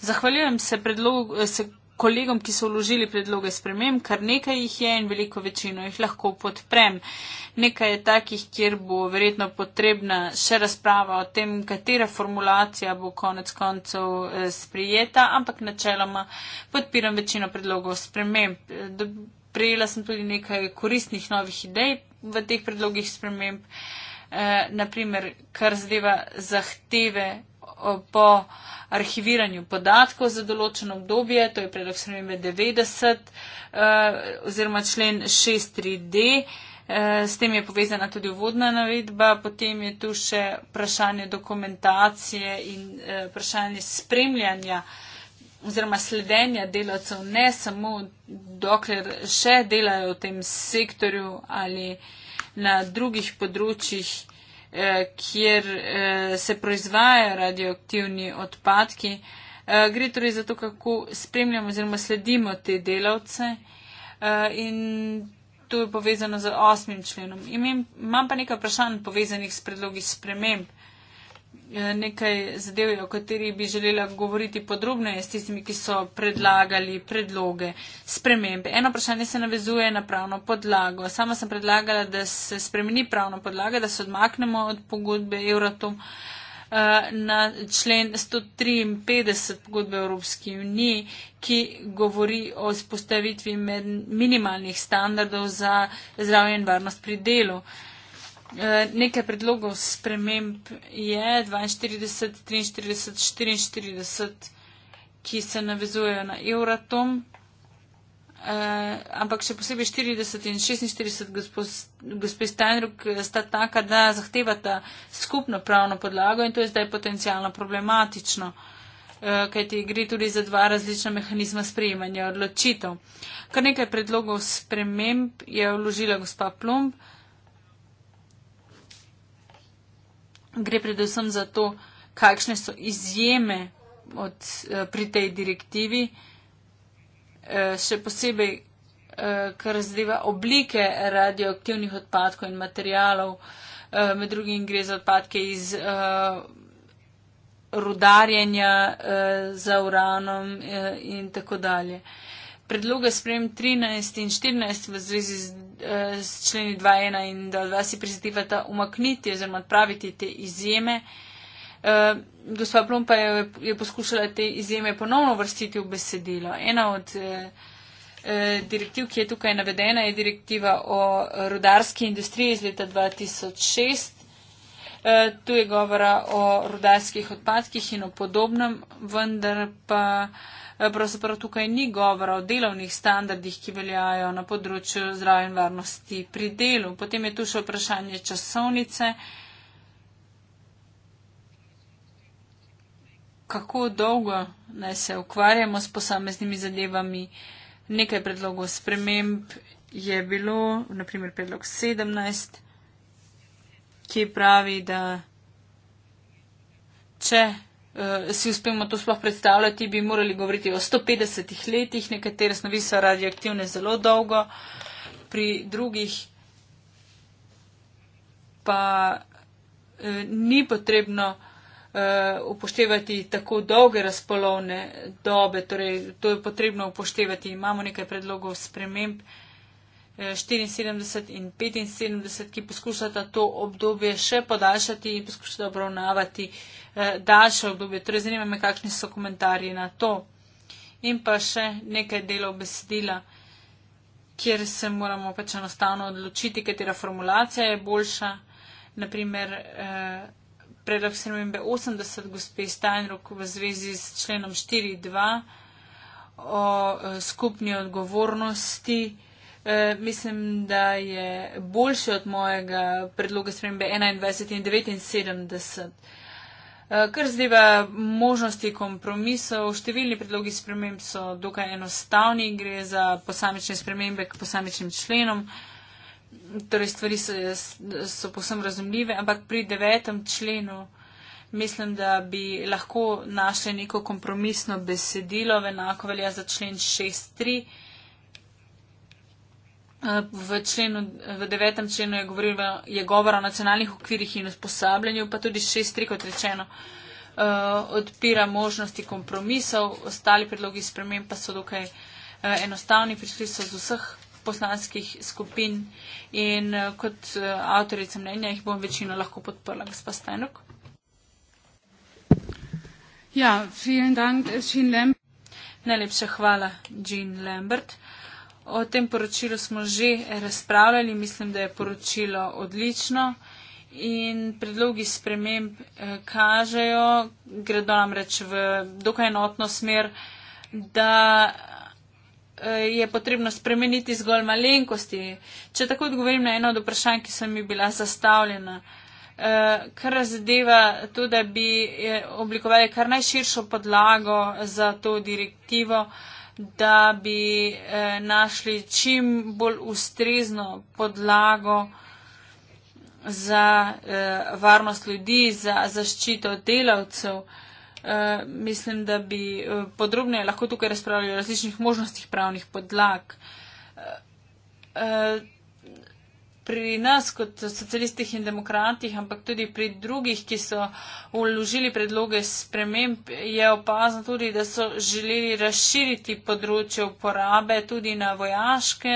Zahvaljujem se, predlogu, eh, se kolegom, ki so vložili predloge sprememb, kar nekaj jih je in veliko večino jih lahko podprem. Nekaj je takih, kjer bo verjetno potrebna še razprava o tem, katera formulacija bo konec koncev eh, sprijeta, ampak načeloma podpiram večino predlogov sprememb. Eh, prejela sem tudi nekaj koristnih novih idej v teh predlogih sprememb. Naprimer, kar zadeva zahteve po arhiviranju podatkov za določeno obdobje, to je predlog spremembe 90 eh, oziroma člen 6.3.d. Eh, s tem je povezana tudi uvodna navedba, potem je tu še vprašanje dokumentacije in eh, vprašanje spremljanja oziroma sledenja delavcev, ne samo dokler še delajo v tem sektorju ali na drugih področjih. Eh, kjer eh, se proizvajajo radioaktivni odpadki. Eh, gre torej za to, kako spremljamo oziroma sledimo te delavce in to je povezano z osmim členom. Imam pa nekaj vprašanj povezanih s predlogi sprememb. Eh, nekaj zadev, o katerih bi želela govoriti podrobneje s tistimi, ki so predlagali predloge spremembe. Eno vprašanje se navezuje na pravno podlago. Sama sem predlagala, da se spremeni pravno podlago, da se odmaknemo od pogodbe Euratom eh, na člen 153 pogodbe Evropske unije, ki govori o spostavitvi minimalnih standardov za zdravje in varnost pri delu. Eh, nekaj predlogov sprememb je 42, 43, 44, ki se navezujejo na Euratom. Uh, ampak še posebej 40 in 46 gospe Steinruck eh, sta taka, da zahtevata skupno pravno podlago in to je zdaj potencijalno problematično, uh, kajti gre tudi za dva različna mehanizma sprejemanja odločitev. Kar nekaj predlogov sprememb je vložila gospa Plumb. Uh, gre predvsem za to, kakšne so izjeme od, eh, pri tej direktivi, eh, še posebej, eh, kar zadeva oblike radioaktivnih odpadkov in materialov. Med drugim gre za odpadke iz rudarjenja za uranom in tako dalje. Predloge sprem 13 in 14 v zvezi z Eh, s členi 2.1 in 2.2 si prizadevata umakniti oziroma odpraviti te izjeme. Eh, gospa Plum pa je, je poskušala te izjeme ponovno vrstiti v besedilo. Ena od eh, direktiv, ki je tukaj navedena, je direktiva o rudarski industriji iz leta 2006. Tu je govora o rudarskih odpadkih in o podobnem, vendar pa. Eh, pravzaprav tukaj ni govora o delovnih standardih, ki veljajo na področju zdravja in varnosti pri delu. Potem je tu še vprašanje časovnice. Kako dolgo naj se ukvarjamo s posameznimi zadevami? Nekaj predlogov sprememb je bilo, naprimer predlog 17, ki pravi, da če Eh, si uspemo to sploh predstavljati, bi morali govoriti o 150 letih, nekatere snovi so radioaktivne zelo dolgo, pri drugih pa eh, ni potrebno eh, upoštevati tako dolge razpolovne dobe, torej to je potrebno upoštevati. Imamo nekaj predlogov sprememb, 74 in 75, ki poskušata to obdobje še podaljšati in poskušata obravnavati eh, daljše obdobje. Torej, zanima me, kakšni so komentarji na to. In pa še nekaj delov besedila, kjer se moramo pač enostavno odločiti, katera formulacija je boljša. Naprimer, eh, predlog spremembe 80 gospe Steinrock v zvezi s členom 4.2 o eh, skupni odgovornosti. Eh, mislim, da je boljši od mojega predloga spremembe 21 in 79. Eh, kar zdiva možnosti kompromisov, številni predlogi sprememb so dokaj enostavni, gre za posamične spremembe k posamičnim členom, torej stvari so, so posem razumljive, ampak pri devetem členu mislim, da bi lahko našli neko kompromisno besedilo, enako velja za člen 63. Eh, v, členu, v devetem členu je, govorilo, je govor o nacionalnih okvirih in usposabljanju, pa tudi šest tri, kot rečeno, eh, odpira možnosti kompromisov, ostali predlogi spremem pa so dokaj eh, enostavni, prišli so z vseh poslanskih skupin in kot avtorica mnenja jih bom večino lahko podprla, gospa Stajnok. Ja, vielen dank, Jean Lambert. Najlepša hvala, Jean Lambert. O tem poročilu smo že razpravljali, mislim, da je poročilo odlično in predlogi sprememb eh, kažejo, gredo nam reč v dokaj enotno smer, da eh, je potrebno spremeniti zgolj malenkosti. Če tako odgovorim na eno od vprašanj, ki sem mi bila zastavljena, eh, kar zadeva to, da bi oblikovali kar najširšo podlago za to direktivo, da bi eh, našli čim bolj ustrezno podlago za eh, varnost ljudi, za zaščito delavcev. Eh, mislim, da bi eh, podrobneje lahko tukaj razpravljali o različnih možnostih pravnih podlag. Eh, eh, pri nas kot socialistih in demokratih, ampak tudi pri drugih, ki so uložili predloge sprememb, je opazno tudi, da so želeli razširiti področje uporabe tudi na vojaške,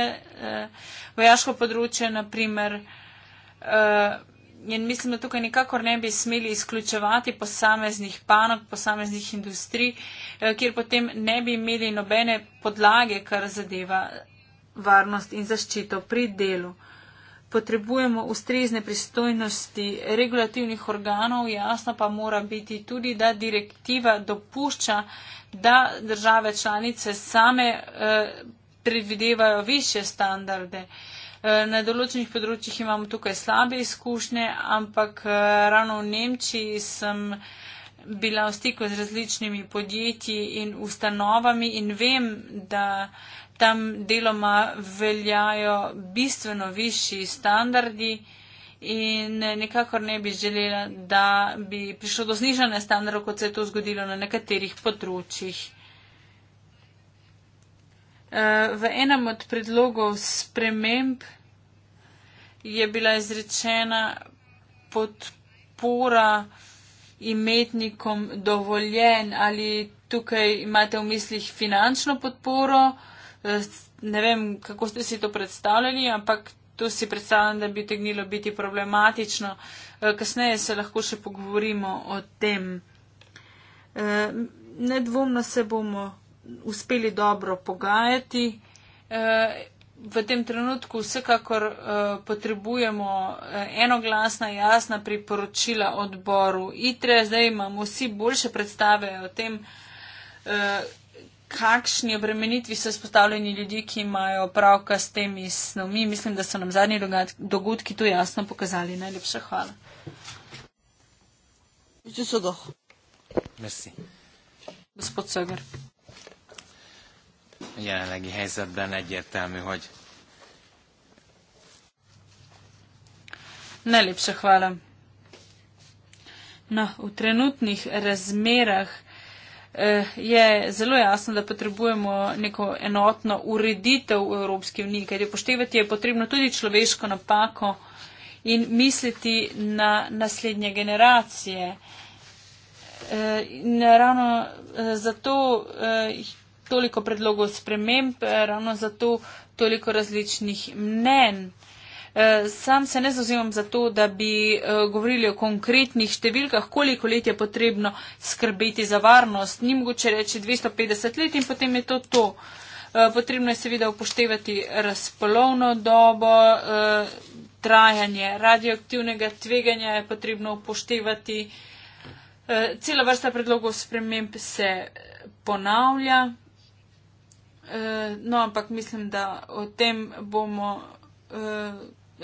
eh, vojaško področje naprimer. Eh, in mislim, da tukaj nikakor ne bi smeli izključevati posameznih panog, posameznih industrij, eh, kjer potem ne bi imeli nobene podlage, kar zadeva varnost in zaščito pri delu potrebujemo ustrezne pristojnosti regulativnih organov, jasno pa mora biti tudi, da direktiva dopušča, da države članice same eh, predvidevajo više standarde. Eh, na določenih področjih imamo tukaj slabe izkušnje, ampak eh, ravno v Nemčiji sem bila v stiku z različnimi podjetji in ustanovami in vem, da tam deloma veljajo bistveno višji standardi in nekakor ne bi želela, da bi prišlo do znižanja standardov, kot se je to zgodilo na nekaterih področjih. Eh, v enem od predlogov sprememb je bila izrečena podpora imetnikom dovoljen ali tukaj imate v mislih finančno podporo, Eh, ne vem, kako ste si to predstavljali, ampak to si predstavljam, da bi tegnilo biti problematično. Eh, kasneje se lahko še pogovorimo o tem. Eh, nedvomno se bomo uspeli dobro pogajati. V tem trenutku vsekakor potrebujemo enoglasna, jasna priporočila odboru ITRE. Zdaj imamo vsi boljše predstave o tem, kakšni obremenitvi so izpostavljeni ljudje, ki imajo pravka s temi snovmi. Mislim, da so nam zadnji dogodki to jasno pokazali. Najlepša hvala. Vse so doh. Merci. Gospod Sögr. Jelenlegi helyzetben egyértelmű, hogy. Najlepša hvala. No, v trenutnih razmerah Eh, je zelo jasno, da potrebujemo neko enotno ureditev v Evropski uniji, ker je poštevati je potrebno tudi človeško napako in misliti na naslednje generacije. Eh, in ravno eh, zato toliko predlogov sprememb, ravno zato toliko različnih mnen. Eh, sam se ne zauzemam za to, da bi eh, govorili o konkretnih številkah, koliko let je potrebno skrbeti za varnost. Ni mogoče reči 250 let in potem je to to. Eh, potrebno je seveda upoštevati razpolovno dobo, trajanje radioaktivnega tveganja je potrebno upoštevati. Cela vrsta predlogov sprememb se ponavlja. No, ampak mislim, da o tem bomo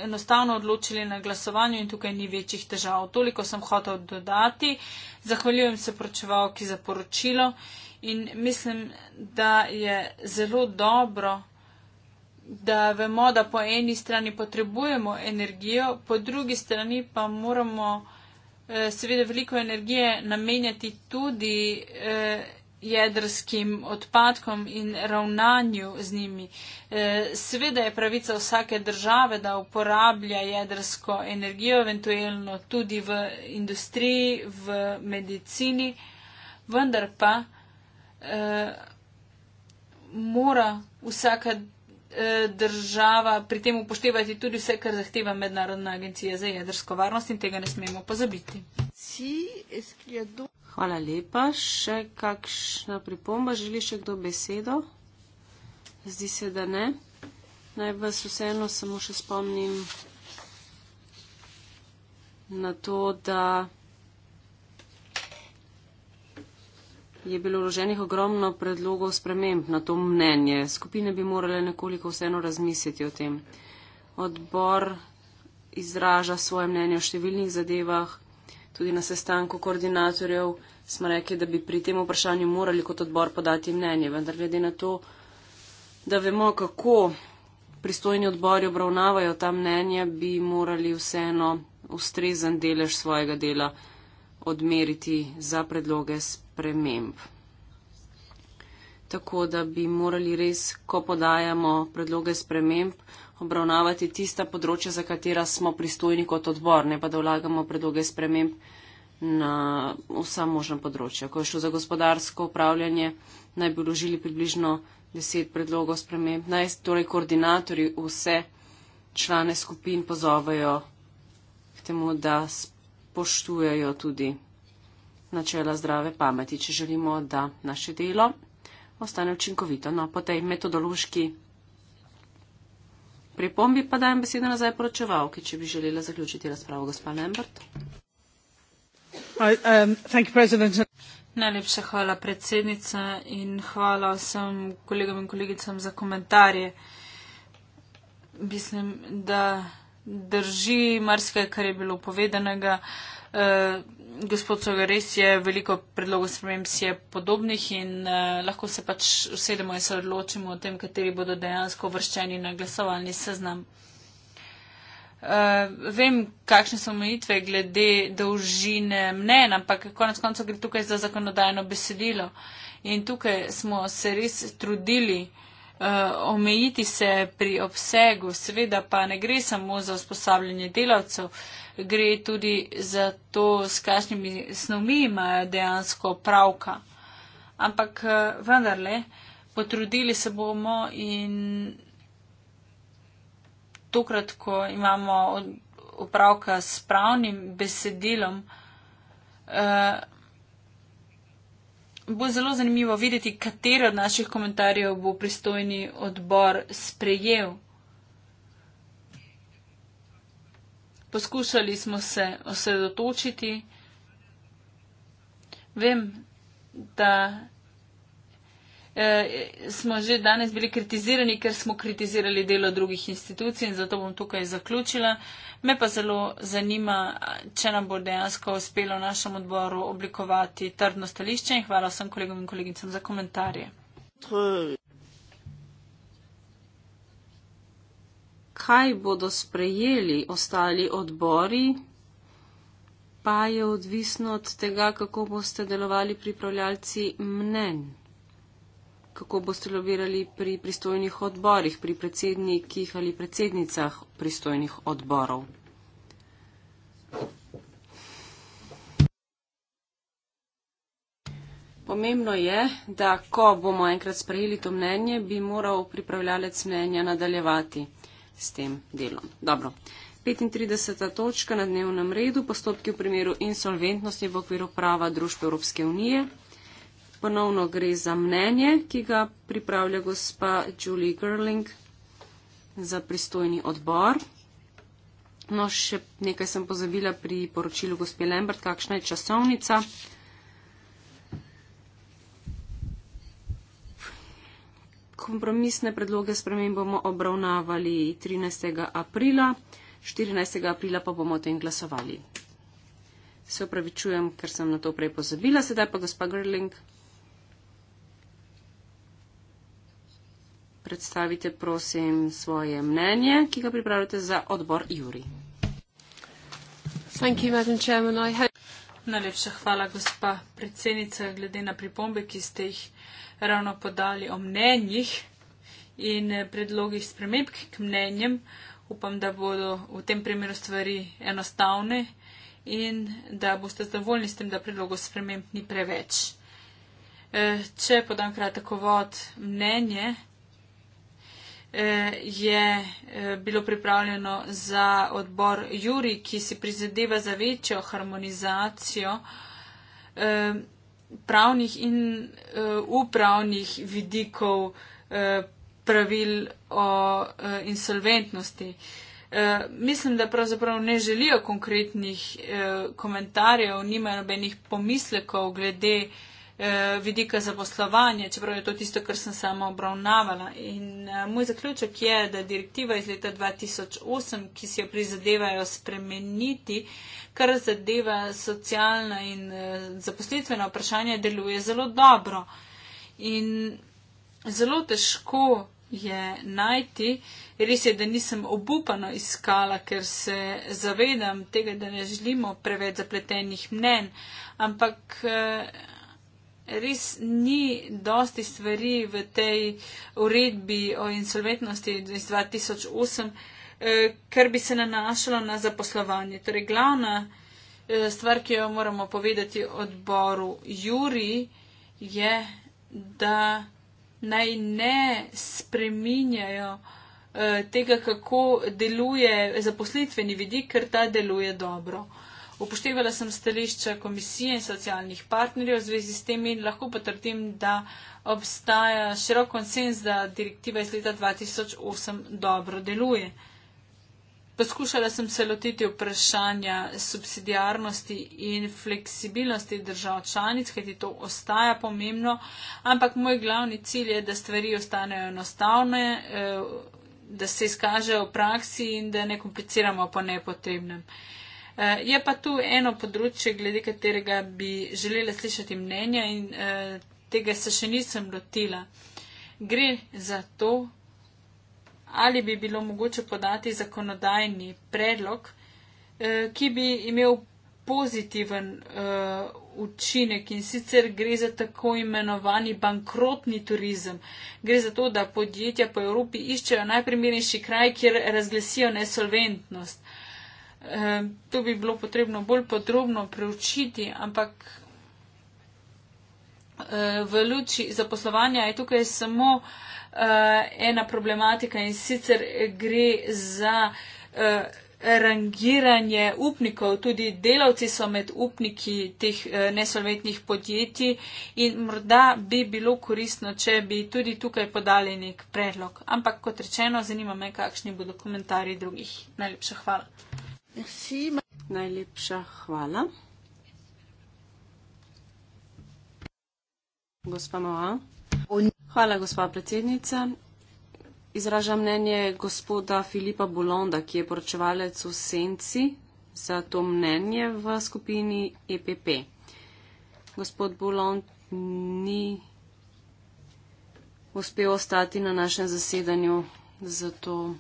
enostavno odločili na glasovanju in tukaj ni večjih težav. Toliko sem hotel dodati. Zahvaljujem se pročevalki za poročilo in mislim, da je zelo dobro, da vemo, da po eni strani potrebujemo energijo, po drugi strani pa moramo eh, seveda veliko energije namenjati tudi. Eh, jedrskim odpadkom in ravnanju z njimi. E, seveda je pravica vsake države, da uporablja jedrsko energijo, eventualno tudi v industriji, v medicini, vendar pa e, mora vsaka e, država pri tem upoštevati tudi vse, kar zahteva Mednarodna agencija za jedrsko varnost in tega ne smemo pozabiti. Si, Hvala lepa. Še kakšna pripomba? Želi še kdo besedo? Zdi se, da ne. Naj vas vseeno samo še spomnim na to, da je bilo vloženih ogromno predlogov sprememb na to mnenje. Skupine bi morale nekoliko vseeno razmisliti o tem. Odbor izraža svoje mnenje o številnih zadevah, tudi na sestanku koordinatorjev smo rekli, da bi pri tem vprašanju morali kot odbor podati mnenje, vendar glede na to, da vemo, kako pristojni odbori obravnavajo ta mnenja, bi morali vseeno ustrezen delež svojega dela odmeriti za predloge sprememb. Tako da bi morali res, ko podajamo predloge sprememb, obravnavati tista področja, za katera smo pristojni kot odbor, ne pa da vlagamo predloge sprememb na vsa možna področja. Ko je šlo za gospodarsko upravljanje, naj bi vložili približno deset predlogov sprememb. Naj torej koordinatori vse člane skupin pozovejo k temu, da spoštujejo tudi načela zdrave pameti, če želimo, da naše delo ostane učinkovito. No, po tej metodološki pripombi pa dajem besedo nazaj poročevalki, če bi želela zaključiti razpravo gospa Lambert. Um, Najlepša hvala predsednica in hvala vsem kolegom in kolegicam za komentarje. Mislim, da drži marsikaj, kar je bilo povedanega. Uh, gospod Sogar, res je veliko predlogov sprememb si je podobnih in eh, lahko se pač usedemo in se odločimo o tem, kateri bodo dejansko vrščeni na glasovalni seznam. Uh, vem, kakšne so omejitve glede dolžine mnen, ampak konec koncev gre tukaj za zakonodajno besedilo. In tukaj smo se res trudili uh, Eh, omejiti se pri obsegu. Seveda pa ne gre samo za usposabljanje delavcev, gre tudi za to, s kakšnimi snovmi imajo dejansko pravka. Ampak eh, vendarle, potrudili se bomo in tokrat, ko imamo opravka s pravnim besedilom, eh, bo zelo zanimivo videti, katero od naših komentarjev bo pristojni odbor sprejel. Poskušali smo se osredotočiti. Vem, da eh, smo že danes bili kritizirani, ker smo kritizirali delo drugih institucij in zato bom tukaj zaključila. Me pa zelo zanima, če nam bo dejansko uspelo v našem odboru oblikovati trdno stališče in hvala vsem kolegom in kolegicam za komentarje. Kaj bodo sprejeli ostali odbori, pa je odvisno od tega, kako boste delovali pripravljalci mnen kako boste lobirali pri pristojnih odborih, pri predsednikih ali predsednicah pristojnih odborov? Pomembno je, da ko bomo enkrat sprejeli to mnenje, bi moral pripravljalec mnenja nadaljevati s tem delom. Dobro. 35. točka na dnevnem redu, postopki v primeru insolventnosti v okviru prava družbe Evropske unije. Ponovno gre za mnenje, ki ga pripravlja gospa Julie Gerling za pristojni odbor. No, še nekaj sem pozabila pri poročilu gospe Lambert, kakšna je časovnica. Kompromisne predloge sprememb bomo obravnavali 13. aprila, 14. aprila pa bomo o tem glasovali. Se opravičujem, ker sem na to prej pozabila, sedaj pa gospa Gerling. predstavite prosim svoje mnenje, ki ga pripravljate za odbor Juri. Najlepša hvala, gospa predsednica, glede na pripombe, ki ste jih ravno podali o mnenjih in eh, predlogih sprememb k mnenjem. Upam, da bodo v tem primeru stvari enostavne in da boste zadovoljni s tem, da predlogov sprememb ni preveč. Eh, če podam kratko vod mnenje, Eh, je eh, bilo pripravljeno za odbor Juri, ki si prizadeva za večjo harmonizacijo eh, pravnih in upravnih vidikov pravil o insolventnosti. Mislim, da pravzaprav ne želijo konkretnih komentarjev, nimajo nobenih pomislekov glede Eh, vidika zaposlovanja, čeprav je to tisto, kar sem sama obravnavala. In eh, moj zaključek je, da direktiva iz leta 2008, ki si jo prizadevajo spremeniti, kar zadeva socialna in eh, zaposlitvena vprašanja, deluje zelo dobro. In zelo težko je najti, res je, da nisem obupano iskala, ker se zavedam tega, da ne želimo preveč zapletenih mnen, ampak res ni dosti stvari v tej uredbi o insolventnosti iz 2008, eh, kar bi se nanašalo na zaposlovanje. Torej, glavna eh, stvar, ki jo moramo povedati odboru Juri, je, da naj ne spreminjajo eh, tega, kako deluje zaposlitveni vidik, ker ta deluje dobro. Upoštevala sem stališča komisije in socialnih partnerjev v zvezi s tem in lahko potrdim, da obstaja širok konsens, da direktiva iz leta 2008 dobro deluje. Poskušala sem se lotiti vprašanja subsidijarnosti in fleksibilnosti držav članic, kajti to ostaja pomembno, ampak moj glavni cilj je, da stvari ostanejo enostavne, eh, da se izkažejo v praksi in da ne kompliciramo po nepotrebnem. Eh, je pa tu eno področje, glede katerega bi želela slišati mnenja in eh, tega se še nisem lotila. Gre za to, ali bi bilo mogoče podati zakonodajni predlog, eh, ki bi imel pozitiven učinek in sicer gre za tako imenovani bankrotni turizem. Gre za to, da podjetja po Evropi iščejo najprimernejši kraj, kjer razglesijo nesolventnost. Eh, to bi bilo potrebno bolj podrobno preučiti, ampak eh, v luči zaposlovanja je tukaj samo eh, ena problematika in sicer gre za rangiranje upnikov. Tudi delavci so med upniki teh nesolventnih podjetij in morda bi bilo koristno, če bi tudi tukaj podali nek predlog. Ampak kot rečeno, zanima me, kakšni bodo komentarji drugih. Najlepša hvala. Merci. Najlepša hvala. Gospa Moa. Hvala, gospa predsednica. Izraža mnenje gospoda Filipa Bulonda, ki je poročevalec v Senci za to mnenje v skupini EPP. Gospod Bulond ni uspel ostati na našem zasedanju, zato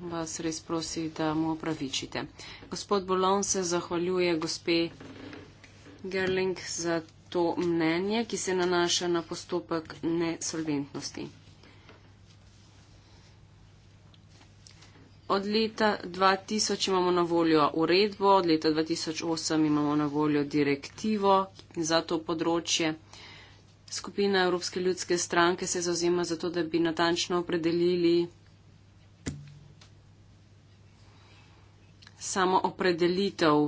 vas res prosi, da mu opravičite. Gospod Bolon se zahvaljuje gospe Gerling za to mnenje, ki se nanaša na postopek nesolventnosti. Od leta 2000 imamo na voljo uredbo, od leta 2008 imamo na voljo direktivo za to področje. Skupina Evropske ljudske stranke se zauzema za to, da bi natančno opredelili samo opredelitev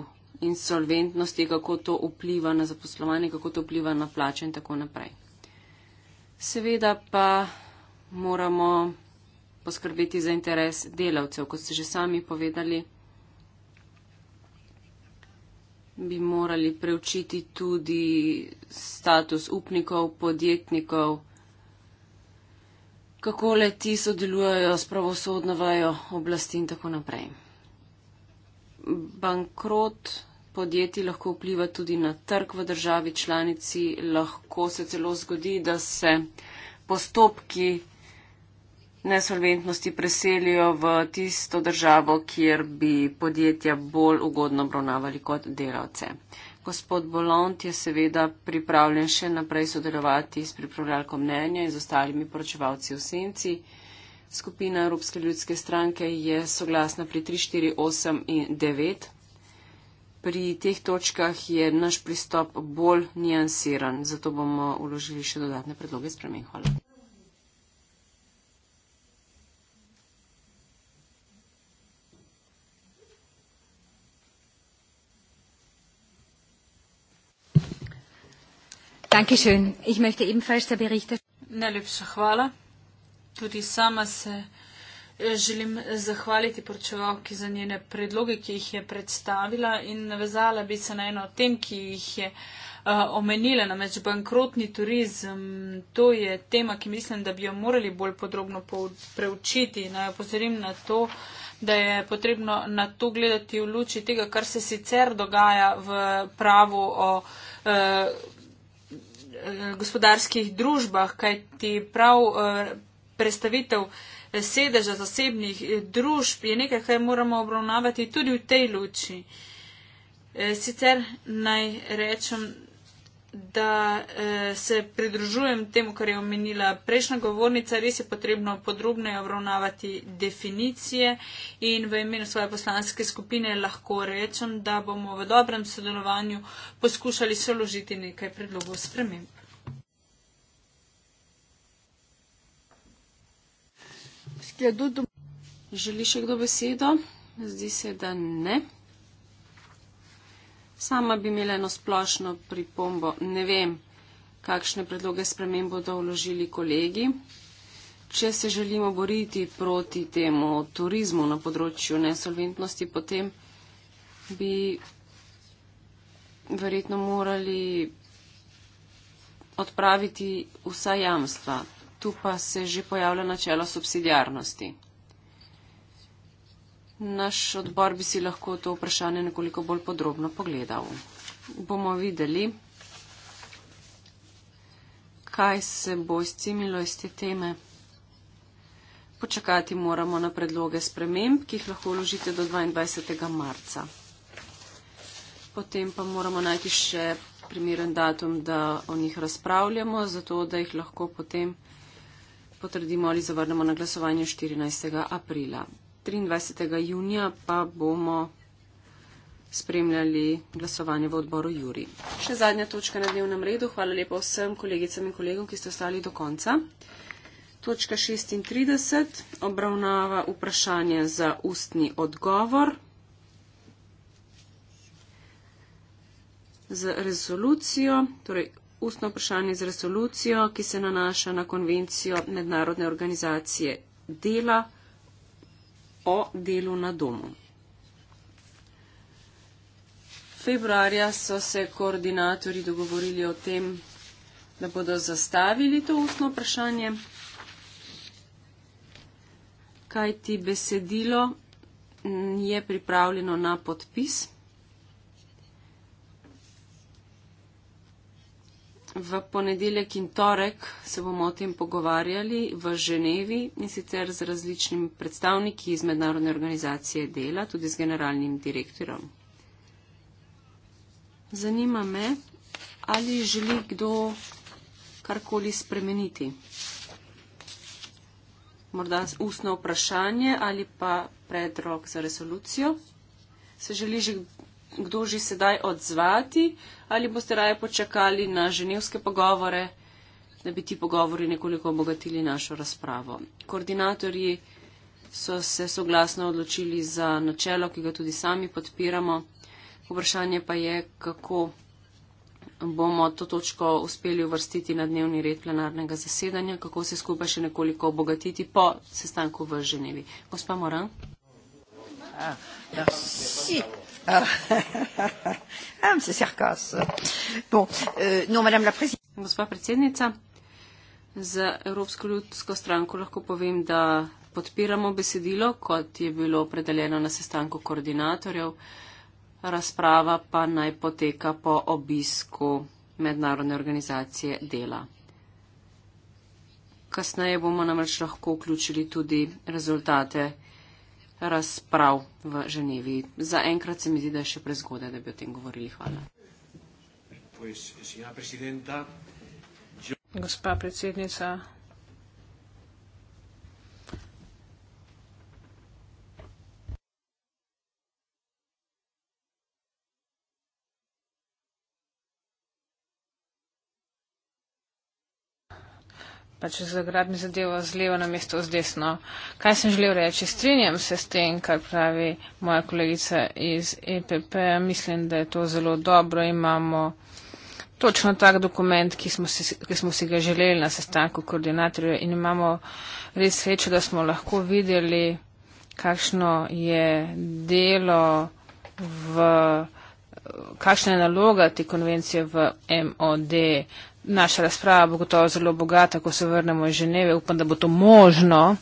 insolventnosti, kako to vpliva na zaposlovanje, kako to vpliva na plače in tako naprej. Seveda pa moramo poskrbeti za interes delavcev, kot ste že sami povedali, bi morali preučiti tudi status upnikov, podjetnikov, kako le ti sodelujejo s pravosodno vajo oblasti in tako naprej bankrot podjetij lahko vpliva tudi na trg v državi članici, lahko se celo zgodi, da se postopki nesolventnosti preselijo v tisto državo, kjer bi podjetja bolj ugodno obravnavali kot delavce. Gospod Bolont je seveda pripravljen še naprej sodelovati s pripravljalko mnenja in z ostalimi poročevalci v senci. Skupina Evropske ljudske stranke je soglasna pri 3, 4, 8 in 9. Pri teh točkah je naš pristop bolj nijansiran, zato bomo uložili še dodatne predloge spremen. Hvala. Najlepša hvala tudi sama se eh, želim eh, zahvaliti poročevalki za njene predloge, ki jih je predstavila in navezala bi se na eno od tem, ki jih je eh, omenila, namreč bankrotni turizem, to je tema, ki mislim, da bi jo morali bolj podrobno preučiti. Naj opozorim na to, da je potrebno na to gledati v luči tega, kar se sicer dogaja v pravu o eh, gospodarskih družbah, kajti prav eh, predstavitev eh, sedeža zasebnih eh, družb je nekaj, kar moramo obravnavati tudi v tej luči. Eh, sicer naj rečem, da se pridružujem temu, kar je omenila prejšnja govornica, res je potrebno podrobno obravnavati definicije in v imenu svoje poslanske skupine lahko rečem, da bomo v dobrem sodelovanju poskušali soložiti nekaj predlogov sprememb. ledu. Želi še kdo besedo? Zdi se, da ne. Sama bi imela eno splošno pripombo. Ne vem, kakšne predloge spremem bodo vložili kolegi. Če se želimo boriti proti temu turizmu na področju nesolventnosti, potem bi verjetno morali odpraviti vsa jamstva tu pa se že pojavlja načelo subsidiarnosti. Naš odbor bi si lahko to vprašanje nekoliko bolj podrobno pogledal. Bomo videli, kaj se bo izcimilo iz te teme. Počakati moramo na predloge sprememb, ki jih lahko vložite do 22. marca. Potem pa moramo najti še primeren datum, da o njih razpravljamo, zato da jih lahko potem potrdimo ali zavrnemo na glasovanje 14. aprila. 23. junija pa bomo spremljali glasovanje v odboru Juri. Še zadnja točka na dnevnem redu. Hvala lepa vsem kolegicam in kolegom, ki ste ostali do konca. Točka 36 obravnava vprašanje za ustni odgovor. Z rezolucijo, torej ustno vprašanje z resolucijo, ki se nanaša na konvencijo mednarodne organizacije dela o delu na domu. Februarja so se koordinatori dogovorili o tem, da bodo zastavili to ustno vprašanje, kaj ti besedilo je pripravljeno na podpis. V ponedeljek in torek se bomo o tem pogovarjali v Ženevi in sicer z različnimi predstavniki iz mednarodne organizacije dela, tudi z generalnim direktorjem. Zanima me, ali želi kdo karkoli spremeniti. Morda ustno vprašanje ali pa predrok za resolucijo. Se želi že kdo že sedaj odzvati, ali boste raje počakali na ženevske pogovore, da bi ti pogovori nekoliko obogatili našo razpravo. Koordinatorji so se soglasno odločili za načelo, ki ga tudi sami podpiramo. Vprašanje pa je, kako bomo to točko uspeli uvrstiti na dnevni red plenarnega zasedanja, kako se skupaj še nekoliko obogatiti po sestanku v Ženevi. Gospa Moran. Ah, Ah, <laughs> ah, euh, Gospa predsednica, za Evropsko ljudsko stranko lahko povem, da podpiramo besedilo, kot je bilo predeljeno na sestanku koordinatorjev. Razprava pa naj poteka po obisku mednarodne organizacije dela. Kasneje bomo namreč lahko vključili tudi rezultate razprav v Ženevi. Za enkrat se mi zdi, da je še prezgode, da bi o tem govorili. Hvala. Gospa predsednica, pač zagrad mi zadevo z levo na mesto z desno. Kaj sem želel reči? Strinjam se s tem, kar pravi moja kolegica iz EPP. Mislim, da je to zelo dobro. Imamo točno tak dokument, ki smo si, ki smo si ga želeli na sestanku koordinatorja in imamo res srečo, da smo lahko videli, kakšno je delo v. Kakšna je naloga te konvencije v MOD? Naša razprava bo gotovo zelo bogata, ko se vrnemo iz Ženeve. Upam, da bo to možno,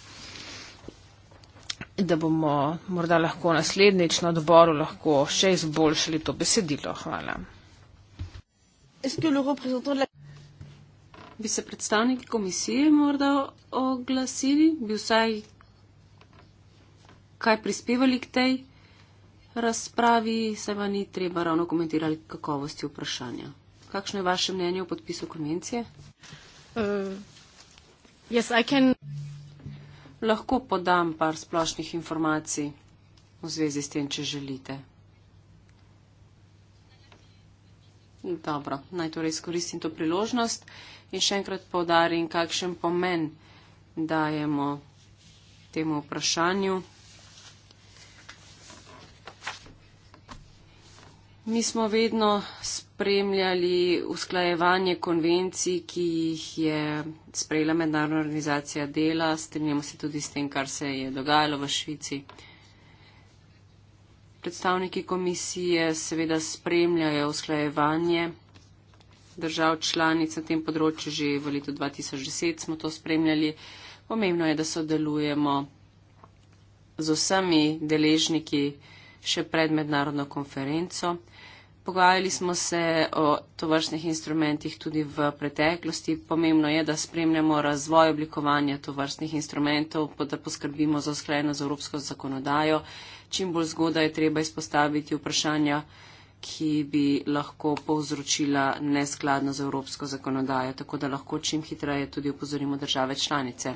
da bomo morda lahko naslednjič na odboru lahko še izboljšali to besedilo. Hvala. Bi se predstavniki komisije morda oglasili, bi vsaj kaj prispevali k tej razpravi, se pa ni treba ravno komentirati kakovosti vprašanja. Kakšno je vaše mnenje o podpisu konvencije? Uh, yes, can... Lahko podam par splošnih informacij v zvezi s tem, če želite. Dobro, naj torej izkoristim to priložnost in še enkrat povdarim, kakšen pomen dajemo temu vprašanju Mi smo vedno spremljali usklajevanje konvencij, ki jih je sprejela mednarodna organizacija dela. Strinjamo se tudi s tem, kar se je dogajalo v Švici. Predstavniki komisije seveda spremljajo usklajevanje držav članic na tem področju. Že v letu 2010 smo to spremljali. Pomembno je, da sodelujemo z vsemi deležniki še pred mednarodno konferenco pogajali smo se o tovrstnih instrumentih tudi v preteklosti. Pomembno je, da spremljamo razvoj oblikovanja tovrstnih instrumentov, da poskrbimo za sklenjeno z evropsko zakonodajo. Čim bolj zgodaj je treba izpostaviti vprašanja, ki bi lahko povzročila neskladno z evropsko zakonodajo, tako da lahko čim hitreje tudi upozorimo države članice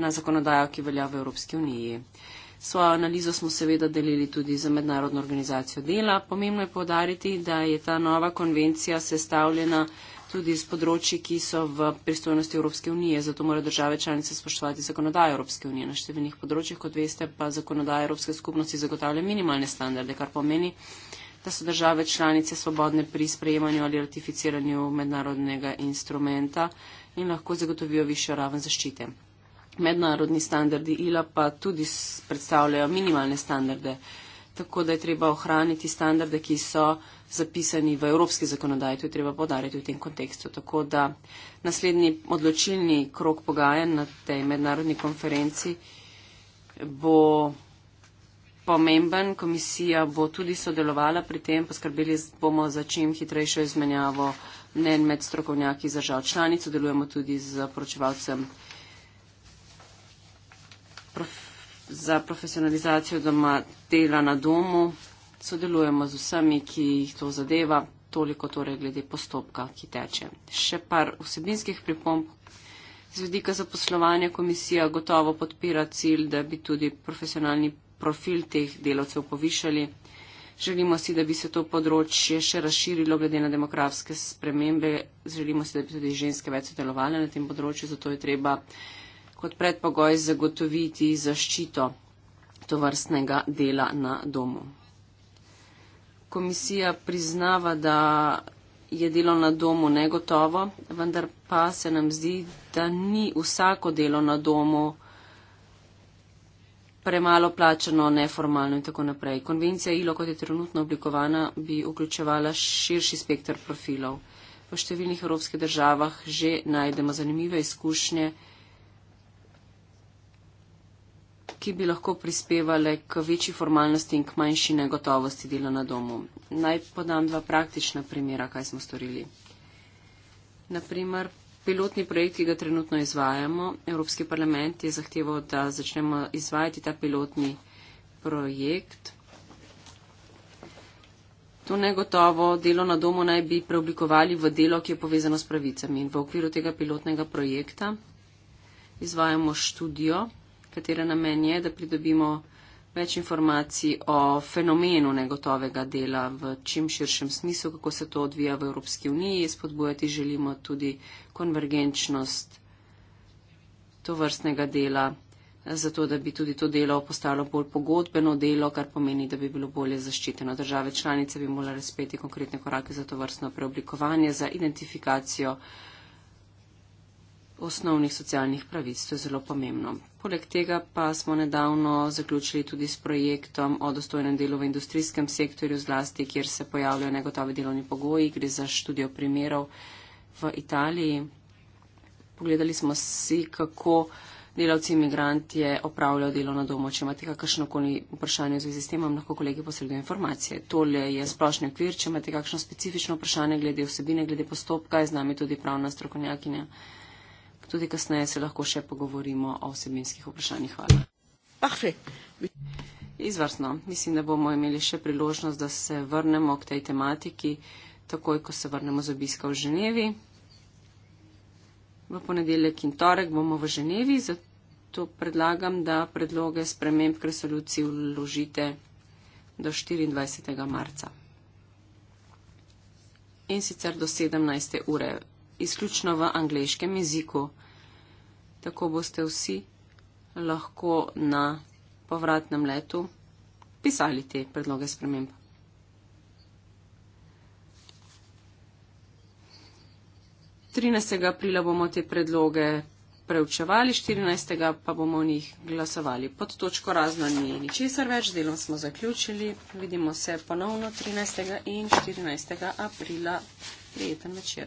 na zakonodajo, ki velja v Evropski uniji. Svojo analizo smo seveda delili tudi za mednarodno organizacijo dela. Pomembno je povdariti, da je ta nova konvencija sestavljena tudi z področji, ki so v pristojnosti Evropske unije. Zato mora države članice spoštovati zakonodajo Evropske unije. Na številnih področjih, kot veste, pa zakonodaja Evropske skupnosti zagotavlja minimalne standarde, kar pomeni, da so države članice svobodne pri sprejemanju ali ratificiranju mednarodnega instrumenta in lahko zagotovijo višjo raven zaščite mednarodni standardi ILA pa tudi predstavljajo minimalne standarde. Tako da je treba ohraniti standarde, ki so zapisani v evropski zakonodaji, to je treba podariti v tem kontekstu. Tako da naslednji odločilni krok pogajanj na tej mednarodni konferenci bo pomemben. Komisija bo tudi sodelovala pri tem, poskrbeli bomo za čim hitrejšo izmenjavo mnen med strokovnjaki za žal članic, sodelujemo tudi z poročevalcem. za profesionalizacijo doma, dela na domu. Sodelujemo z vsemi, ki jih to zadeva, toliko torej glede postopka, ki teče. Še par vsebinskih pripomb. Z vidika zaposlovanja komisija gotovo podpira cilj, da bi tudi profesionalni profil teh delavcev povišali. Želimo si, da bi se to področje še razširilo glede na demografske spremembe. Želimo si, da bi tudi ženske več sodelovali na tem področju, zato je treba kot predpogoj zagotoviti zaščito tovrstnega dela na domu. Komisija priznava, da je delo na domu negotovo, vendar pa se nam zdi, da ni vsako delo na domu premalo plačeno, neformalno in tako naprej. Konvencija ILO, kot je trenutno oblikovana, bi vključevala širši spektr profilov. V številnih evropskih državah že najdemo zanimive izkušnje. ki bi lahko prispevale k večji formalnosti in k manjši negotovosti dela na domu. Naj podam dva praktična primera, kaj smo storili. Naprimer, pilotni projekt, ki ga trenutno izvajamo, Evropski parlament je zahteval, da začnemo izvajati ta pilotni projekt. To negotovo delo na domu naj bi preoblikovali v delo, ki je povezano s pravicami. In v okviru tega pilotnega projekta izvajamo študijo katere namen je, da pridobimo več informacij o fenomenu negotovega dela v čim širšem smislu, kako se to odvija v Evropski uniji. Spodbujati želimo tudi konvergenčnost to vrstnega dela, zato da bi tudi to delo postalo bolj pogodbeno delo, kar pomeni, da bi bilo bolje zaščiteno. Države članice bi morale speti konkretne korake za to vrstno preoblikovanje, za identifikacijo osnovnih socialnih pravic, to je zelo pomembno. Poleg tega pa smo nedavno zaključili tudi s projektom o dostojnem delu v industrijskem sektorju zlasti, kjer se pojavljajo negotovi delovni pogoji, gre za študijo primerov v Italiji. Pogledali smo si, kako delavci imigrantje opravljajo delo na domu, če imate kakšnokoli vprašanje v zvezi s tem, vam lahko kolegi posredujo informacije. Tole je splošni okvir, če imate kakšno specifično vprašanje glede vsebine, glede postopka, je z nami tudi pravna strokovnjakinja. Tudi kasneje se lahko še pogovorimo o vsebinskih vprašanjih. Hvala. Izvrstno. Mislim, da bomo imeli še priložnost, da se vrnemo k tej tematiki, takoj, ko se vrnemo z obiska v Ženevi. V ponedeljek in torek bomo v Ženevi, zato predlagam, da predloge sprememb k resoluciji vložite do 24. marca. In sicer do 17. ure izključno v angliškem jeziku. Tako boste vsi lahko na povratnem letu pisali te predloge sprememb. Trinajstega aprila bomo te predloge preučevali, štirinajstega pa bomo o njih glasovali. Pod točko razno ni ničesar več, delom smo zaključili. Vidimo se ponovno trinajstega in štirinajstega aprila. Prijeten večer.